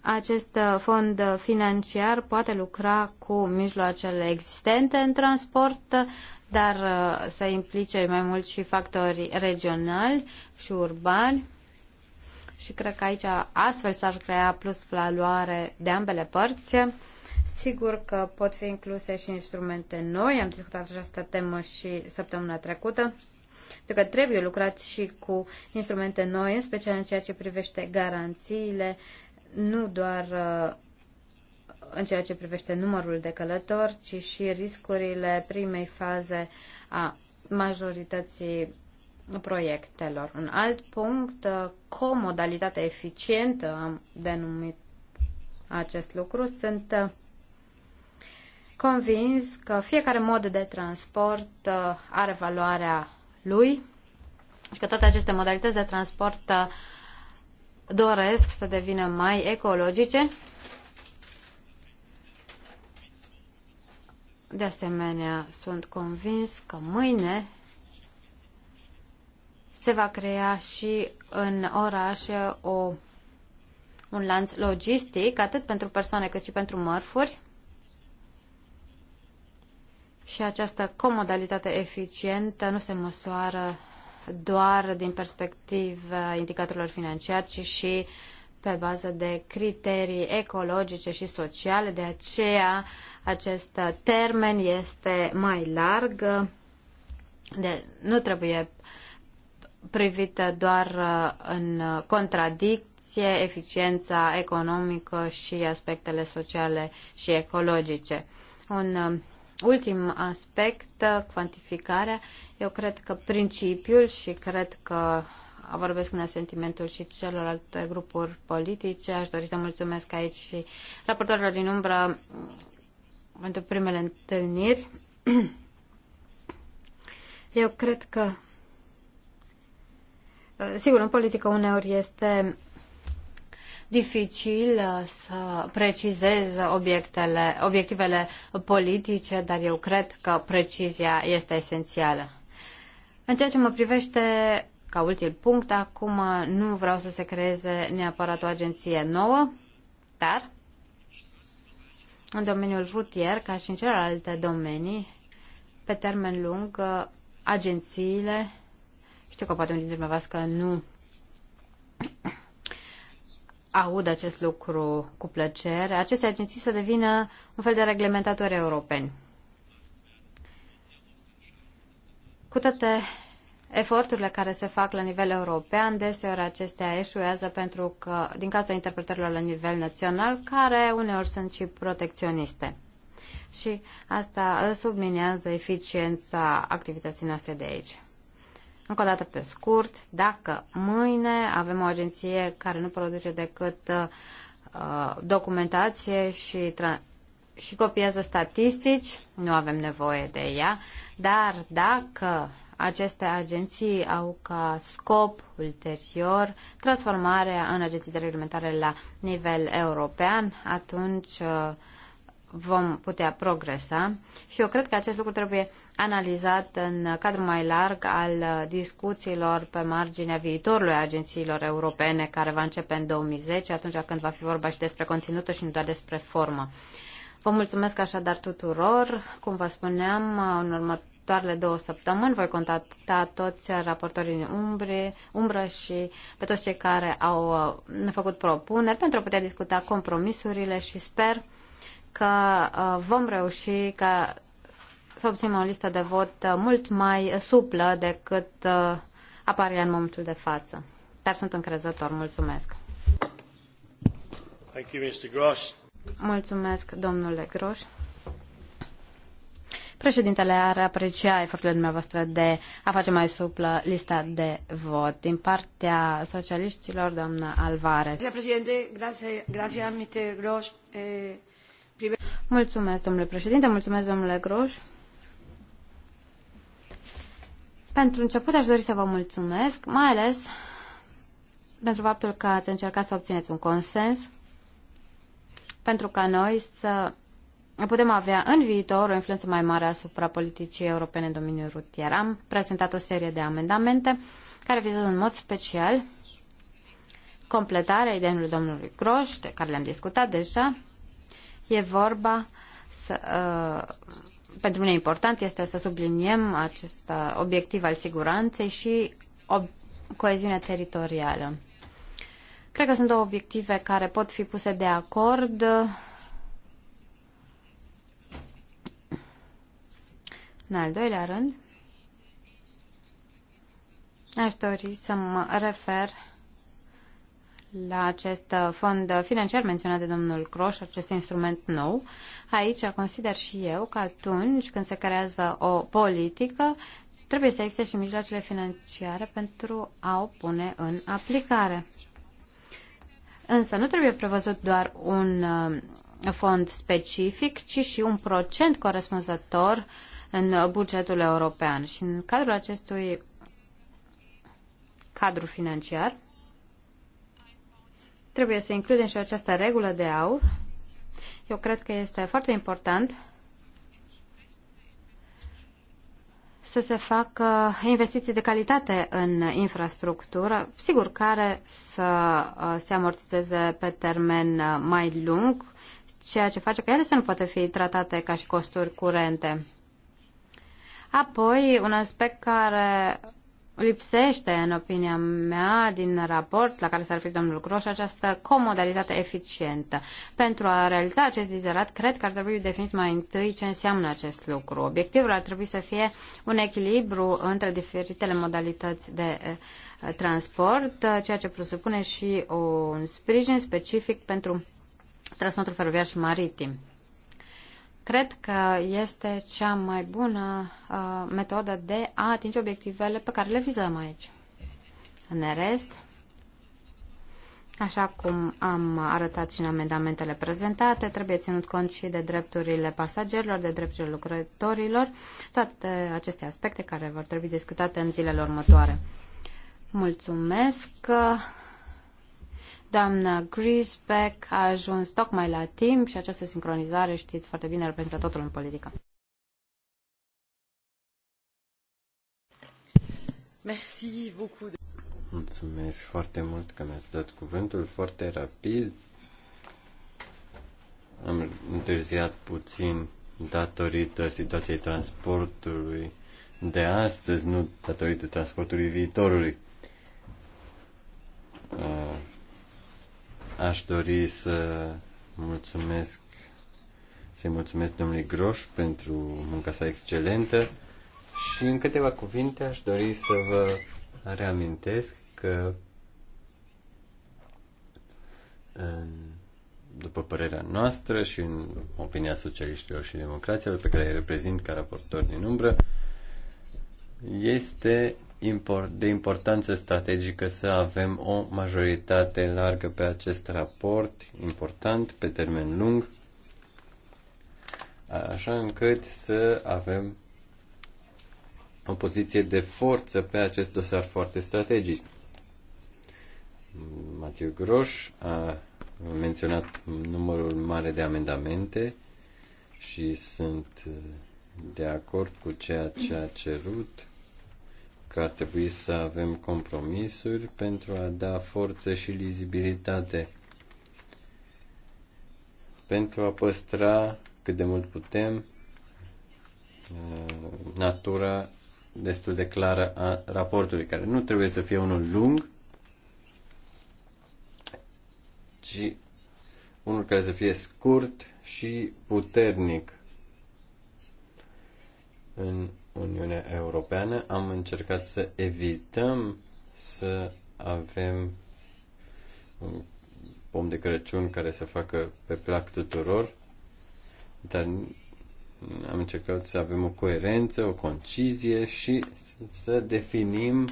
S3: Acest uh, fond financiar poate lucra cu mijloacele existente în transport, dar uh, să implice mai mult și factori regionali și urbani. Și cred că aici astfel s-ar crea plus valoare de ambele părți Sigur că pot fi incluse și instrumente noi. Am discutat această temă și săptămâna trecută. Pentru că trebuie lucrat și cu instrumente noi, în special în ceea ce privește garanțiile, nu doar uh, în ceea ce privește numărul de călători, ci și riscurile primei faze a majorității proiectelor. Un alt punct, uh, comodalitatea eficientă, am denumit acest lucru, sunt uh, convins că fiecare mod de transport uh, are valoarea lui și că toate aceste modalități de transport uh, doresc să devină mai ecologice. De asemenea, sunt convins că mâine se va crea și în orașe uh, o, un lanț logistic, atât pentru persoane cât și pentru mărfuri. Și această comodalitate eficientă nu se măsoară doar din perspectiva indicatorilor financiari, ci și pe bază de criterii ecologice și sociale. De aceea, acest termen este mai larg. De, nu trebuie privită doar în contradicție eficiența economică și aspectele sociale și ecologice. Un ultim aspect, cuantificarea, eu cred că principiul și cred că vorbesc în sentimentul și celorlalte grupuri politice. Aș dori să mulțumesc aici și raportorilor din umbră mm, pentru primele întâlniri. Eu cred că, sigur, în politică uneori este dificil uh, să precizez obiectele, obiectivele politice, dar eu cred că precizia este esențială. În ceea ce mă privește, ca ultim punct, acum uh, nu vreau să se creeze neapărat o agenție nouă, dar în domeniul rutier, ca și în celelalte domenii, pe termen lung, uh, agențiile, știu că poate unii dintre dumneavoastră nu aud acest lucru cu plăcere, aceste agenții să devină un fel de reglementatori europeni. Cu toate eforturile care se fac la nivel european, deseori acestea eșuează pentru că, din cauza interpretărilor la nivel național, care uneori sunt și protecționiste. Și asta subminează eficiența activității noastre de aici. Încă o dată pe scurt, dacă mâine avem o agenție care nu produce decât uh, documentație și, și copiază statistici, nu avem nevoie de ea, dar dacă aceste agenții au ca scop ulterior transformarea în agenții de reglementare la nivel european, atunci uh, vom putea progresa și eu cred că acest lucru trebuie analizat în cadrul mai larg al discuțiilor pe marginea viitorului agențiilor europene care va începe în 2010, atunci când va fi vorba și despre conținutul și nu doar despre formă. Vă mulțumesc așadar tuturor. Cum vă spuneam, în următoarele două săptămâni voi contacta toți raportorii în umbre, umbră și pe toți cei care au uh, făcut propuneri pentru a putea discuta compromisurile și sper că uh, vom reuși ca să obținem o listă de vot uh, mult mai suplă decât uh, apare în momentul de față. Dar sunt încrezător. Mulțumesc.
S1: Thank you, Mr. Grosch.
S3: Mulțumesc, domnule Groș. Președintele ar aprecia eforturile dumneavoastră de a face mai suplă lista de vot. Din partea socialiștilor, doamna Alvarez. Grazie, președinte. Grazie, grazie, Mr. Groș. Eh... Mulțumesc, domnule președinte, mulțumesc, domnule Groș. Pentru început aș dori să vă mulțumesc, mai ales pentru faptul că ați încercat să obțineți un consens, pentru ca noi să putem avea în viitor o influență mai mare asupra politicii europene în domeniul rutier. Am prezentat o serie de amendamente care vizează în mod special completarea ideilor domnului Groș, de care le-am discutat deja, E vorba să, uh, pentru mine important este să subliniem acest uh, obiectiv al siguranței și ob- coeziunea teritorială. Cred că sunt două obiective care pot fi puse de acord. În al doilea rând, aș dori să mă refer la acest uh, fond financiar menționat de domnul Croș, acest instrument nou. Aici consider și eu că atunci când se creează o politică, trebuie să existe și mijloacele financiare pentru a o pune în aplicare. Însă nu trebuie prevăzut doar un uh, fond specific, ci și un procent corespunzător în bugetul european. Și în cadrul acestui cadru financiar, trebuie să includem și această regulă de aur. Eu cred că este foarte important să se facă investiții de calitate în infrastructură, sigur, care să uh, se amortizeze pe termen uh, mai lung, ceea ce face că ele să nu poate fi tratate ca și costuri curente. Apoi, un aspect care lipsește, în opinia mea, din raport la care s-a referit domnul Groș, această comodalitate eficientă. Pentru a realiza acest dizerat, cred că ar trebui definit mai întâi ce înseamnă acest lucru. Obiectivul ar trebui să fie un echilibru între diferitele modalități de eh, transport, ceea ce presupune și un sprijin specific pentru transportul feroviar și maritim cred că este cea mai bună uh, metodă de a atinge obiectivele pe care le vizăm aici. În rest, Așa cum am arătat și în amendamentele prezentate, trebuie ținut cont și de drepturile pasagerilor, de drepturile lucrătorilor, toate aceste aspecte care vor trebui discutate în zilele următoare. Mulțumesc! Doamna Grisbeck a ajuns tocmai la timp și această sincronizare, știți foarte bine, reprezintă totul în politică.
S2: Merci beaucoup.
S4: Mulțumesc foarte mult că mi-ați dat cuvântul foarte rapid. Am întârziat puțin datorită situației transportului de astăzi, nu datorită transportului viitorului. Uh, Aș dori să mulțumesc să-i mulțumesc domnului Groș pentru munca sa excelentă și în câteva cuvinte aș dori să vă reamintesc că după părerea noastră și în opinia socialiștilor și democraților pe care îi reprezint ca raportor din umbră, este de importanță strategică să avem o majoritate largă pe acest raport important pe termen lung, așa încât să avem o poziție de forță pe acest dosar foarte strategic. Matiu Groș a menționat numărul mare de amendamente și sunt de acord cu ceea ce a cerut că ar trebui să avem compromisuri pentru a da forță și lizibilitate, pentru a păstra cât de mult putem uh, natura destul de clară a raportului, care nu trebuie să fie unul lung, ci unul care să fie scurt și puternic în Uniunea Europeană am încercat să evităm să avem un pom de Crăciun care să facă pe plac tuturor, dar am încercat să avem o coerență, o concizie și să definim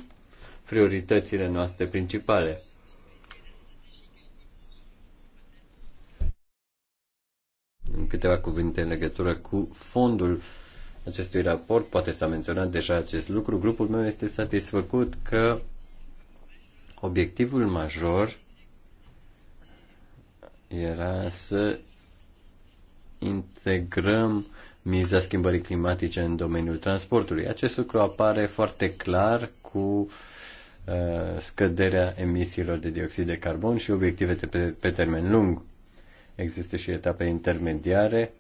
S4: prioritățile noastre principale. În câteva cuvinte în legătură cu fondul acestui raport, poate s-a menționat deja acest lucru, grupul meu este satisfăcut că obiectivul major era să integrăm miza schimbării climatice în domeniul transportului. Acest lucru apare foarte clar cu uh, scăderea emisiilor de dioxid de carbon și obiective pe, pe termen lung. Există și etape intermediare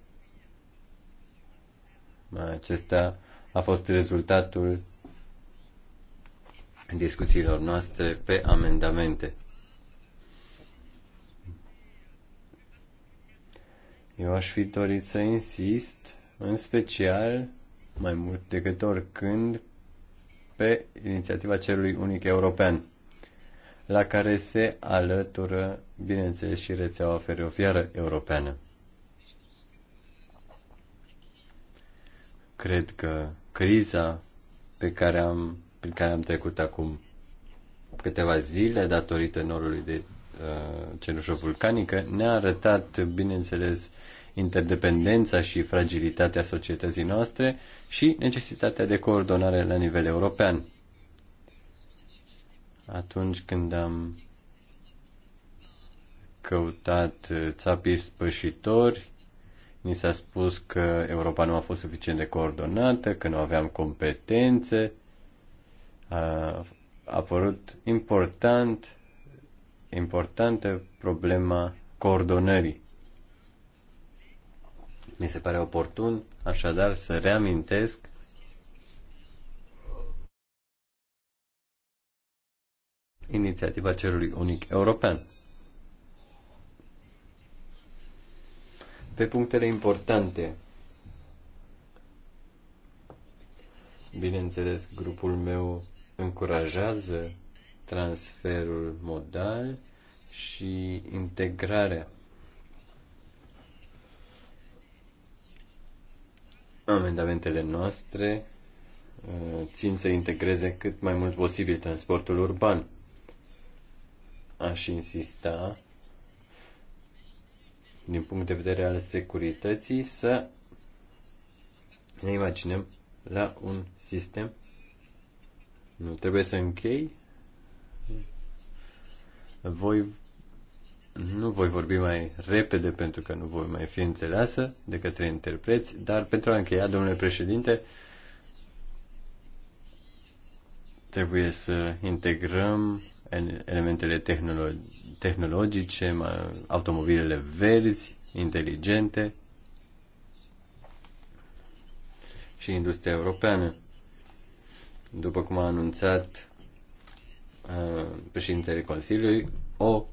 S4: acesta a fost rezultatul discuțiilor noastre pe amendamente. Eu aș fi dorit să insist, în special, mai mult decât oricând, pe inițiativa celui unic european, la care se alătură, bineînțeles, și rețeaua feroviară europeană. Cred că criza pe care am, prin care am trecut acum câteva zile datorită norului de uh, cenușă vulcanică ne-a arătat, bineînțeles, interdependența și fragilitatea societății noastre și necesitatea de coordonare la nivel european. Atunci când am căutat uh, țapii spășitori, Ni s-a spus că Europa nu a fost suficient de coordonată, că nu aveam competențe. A apărut important, importantă problema coordonării. Mi se pare oportun, așadar, să reamintesc inițiativa cerului unic european. pe punctele importante. Bineînțeles, grupul meu încurajează transferul modal și integrarea. Amendamentele noastre uh, țin să integreze cât mai mult posibil transportul urban. Aș insista din punct de vedere al securității, să ne imaginăm la un sistem. Nu trebuie să închei. Voi nu voi vorbi mai repede pentru că nu voi mai fi înțeleasă de către interpreți, dar pentru a încheia, domnule președinte, trebuie să integrăm elementele tehnolo- tehnologice, automobilele verzi, inteligente și industria europeană. După cum a anunțat uh, președintele Consiliului, o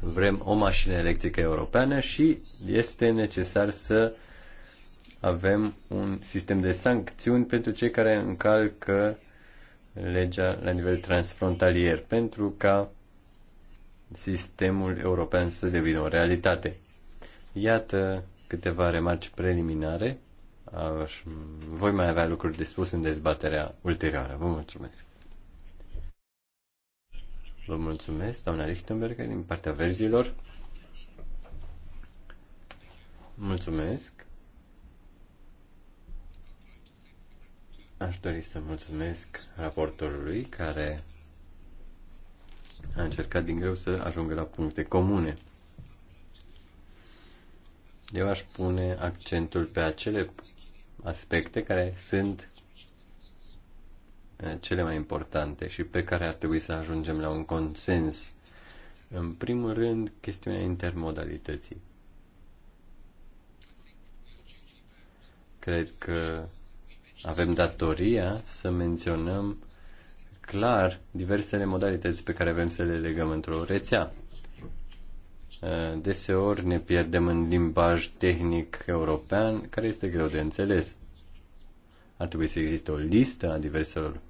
S4: vrem o mașină electrică europeană și este necesar să uh, avem un sistem de sancțiuni pentru cei care încalcă legea la nivel transfrontalier, pentru ca sistemul european să devină o realitate. Iată câteva remarci preliminare. Aș, voi mai avea lucruri de spus în dezbaterea ulterioară. Vă mulțumesc. Vă mulțumesc, doamna Lichtenberger, din partea verzilor. Mulțumesc. Aș dori să mulțumesc raportorului care a încercat din greu să ajungă la puncte comune. Eu aș pune accentul pe acele aspecte care sunt eh, cele mai importante și pe care ar trebui să ajungem la un consens. În primul rând, chestiunea intermodalității. Cred că avem datoria să menționăm clar diversele modalități pe care avem să le legăm într-o rețea. Uh, deseori ne pierdem în limbaj tehnic european care este greu de înțeles. Ar trebui să existe o listă a diverselor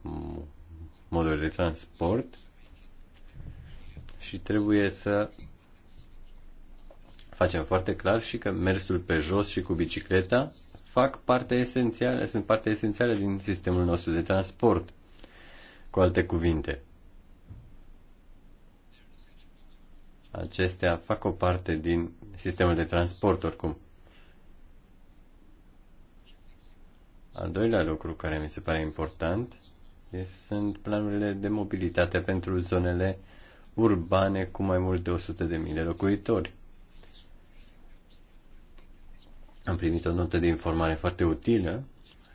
S4: moduri de transport și trebuie să facem foarte clar și că mersul pe jos și cu bicicleta fac parte esențială, sunt parte esențială din sistemul nostru de transport. Cu alte cuvinte, acestea fac o parte din sistemul de transport oricum. Al doilea lucru care mi se pare important sunt planurile de mobilitate pentru zonele urbane cu mai mult de 100.000 de locuitori. Am primit o notă de informare foarte utilă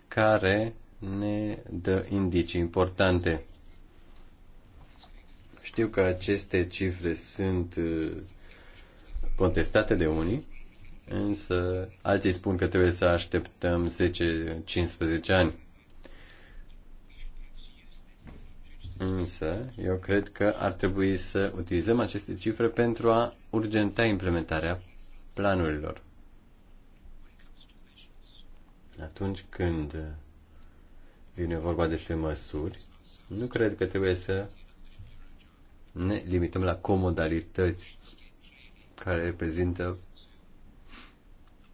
S4: care ne dă indicii importante. Știu că aceste cifre sunt uh, contestate de unii, însă alții spun că trebuie să așteptăm 10-15 ani. Însă, eu cred că ar trebui să utilizăm aceste cifre pentru a urgenta implementarea planurilor. Atunci când vine vorba despre măsuri, nu cred că trebuie să ne limităm la comodalități care reprezintă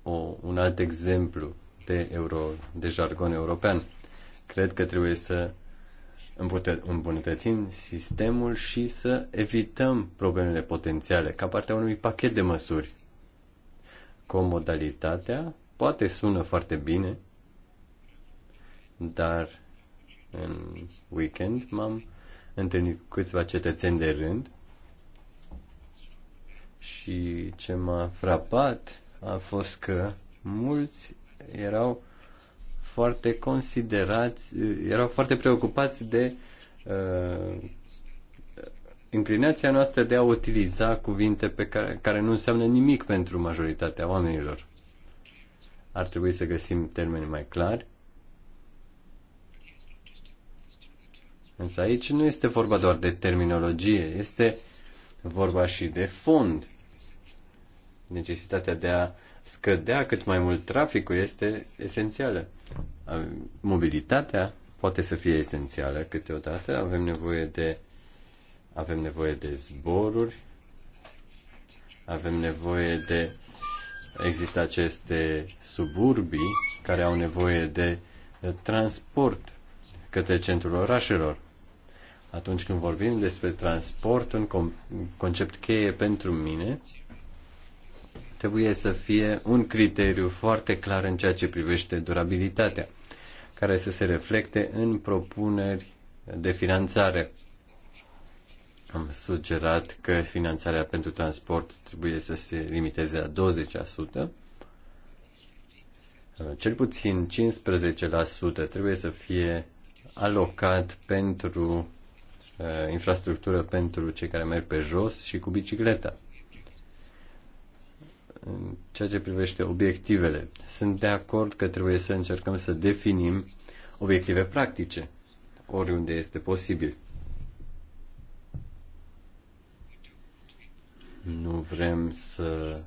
S4: o, un alt exemplu de, euro, de jargon european. Cred că trebuie să îmbunătățim sistemul și să evităm problemele potențiale ca partea unui pachet de măsuri. Comodalitatea Poate sună foarte bine, dar în weekend m-am întâlnit cu câțiva cetățeni de rând și ce m-a frapat a fost că mulți erau foarte considerați, erau foarte preocupați de uh, inclinația noastră de a utiliza cuvinte pe care, care nu înseamnă nimic pentru majoritatea oamenilor. Ar trebui să găsim termeni mai clari. Însă aici nu este vorba doar de terminologie, este vorba și de fond. Necesitatea de a scădea cât mai mult traficul este esențială. Mobilitatea poate să fie esențială câteodată. Avem nevoie de avem nevoie de zboruri, avem nevoie de Există aceste suburbii care au nevoie de transport către centrul orașelor. Atunci când vorbim despre transport, un concept cheie pentru mine trebuie să fie un criteriu foarte clar în ceea ce privește durabilitatea, care să se reflecte în propuneri de finanțare. Am sugerat că finanțarea pentru transport trebuie să se limiteze la 20%, cel puțin 15% trebuie să fie alocat pentru uh, infrastructură pentru cei care merg pe jos și cu bicicleta. În ceea ce privește obiectivele, sunt de acord că trebuie să încercăm să definim obiective practice oriunde este posibil. Nu vrem să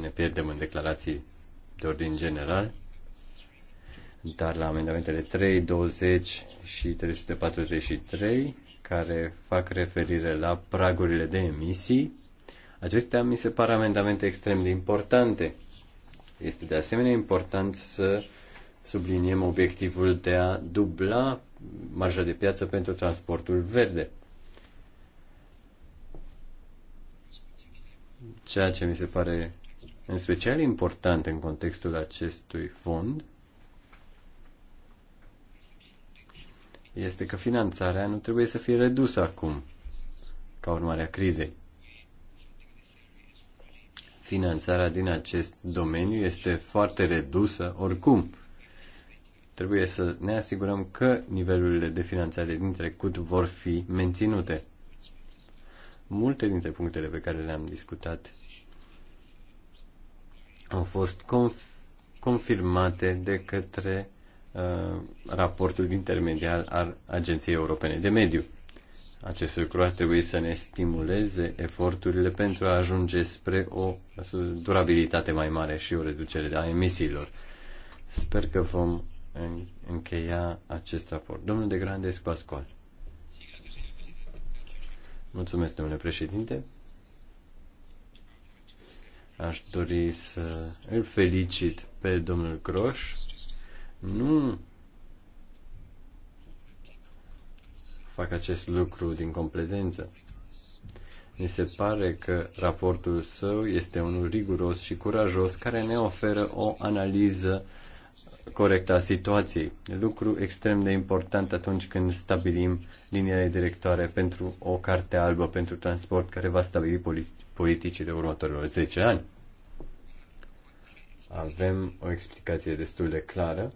S4: ne pierdem în declarații de ordin general, dar la amendamentele 3, 20 și 343, care fac referire la pragurile de emisii, acestea mi se par amendamente extrem de importante. Este de asemenea important să subliniem obiectivul de a dubla marja de piață pentru transportul verde. Ceea ce mi se pare în special important în contextul acestui fond este că finanțarea nu trebuie să fie redusă acum, ca urmare a crizei. Finanțarea din acest domeniu este foarte redusă oricum. Trebuie să ne asigurăm că nivelurile de finanțare din trecut vor fi menținute. Multe dintre punctele pe care le-am discutat au fost conf- confirmate de către uh, raportul intermediar al Agenției Europene de Mediu. Acest lucru ar trebui să ne stimuleze eforturile pentru a ajunge spre o durabilitate mai mare și o reducere a emisiilor. Sper că vom încheia acest raport. Domnul de Grande Pascual. Mulțumesc, domnule președinte. Aș dori să îl felicit pe domnul Croș. Nu fac acest lucru din complezență. Mi se pare că raportul său este unul riguros și curajos care ne oferă o analiză uh, corectă a situației. Lucru extrem de important atunci când stabilim liniile directoare pentru o carte albă pentru transport care va stabili politicile următorilor 10 ani. Avem o explicație destul de clară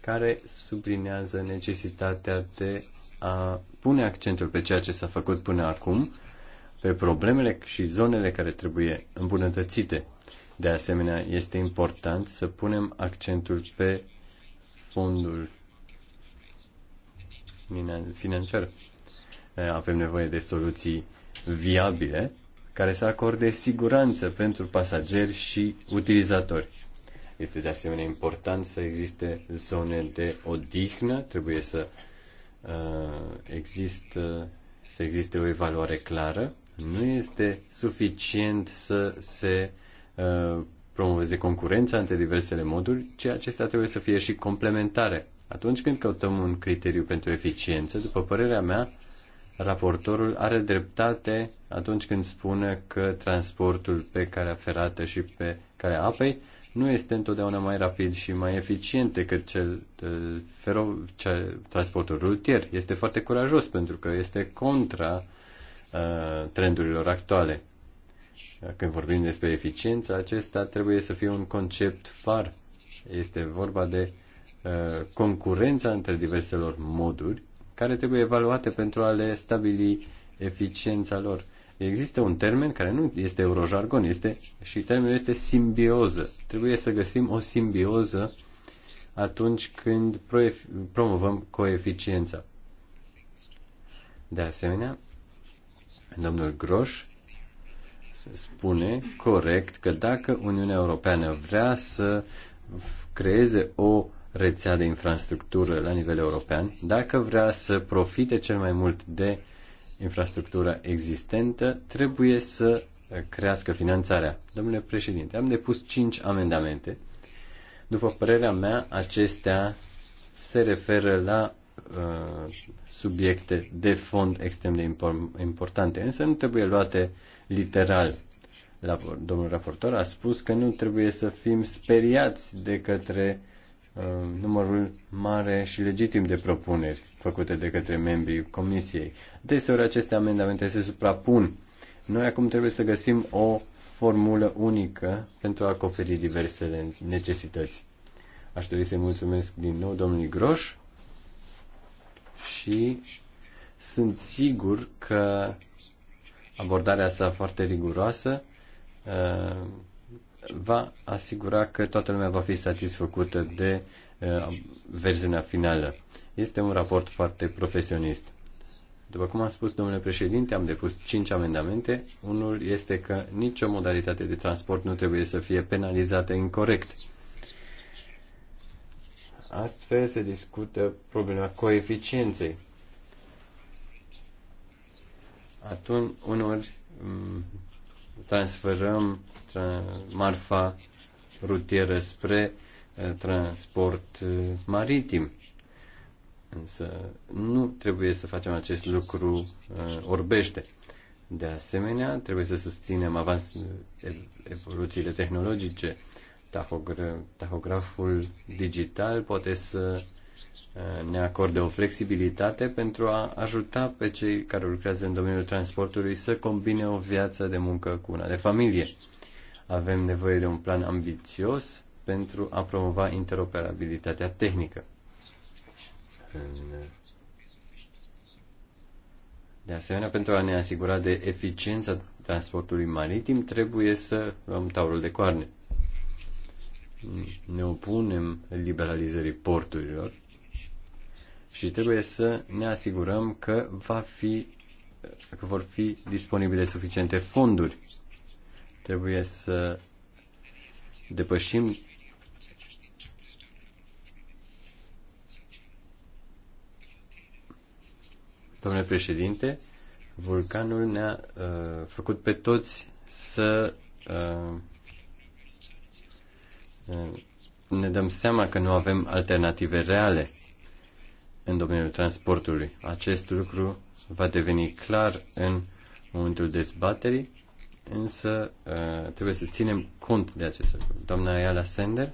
S4: care sublinează necesitatea de a pune accentul pe ceea ce s-a făcut până acum, pe problemele și zonele care trebuie îmbunătățite de asemenea, este important să punem accentul pe fondul financiar. Avem nevoie de soluții viabile care să acorde siguranță pentru pasageri și utilizatori. Este de asemenea important să existe zone de odihnă, trebuie să uh, există să existe o evaluare clară. Nu este suficient să se uh, Uh, promoveze concurența între diversele moduri, ci acestea trebuie să fie și complementare. Atunci când căutăm un criteriu pentru eficiență, după părerea mea, raportorul are dreptate atunci când spune că transportul pe care ferată și pe care apei nu este întotdeauna mai rapid și mai eficient decât cel, fero, cel transportul rutier. Este foarte curajos pentru că este contra uh, trendurilor actuale. Când vorbim despre eficiență, acesta trebuie să fie un concept far. Este vorba de uh, concurența între diverselor moduri care trebuie evaluate pentru a le stabili eficiența lor. Există un termen care nu este eurojargon, este și termenul este simbioză. Trebuie să găsim o simbioză atunci când promovăm coeficiența. De asemenea, domnul Groș se spune corect că dacă Uniunea Europeană vrea să creeze o rețea de infrastructură la nivel european, dacă vrea să profite cel mai mult de infrastructura existentă, trebuie să crească finanțarea. Domnule președinte, am depus 5 amendamente. După părerea mea, acestea se referă la uh, subiecte de fond extrem de importante, însă nu trebuie luate uh, literal. Domnul raportor a spus că nu trebuie să fim speriați de către uh, numărul mare și legitim de propuneri făcute de către membrii comisiei. Deseori aceste amendamente se suprapun. Noi acum trebuie să găsim o formulă unică pentru a acoperi diversele necesități. Aș dori să-i mulțumesc din nou domnului Groș și sunt sigur că abordarea sa foarte riguroasă uh, va asigura că toată lumea va fi satisfăcută de uh, versiunea finală. Este un raport foarte profesionist. După cum am spus, domnule președinte, am depus cinci amendamente. Unul este că nicio modalitate de transport nu trebuie să fie penalizată incorrect. Astfel se discută problema coeficienței atunci unor transferăm marfa rutieră spre transport maritim. Însă nu trebuie să facem acest lucru orbește. De asemenea, trebuie să susținem avans, evoluțiile tehnologice. Tahogra, tahograful digital poate să ne acorde o flexibilitate pentru a ajuta pe cei care lucrează în domeniul transportului să combine o viață de muncă cu una de familie. Avem nevoie de un plan ambițios pentru a promova interoperabilitatea tehnică. De asemenea, pentru a ne asigura de eficiența transportului maritim, trebuie să luăm taurul de coarne. Ne opunem liberalizării porturilor și trebuie să ne asigurăm că, va fi, că vor fi disponibile suficiente fonduri. Trebuie să depășim Domnule președinte, vulcanul ne-a uh, făcut pe toți să uh, uh ne dăm seama că nu avem alternative reale în domeniul transportului. Acest lucru va deveni clar în momentul dezbaterii, însă uh, trebuie să ținem cont de acest lucru. Doamna Ayala Sender.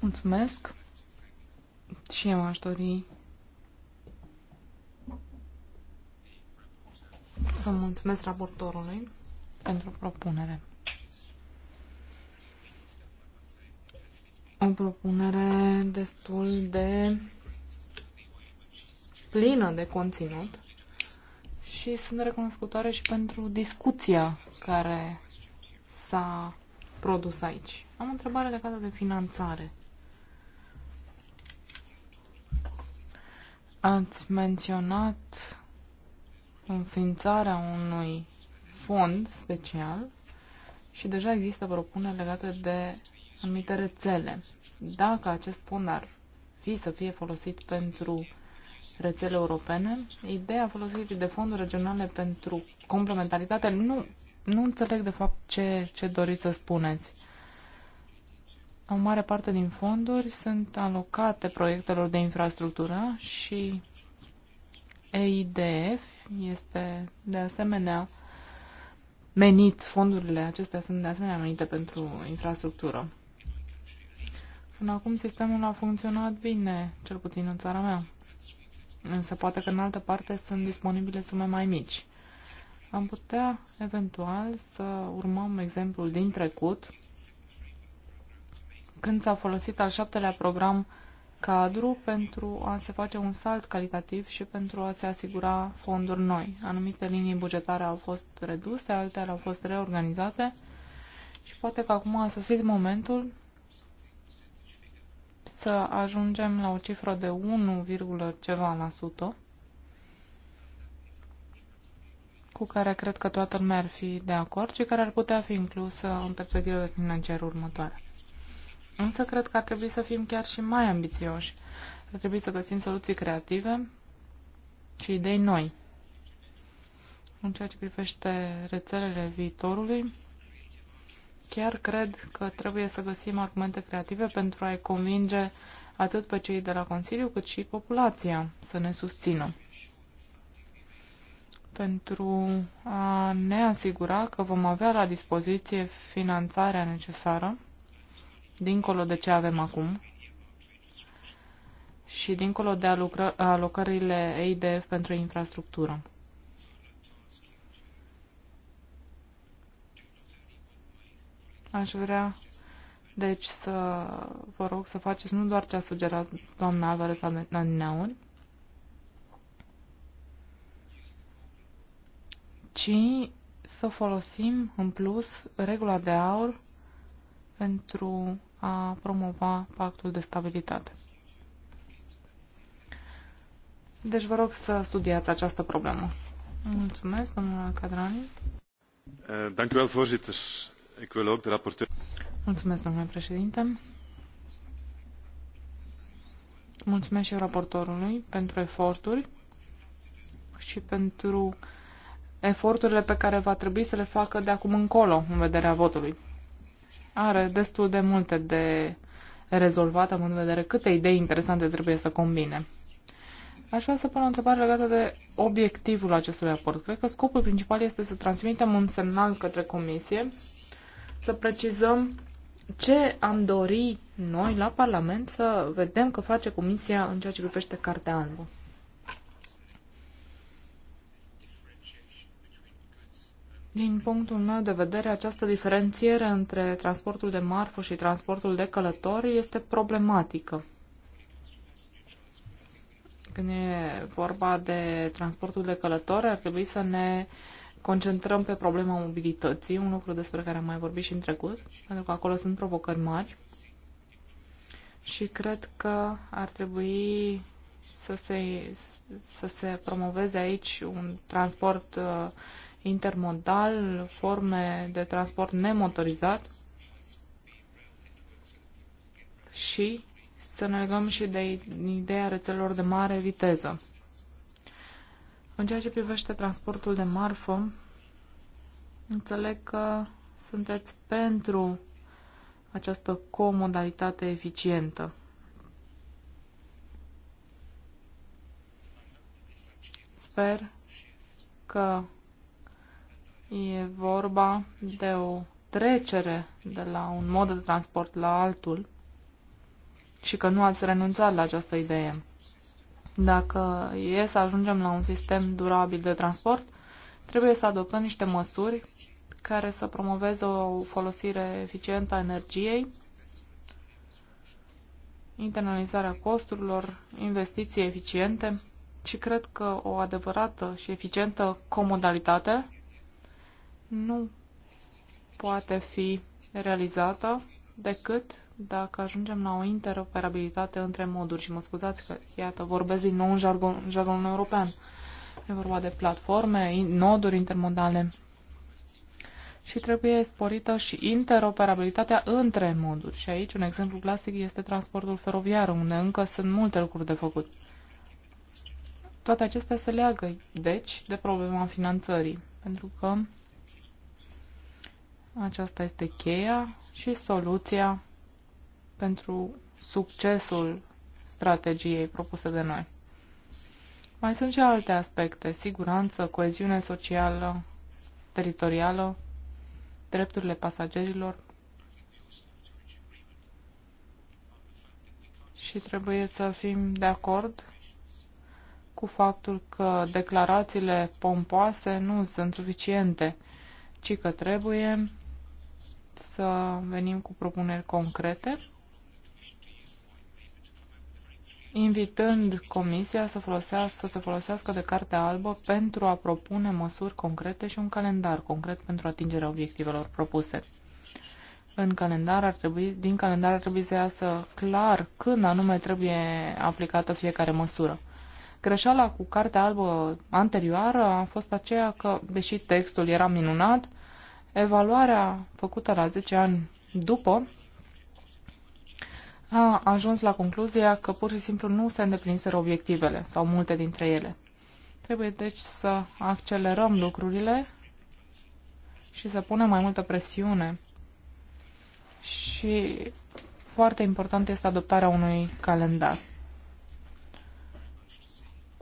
S2: Mulțumesc. Și eu aș dori să mulțumesc raportorului pentru propunere. O propunere destul de plină de conținut și sunt recunoscutoare și pentru discuția care s-a produs aici. Am o întrebare legată de finanțare. Ați menționat înființarea unui fond special și deja există propuneri legate de anumite rețele. Dacă acest fond ar fi să fie folosit pentru rețele europene, ideea folosirii de fonduri regionale pentru complementaritate nu, nu înțeleg de fapt ce, ce doriți să spuneți. O mare parte din fonduri sunt alocate proiectelor de infrastructură și EIDF este de asemenea menit, fondurile acestea sunt de asemenea menite pentru infrastructură. Până acum sistemul a funcționat bine, cel puțin în țara mea. Însă poate că în altă parte sunt disponibile sume mai mici. Am putea eventual să urmăm exemplul din trecut, când s-a folosit al șaptelea program cadru pentru a se face un salt calitativ și pentru a se asigura fonduri noi. Anumite linii bugetare au fost reduse, altele au fost reorganizate și poate că acum a sosit momentul să ajungem la o cifră de 1, ceva la sută cu care cred că toată lumea ar fi de acord și care ar putea fi inclusă în perspectivele financiare următoare. Însă cred că ar trebui să fim chiar și mai ambițioși. Ar trebui să găsim soluții creative și idei noi. În ceea ce privește rețelele viitorului, chiar cred că trebuie să găsim argumente creative pentru a-i convinge atât pe cei de la Consiliu cât și populația să ne susțină. Pentru a ne asigura că vom avea la dispoziție finanțarea necesară dincolo de ce avem acum și dincolo de alocările EIDF pentru infrastructură. Aș vrea, deci, să vă rog să faceți nu doar ce a sugerat doamna Alvarez Adineauri, ci să folosim în plus regula de aur pentru a promova pactul de stabilitate. Deci vă rog să studiați această problemă. Mulțumesc, domnul Cadrani.
S3: Eh,
S2: Mulțumesc, domnule președinte. Mulțumesc și raportorului pentru eforturi și pentru eforturile pe care va trebui să le facă de acum încolo în vederea votului are destul de multe de rezolvat, având în vedere câte idei interesante trebuie să combine. Aș vrea să pun o întrebare legată de obiectivul acestui raport. Cred că scopul principal este să transmitem un semnal către Comisie, să precizăm ce am dori noi la Parlament să vedem că face Comisia în ceea ce privește Cartea Albă. Din punctul meu de vedere, această diferențiere între transportul de marfă și transportul de călători este problematică. Când e vorba de transportul de călători, ar trebui să ne concentrăm pe problema mobilității, un lucru despre care am mai vorbit și în trecut, pentru că acolo sunt provocări mari și cred că ar trebui să se, să se promoveze aici un transport uh, intermodal, forme de transport nemotorizat și să ne legăm și de ideea rețelor de mare viteză. În ceea ce privește transportul de marfă, înțeleg că sunteți pentru această comodalitate eficientă. Sper că E vorba de o trecere de la un mod de transport la altul și că nu ați renunțat la această idee. Dacă e să ajungem la un sistem durabil de transport, trebuie să adoptăm niște măsuri care să promoveze o folosire eficientă a energiei, internalizarea costurilor, investiții eficiente și cred că o adevărată și eficientă comodalitate nu poate fi realizată decât dacă ajungem la o interoperabilitate între moduri. Și mă scuzați că, iată, vorbesc din nou în jargon, jargon european. E vorba de platforme, noduri intermodale. Și trebuie sporită și interoperabilitatea între moduri. Și aici un exemplu clasic este transportul feroviar, unde încă sunt multe lucruri de făcut. Toate acestea se leagă, deci, de problema finanțării. Pentru că aceasta este cheia și soluția pentru succesul strategiei propuse de noi. Mai sunt și alte aspecte, siguranță, coeziune socială, teritorială, drepturile pasagerilor și trebuie să fim de acord cu faptul că declarațiile pompoase nu sunt suficiente, ci că trebuie să venim cu propuneri concrete, invitând Comisia să, folosească, să se folosească de Cartea Albă pentru a propune măsuri concrete și un calendar concret pentru atingerea obiectivelor propuse. În calendar ar trebui, din calendar ar trebui să iasă clar când anume trebuie aplicată fiecare măsură. Greșeala cu Cartea Albă anterioară a fost aceea că, deși textul era minunat, Evaluarea făcută la 10 ani după a ajuns la concluzia că pur și simplu nu se îndepliniseră obiectivele sau multe dintre ele. Trebuie deci să accelerăm lucrurile și să punem mai multă presiune. Și foarte important este adoptarea unui calendar.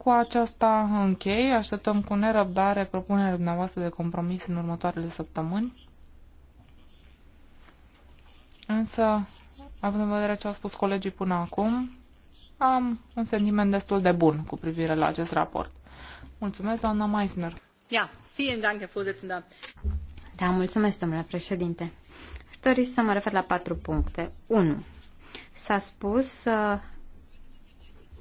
S2: Cu aceasta închei. Așteptăm cu nerăbdare propunerea dumneavoastră de compromis în următoarele săptămâni. Însă, având în vedere ce au spus colegii până acum, am un sentiment destul de bun cu privire la acest raport. Mulțumesc, doamna Meisner. Ja, vielen Dank, Herr Vorsitzender.
S3: Da, mulțumesc, domnule președinte. Aș dori să mă refer la patru puncte. 1. S-a spus uh,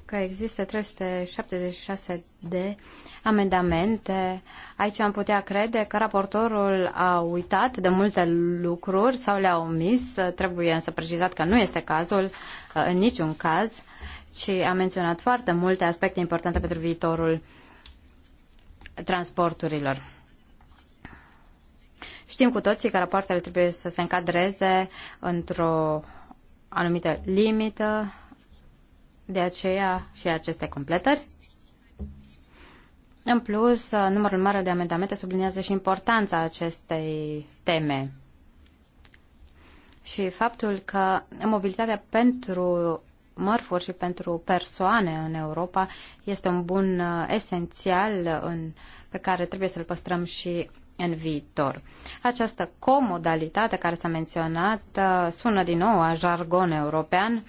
S3: că există 376 de amendamente. Aici am putea crede că raportorul a uitat de multe lucruri sau le-a omis. Trebuie însă precizat că nu este cazul uh, în niciun caz ci a menționat foarte multe aspecte importante pentru viitorul transporturilor. Știm cu toții că rapoartele trebuie să se încadreze într-o anumită limită de aceea și aceste completări. În plus, numărul mare de amendamente subliniază și importanța acestei teme și faptul că mobilitatea pentru mărfuri și pentru persoane în Europa este un bun uh, esențial în, pe care trebuie să-l păstrăm și în viitor. Această comodalitate care s-a menționat uh, sună din nou a jargon european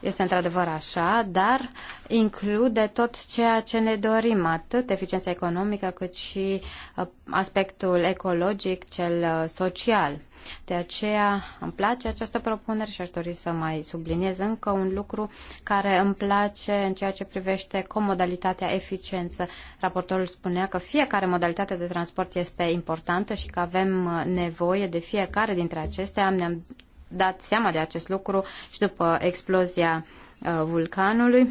S3: este într-adevăr așa, dar include tot ceea ce ne dorim, atât eficiența economică cât și uh, aspectul ecologic, cel uh, social. De aceea îmi place această propunere și aș dori să mai subliniez încă un lucru care îmi place în ceea ce privește comodalitatea eficiență. Raportorul spunea că fiecare modalitate de transport este importantă și că avem uh, nevoie de fiecare dintre acestea. Ne-am dat seama de acest lucru și după explozia uh, vulcanului.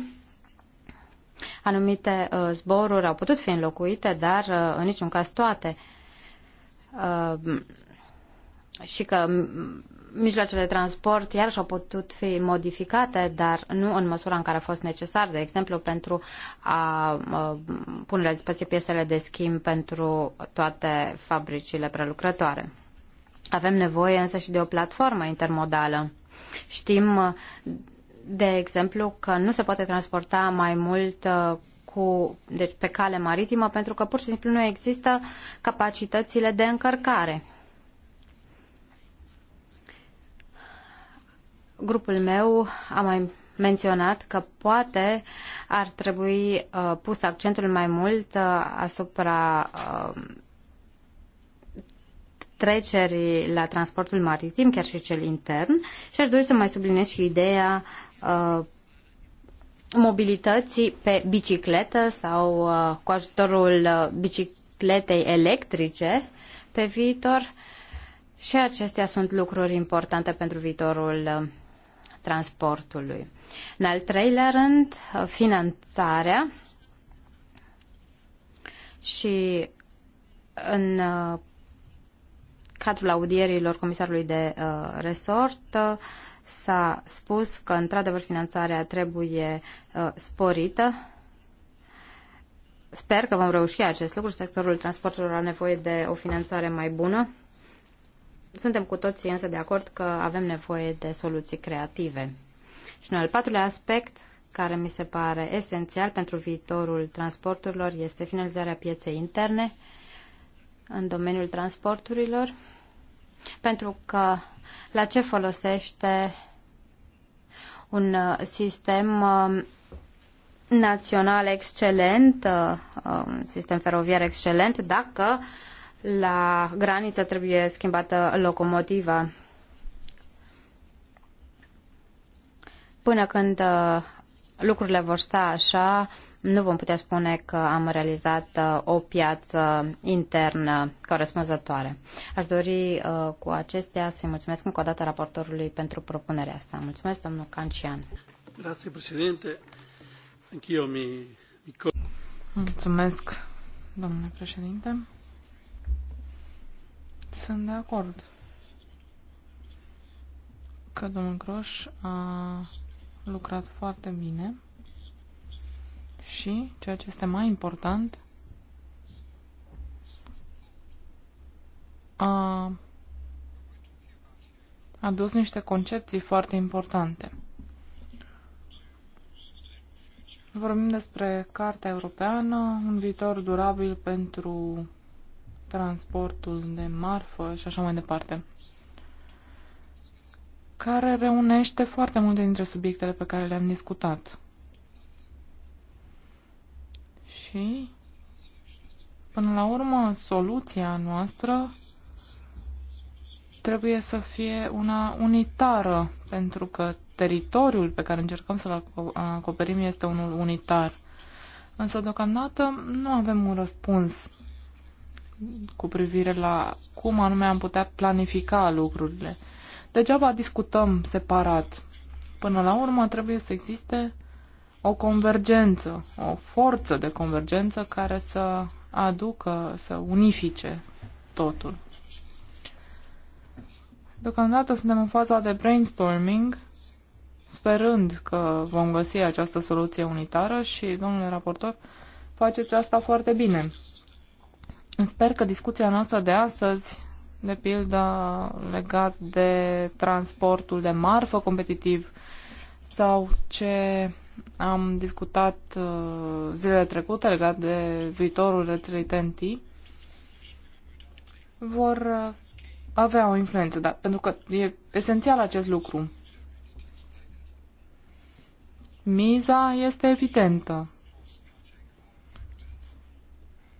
S3: Anumite uh, zboruri au putut fi înlocuite, dar uh, în niciun caz toate. Și că mijloacele de transport iarăși au putut fi modificate, dar nu în măsura în care a fost necesar, de exemplu, pentru a pune la dispoziție piesele de schimb pentru toate fabricile prelucrătoare. Avem nevoie însă și de o platformă intermodală. Știm, de exemplu, că nu se poate transporta mai mult uh, cu, deci pe cale maritimă pentru că pur și simplu nu există capacitățile de încărcare. Grupul meu a mai menționat că poate ar trebui uh, pus accentul mai mult uh, asupra uh, treceri la transportul maritim, chiar și cel intern, și aș dori să mai subliniez și ideea uh, mobilității pe bicicletă sau uh, cu ajutorul uh, bicicletei electrice pe viitor. Și acestea sunt lucruri importante pentru viitorul uh, transportului. În al treilea rând, uh, finanțarea și în uh, cadrul audierilor comisarului de uh, resort uh, s-a spus că, într-adevăr, finanțarea trebuie uh, sporită. Sper că vom reuși acest lucru. Sectorul transporturilor are nevoie de o finanțare mai bună. Suntem cu toții însă de acord că avem nevoie de soluții creative. Și un al patrulea aspect care mi se pare esențial pentru viitorul transporturilor este finalizarea pieței interne în domeniul transporturilor. Pentru că la ce folosește un uh, sistem uh, național excelent, uh, un sistem feroviar excelent, dacă la graniță trebuie schimbată locomotiva. Până când lucrurile vor sta așa, nu vom putea spune că am realizat uh, o piață internă corespunzătoare. Aș dori uh, cu acestea să-i mulțumesc încă o dată raportorului pentru propunerea sa.
S2: Mulțumesc, domnul Cancian.
S1: Grazie, președinte. Anch'io mi...
S2: Mulțumesc, domnule președinte. Sunt de acord că domnul Croș a lucrat foarte bine și, ceea ce este mai important, a adus niște concepții foarte importante. Vorbim despre Cartea Europeană, un viitor durabil pentru transportul de marfă și așa mai departe care reunește foarte multe dintre subiectele pe care le-am discutat. Și, până la urmă, soluția noastră trebuie să fie una unitară, pentru că teritoriul pe care încercăm să-l acoperim este unul unitar. Însă, deocamdată, nu avem un răspuns cu privire la cum anume am putea planifica lucrurile. Degeaba discutăm separat. Până la urmă trebuie să existe o convergență, o forță de convergență care să aducă, să unifice totul. Deocamdată suntem în faza de brainstorming, sperând că vom găsi această soluție unitară și, domnule raportor, faceți asta foarte bine. Sper că discuția noastră de astăzi de pildă legat de transportul de marfă competitiv sau ce am discutat uh, zilele trecute legat de viitorul rețelei TNT vor uh, avea o influență, da, pentru că e esențial acest lucru. Miza este evidentă.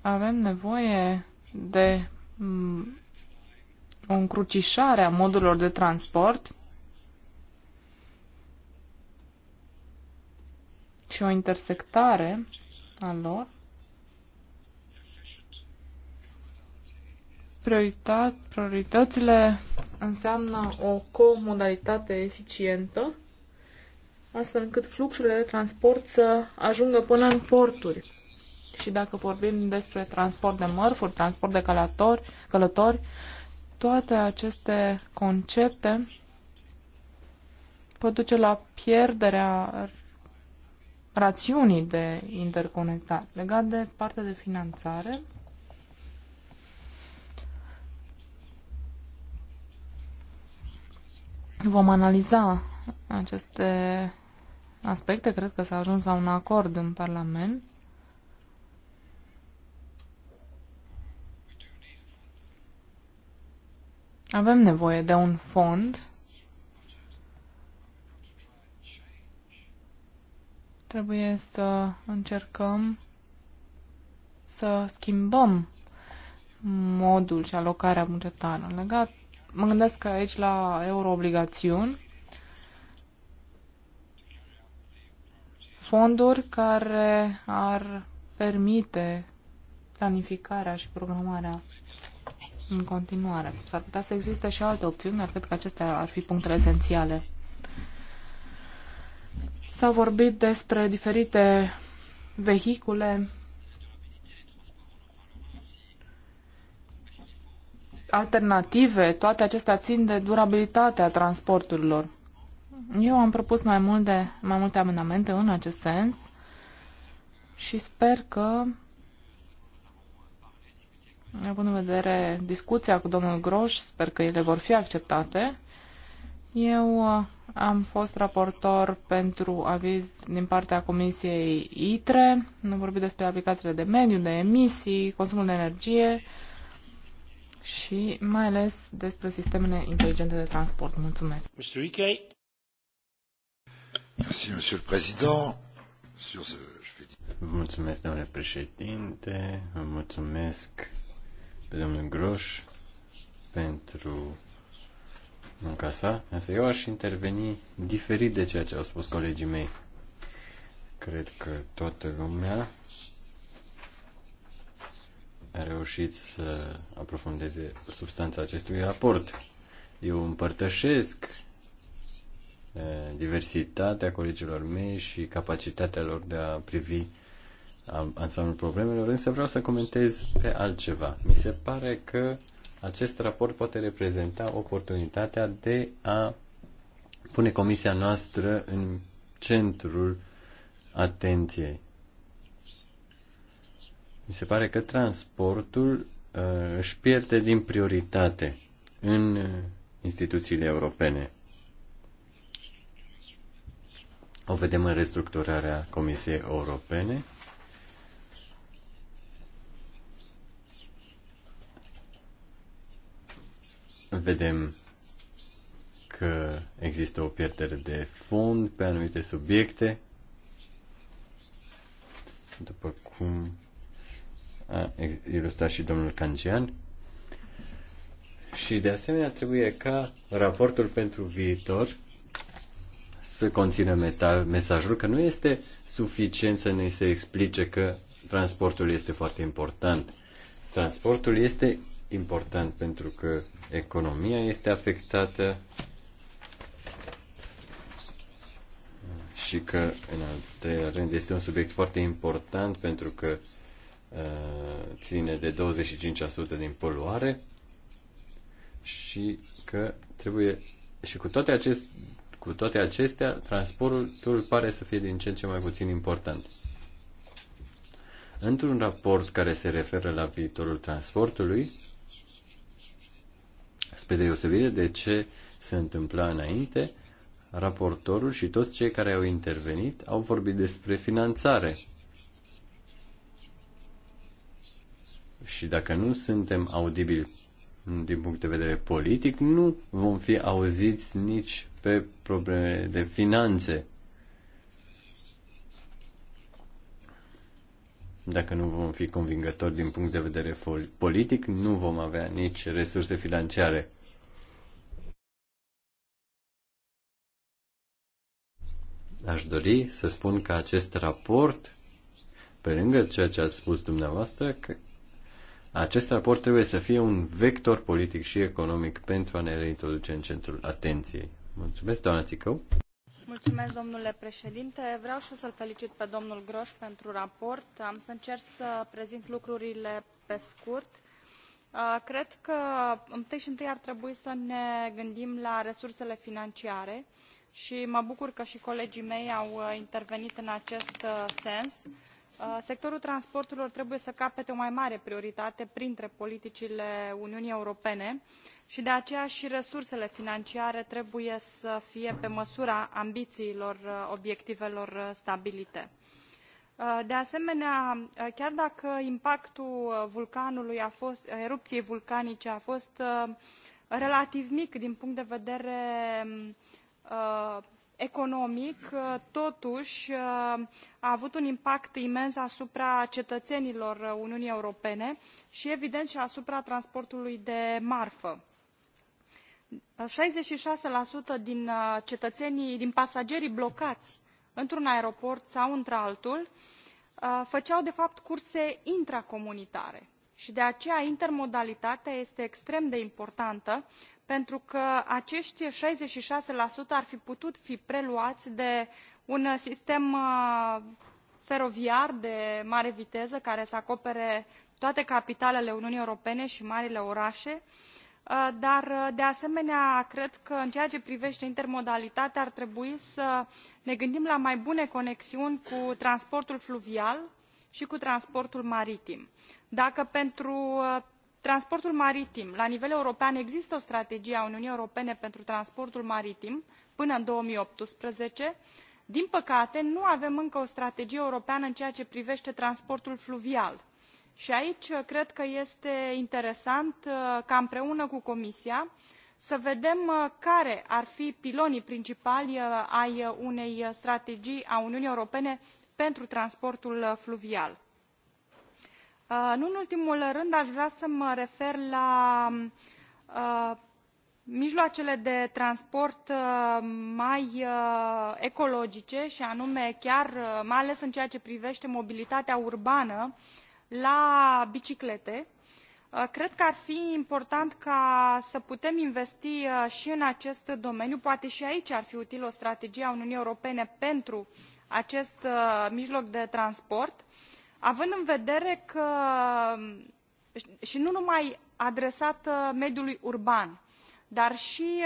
S2: Avem nevoie de mm, o încrucișare a modurilor de transport și o intersectare a lor. prioritățile înseamnă o comodalitate eficientă, astfel încât fluxurile de transport să ajungă până în porturi. Și dacă vorbim despre transport de mărfuri, transport de călători, călători toate aceste concepte pot duce la pierderea rațiunii de interconectare. Legat de partea de finanțare, vom analiza aceste aspecte. Cred că s-a ajuns la un acord în Parlament. Avem nevoie de un fond. Trebuie să încercăm să schimbăm modul și alocarea bugetară. Legat, mă gândesc că aici la euroobligațiuni, fonduri care ar permite planificarea și programarea în continuare. S-ar putea să existe și alte opțiuni, dar cred că acestea ar fi punctele esențiale. S-a vorbit despre diferite vehicule, alternative, toate acestea țin de durabilitatea transporturilor. Eu am propus mai, mult de, mai multe amendamente în acest sens și sper că având în vedere discuția cu domnul Groș, sper că ele vor fi acceptate. Eu uh, am fost raportor pentru aviz din partea Comisiei ITRE. Am vorbit despre aplicațiile de mediu, de emisii, consumul de energie și mai ales despre sistemele inteligente de transport. Mulțumesc.
S1: Mr. Merci,
S2: Monsieur le Président. Sur ce, je
S4: fais... Mulțumesc, domnule președinte. Mulțumesc pe domnul Groș pentru munca sa, însă eu aș interveni diferit de ceea ce au spus colegii mei. Cred că toată lumea a reușit să aprofundeze substanța acestui raport. Eu împărtășesc eh, diversitatea colegilor mei și capacitatea lor de a privi ansamblul problemelor, însă vreau să comentez pe altceva. Mi se pare că acest raport poate reprezenta oportunitatea de a pune comisia noastră în centrul atenției. Mi se pare că transportul uh, își pierde din prioritate în uh, instituțiile europene. O vedem în restructurarea Comisiei Europene vedem că există o pierdere de fond pe anumite subiecte, după cum a ilustrat și domnul Cangean. Și de asemenea trebuie ca raportul pentru viitor să conțină meta- mesajul că nu este suficient să ne se explice că transportul este foarte important. Transportul este important pentru că economia este afectată și că, în al treilea rând, este un subiect foarte important pentru că uh, ține de 25% din poluare și că trebuie și cu toate, acest, cu toate acestea, transportul pare să fie din ce în ce mai puțin important. Într-un raport care se referă la viitorul transportului, Spre deosebire de ce se întâmpla înainte, raportorul și toți cei care au intervenit au vorbit despre finanțare. Și dacă nu suntem audibili din punct de vedere politic, nu vom fi auziți nici pe probleme de finanțe. Dacă nu vom fi convingători din punct de vedere politic, nu vom avea nici resurse financiare. Aș dori să spun că acest raport, pe lângă ceea ce ați spus dumneavoastră, că acest raport trebuie să fie un vector politic și economic pentru a ne reintroduce în centrul atenției. Mulțumesc, doamna Țicău
S5: domnule președinte. Vreau și eu să-l felicit pe domnul grosch pentru raport. Am să încerc să prezint lucrurile pe scurt. Cred că întâi și întâi ar trebui să ne gândim la resursele financiare și mă bucur că și colegii mei au uh, intervenit în acest uh, sens. Sectorul transporturilor trebuie să capete o mai mare prioritate printre politicile Uniunii Europene i de aceea i resursele financiare trebuie să fie pe măsura ambiiilor uh, obiectivelor uh, stabilite. Uh, de asemenea, chiar dacă impactul vulcanului erupției vulcanice a fost relativ mic din punct de vedere um, economic, totuși a avut un impact imens asupra cetățenilor Uniunii Europene și, evident, și asupra transportului de marfă șaizeci și șase din uh, cetățenii din pasagerii blocați într un aeroport sau într altul uh, făceau de fapt curse intracomunitare și de aceea intermodalitatea este extrem de importantă pentru că acești șaizeci și șase ar fi putut fi preluați de un sistem uh, feroviar de mare viteză care să acopere toate capitalele uniunii europene și marile orașe și Uh, dar uh, de asemenea cred că în ceea ce privește intermodalitatea ar trebui să ne gândim la mai bune conexiuni cu transportul fluvial și cu transportul maritim. Dacă pentru uh, transportul maritim la nivel european există o strategie a uniunii europene pentru transportul maritim până în două mii optsprezece din păcate nu avem încă o strategie europeană în ceea ce privește transportul fluvial și aici uh, cred că este interesant uh, ca împreună cu comisia să vedem uh, care ar fi pilonii principali ai unei strategii a uniunii europene pentru transportul fluvial. nu în ultimul rând aș vrea să mă refer la um, mijloacele de transport mai ecologice și anume chiar mai ales în ceea ce privește mobilitatea urbană la biciclete. Uh, cred că ar fi important ca să putem investi uh, și în acest domeniu. Poate și aici ar fi utilă o strategie a Uniunii Europene pentru acest uh, mijloc de transport, având în vedere că um, și nu numai adresat mediului urban, dar și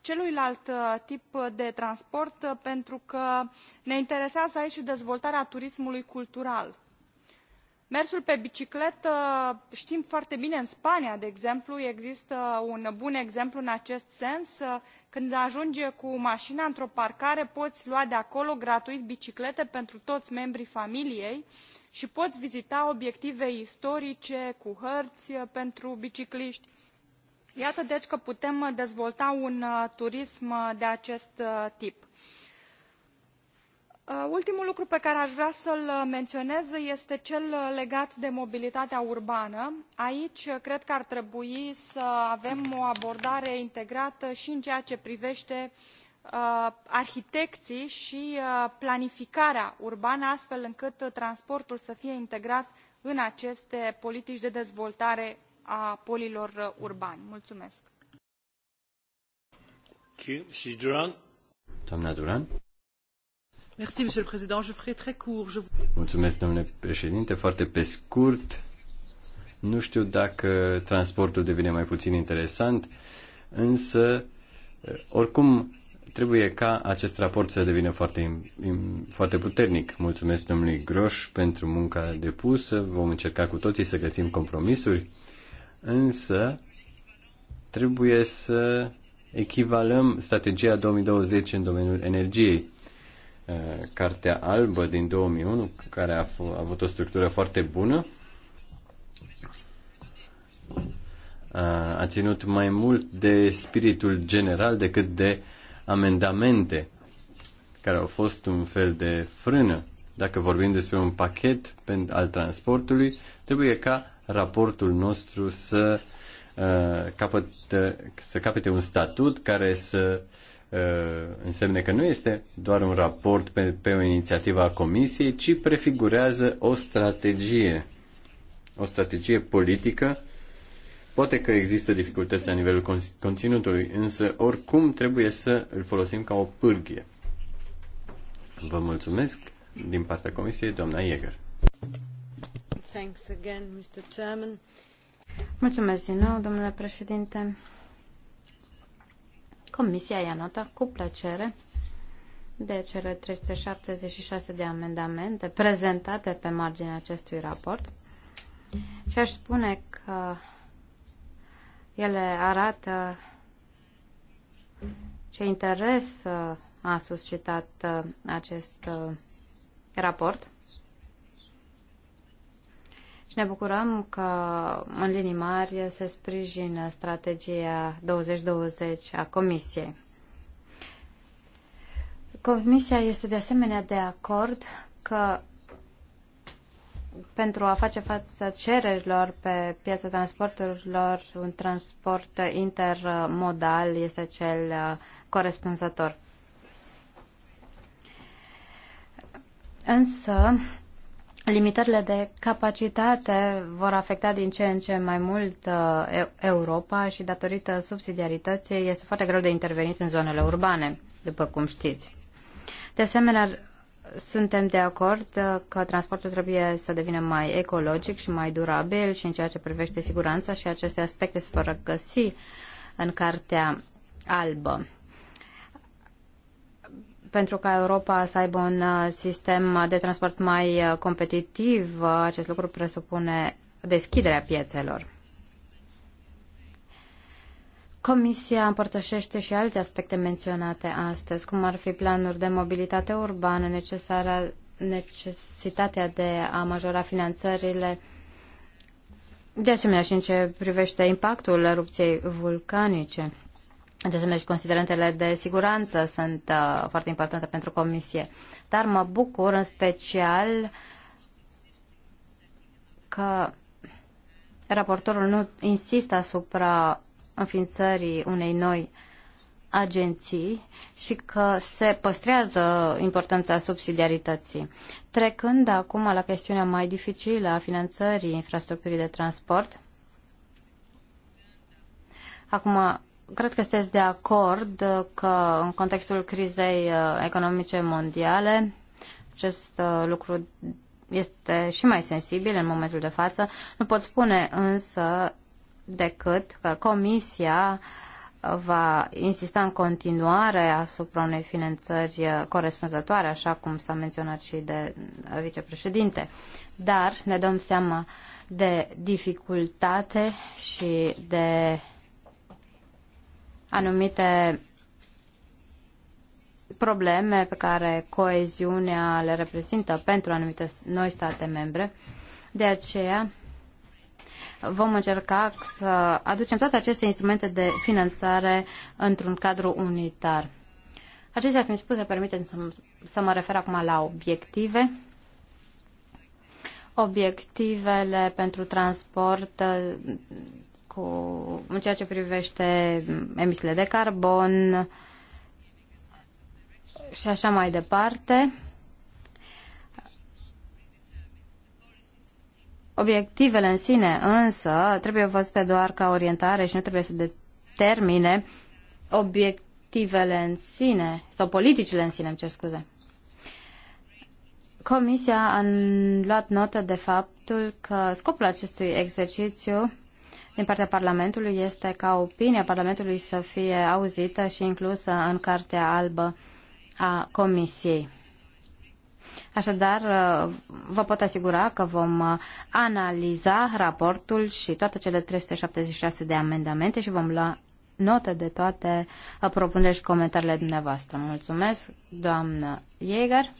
S5: celuilalt tip de transport, pentru că ne interesează aici i dezvoltarea turismului cultural mersul pe bicicletă tim foarte bine în spania de exemplu există un bun exemplu în acest sens când ajungi cu maina într o parcare poi lua de acolo gratuit biciclete pentru toi membrii familiei i poi vizita obiective istorice cu hări pentru bicicliti. iată deci că putem dezvolta un uh, turism uh, de acest uh, tip. Uh, ultimul lucru pe care a vrea să l uh, menionez este cel uh, legat de mobilitatea urbană. aici cred că ar trebui să avem o abordare integrată i în ceea ce privete arhitecii i planificarea urbană astfel încât transportul să fie integrat în aceste politici de dezvoltare a polilor urbane. Mulțumesc.
S4: Doamna Duran. Mulțumesc, domnule președinte. Foarte pe scurt, nu știu dacă transportul devine mai puțin interesant, însă, eh, oricum, trebuie ca acest raport să devină foarte, foarte puternic. Mulțumesc domnului Groș pentru munca depusă. Vom încerca cu toții să găsim compromisuri, însă trebuie să echivalăm strategia 2020 în domeniul energiei. Eh, Cartea Albă din 2001, care a, a avut o structură foarte bună, eh, a ținut mai mult de spiritul general decât de amendamente, care au fost un fel de frână. Dacă vorbim despre un pachet al transportului, trebuie ca raportul nostru să, eh, capăt, să capete un statut care să Uh, însemne că nu este doar un raport pe, pe o inițiativă a Comisiei, ci prefigurează o strategie, o strategie politică. Poate că există dificultăți la nivelul conținutului, însă oricum trebuie să îl folosim ca o pârghie. Vă mulțumesc din partea Comisiei, doamna Jäger.
S3: Thanks again, Mr. Chairman. Mulțumesc din nou, domnule președinte. Comisia ia nota cu plăcere de cele 376 de amendamente prezentate pe marginea acestui raport și aș spune că ele arată ce interes a suscitat uh, acest uh, raport și ne bucurăm că în linii mari se sprijină strategia 2020 a Comisiei. Comisia este de asemenea de acord că pentru a face față cererilor pe piața transporturilor, un transport intermodal este cel uh, corespunzător. Însă, Limitările de capacitate vor afecta din ce în ce mai mult uh, Europa și datorită subsidiarității este foarte greu de intervenit în zonele urbane, după cum știți. De asemenea, suntem de acord uh, că transportul trebuie să devină mai ecologic și mai durabil și în ceea ce privește siguranța și aceste aspecte se vor găsi în Cartea Albă pentru ca Europa să aibă un uh, sistem de transport mai uh, competitiv, uh, acest lucru presupune deschiderea piețelor. Comisia împărtășește și alte aspecte menționate astăzi, cum ar fi planuri de mobilitate urbană, necesară, necesitatea de a majora finanțările, de asemenea și în ce privește impactul erupției vulcanice. De asemenea și considerentele de siguranță sunt uh, foarte importante pentru comisie. Dar mă bucur în special că raportorul nu insistă asupra înființării unei noi agenții și că se păstrează importanța subsidiarității. Trecând acum la chestiunea mai dificilă a finanțării infrastructurii de transport, acum cred că sunteți de acord uh, că în contextul crizei uh, economice mondiale acest uh, lucru este și mai sensibil în momentul de față. Nu pot spune însă decât că Comisia va insista în continuare asupra unei finanțări corespunzătoare, așa cum s-a menționat și de vicepreședinte. Dar ne dăm seama de dificultate și de anumite probleme pe care coeziunea le reprezintă pentru anumite noi state membre. De aceea vom încerca să aducem toate aceste instrumente de finanțare într-un cadru unitar. Acestea fiind spuse, permiteți să, să mă refer acum la obiective. Obiectivele pentru transport cu, în ceea ce privește emisiile de carbon și așa mai departe. Obiectivele în sine însă trebuie văzute doar ca orientare și nu trebuie să determine obiectivele în sine sau politicile în sine, îmi cer scuze. Comisia a luat notă de faptul că scopul acestui exercițiu din partea Parlamentului este ca opinia Parlamentului să fie auzită și inclusă în Cartea Albă a Comisiei. Așadar, vă pot asigura că vom analiza raportul și toate cele 376 de amendamente și vom lua notă de toate propunerile și comentariile dumneavoastră. Mulțumesc, doamnă Jäger.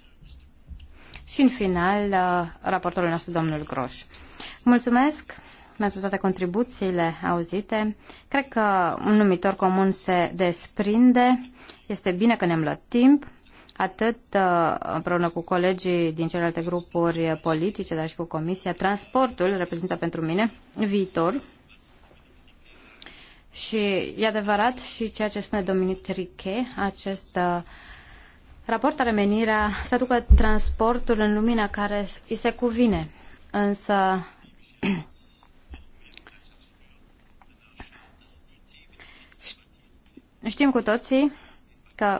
S3: Și în final, raportorul nostru, domnul Groș. Mulțumesc! mi-ați toate contribuțiile auzite. Cred că un numitor comun se desprinde. Este bine că ne-am luat timp, atât uh, împreună cu colegii din celelalte grupuri politice, dar și cu Comisia. Transportul reprezintă pentru mine viitor. Și e adevărat și ceea ce spune Dominic Riche, acest uh, raport are menirea să aducă transportul în lumina care îi se cuvine. Însă Știm cu toții că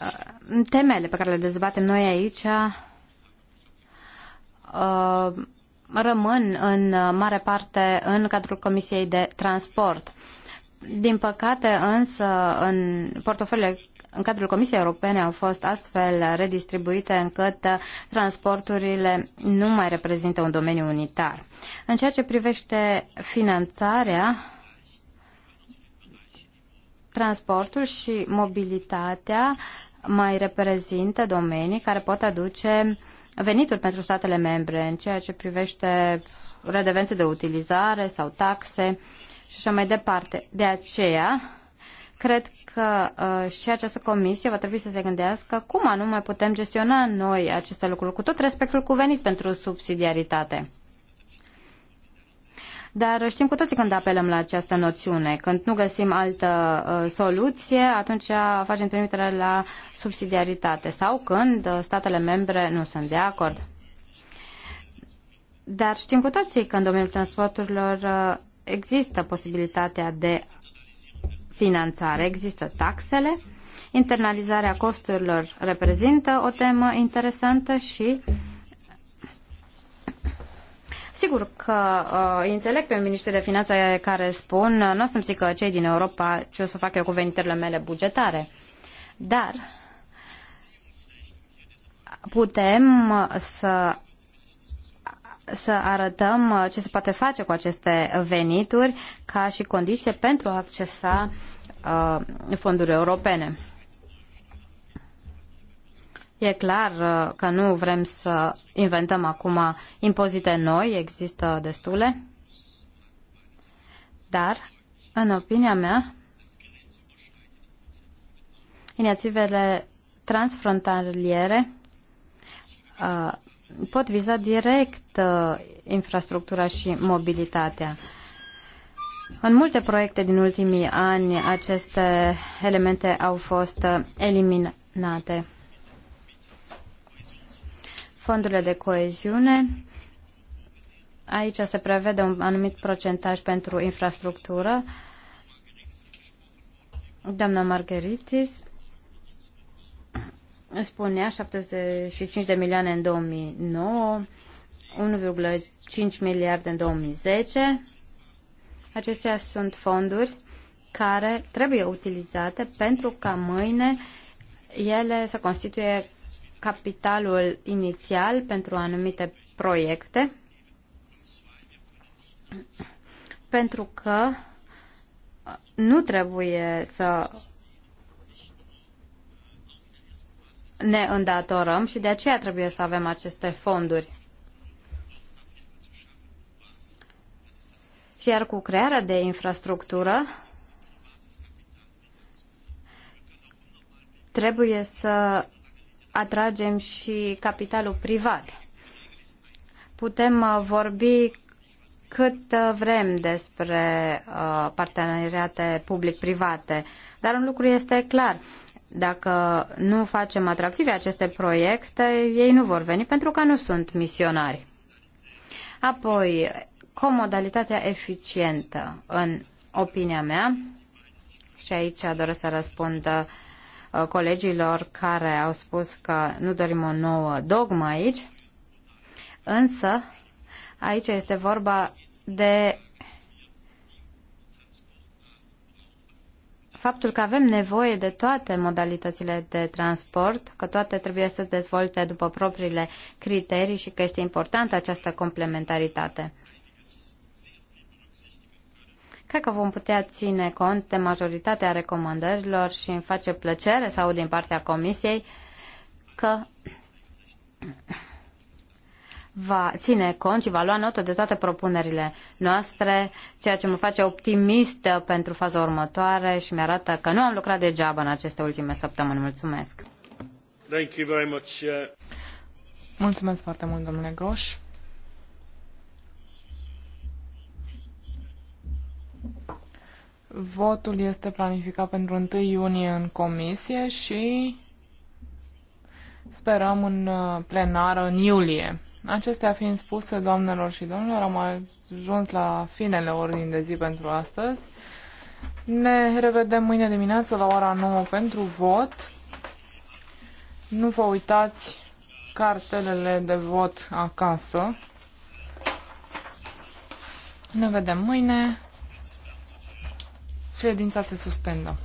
S3: uh, temele pe care le dezbatem noi aici uh, rămân în mare parte în cadrul Comisiei de Transport. Din păcate, însă, în portofoliile în cadrul Comisiei Europene au fost astfel redistribuite încât transporturile nu mai reprezintă un domeniu unitar. În ceea ce privește finanțarea, transportul și mobilitatea mai reprezintă domenii care pot aduce venituri pentru statele membre în ceea ce privește redevențe de utilizare sau taxe și așa mai departe. De aceea, cred că uh, și această comisie va trebui să se gândească cum anume putem gestiona noi aceste lucruri, cu tot respectul cuvenit pentru subsidiaritate. Dar știm cu toții când apelăm la această noțiune. Când nu găsim altă uh, soluție, atunci facem primitere la subsidiaritate sau când uh, statele membre nu sunt de acord. Dar știm cu toții că în domeniul transporturilor uh, există posibilitatea de finanțare, există taxele, internalizarea costurilor reprezintă o temă interesantă și Sigur că uh, înțeleg pe miniștrii de finanțe care spun uh, nu o să-mi că cei din Europa ce o să fac eu cu veniturile mele bugetare, dar putem uh, să să arătăm uh, ce se poate face cu aceste venituri ca și condiție pentru a accesa uh, fonduri europene. E clar uh, că nu vrem să inventăm acum impozite noi, există destule, dar, în opinia mea, inițiativele transfrontaliere uh, pot viza direct uh, infrastructura și mobilitatea. În multe proiecte din ultimii ani aceste elemente au fost eliminate fondurile de coeziune. Aici se prevede un anumit procentaj pentru infrastructură. Doamna Margheritis spunea 75 de milioane în 2009, 1,5 miliarde în 2010. Acestea sunt fonduri care trebuie utilizate pentru ca mâine ele să constituie capitalul inițial pentru anumite proiecte, pentru că nu trebuie să ne îndatorăm și de aceea trebuie să avem aceste fonduri. Și iar cu crearea de infrastructură trebuie să atragem și capitalul privat. Putem uh, vorbi cât uh, vrem despre uh, parteneriate public-private, dar un lucru este clar. Dacă nu facem atractive aceste proiecte, ei nu vor veni pentru că nu sunt misionari. Apoi, comodalitatea eficientă, în opinia mea, și aici doresc să răspund uh, Uh, colegilor care au spus că nu dorim o nouă dogmă aici, însă aici este vorba de faptul că avem nevoie de toate modalitățile de transport, că toate trebuie să se dezvolte după propriile criterii și că este importantă această complementaritate. Cred că vom putea ține cont de majoritatea recomandărilor și îmi face plăcere sau din partea Comisiei că va ține cont și va lua notă de toate propunerile noastre, ceea ce mă face optimist pentru faza următoare și mi-arată că nu am lucrat degeaba în aceste ultime săptămâni. Mulțumesc!
S1: Thank you very much. Uh,
S2: Mulțumesc foarte mult, domnule Groș. Votul este planificat pentru 1 iunie în comisie și sperăm în uh, plenară în iulie. Acestea fiind spuse, doamnelor și domnilor, am ajuns la finele ordini de zi pentru astăzi. Ne revedem mâine dimineață la ora 9 pentru vot. Nu vă uitați cartelele de vot acasă. Ne vedem mâine. Ședința se suspendă.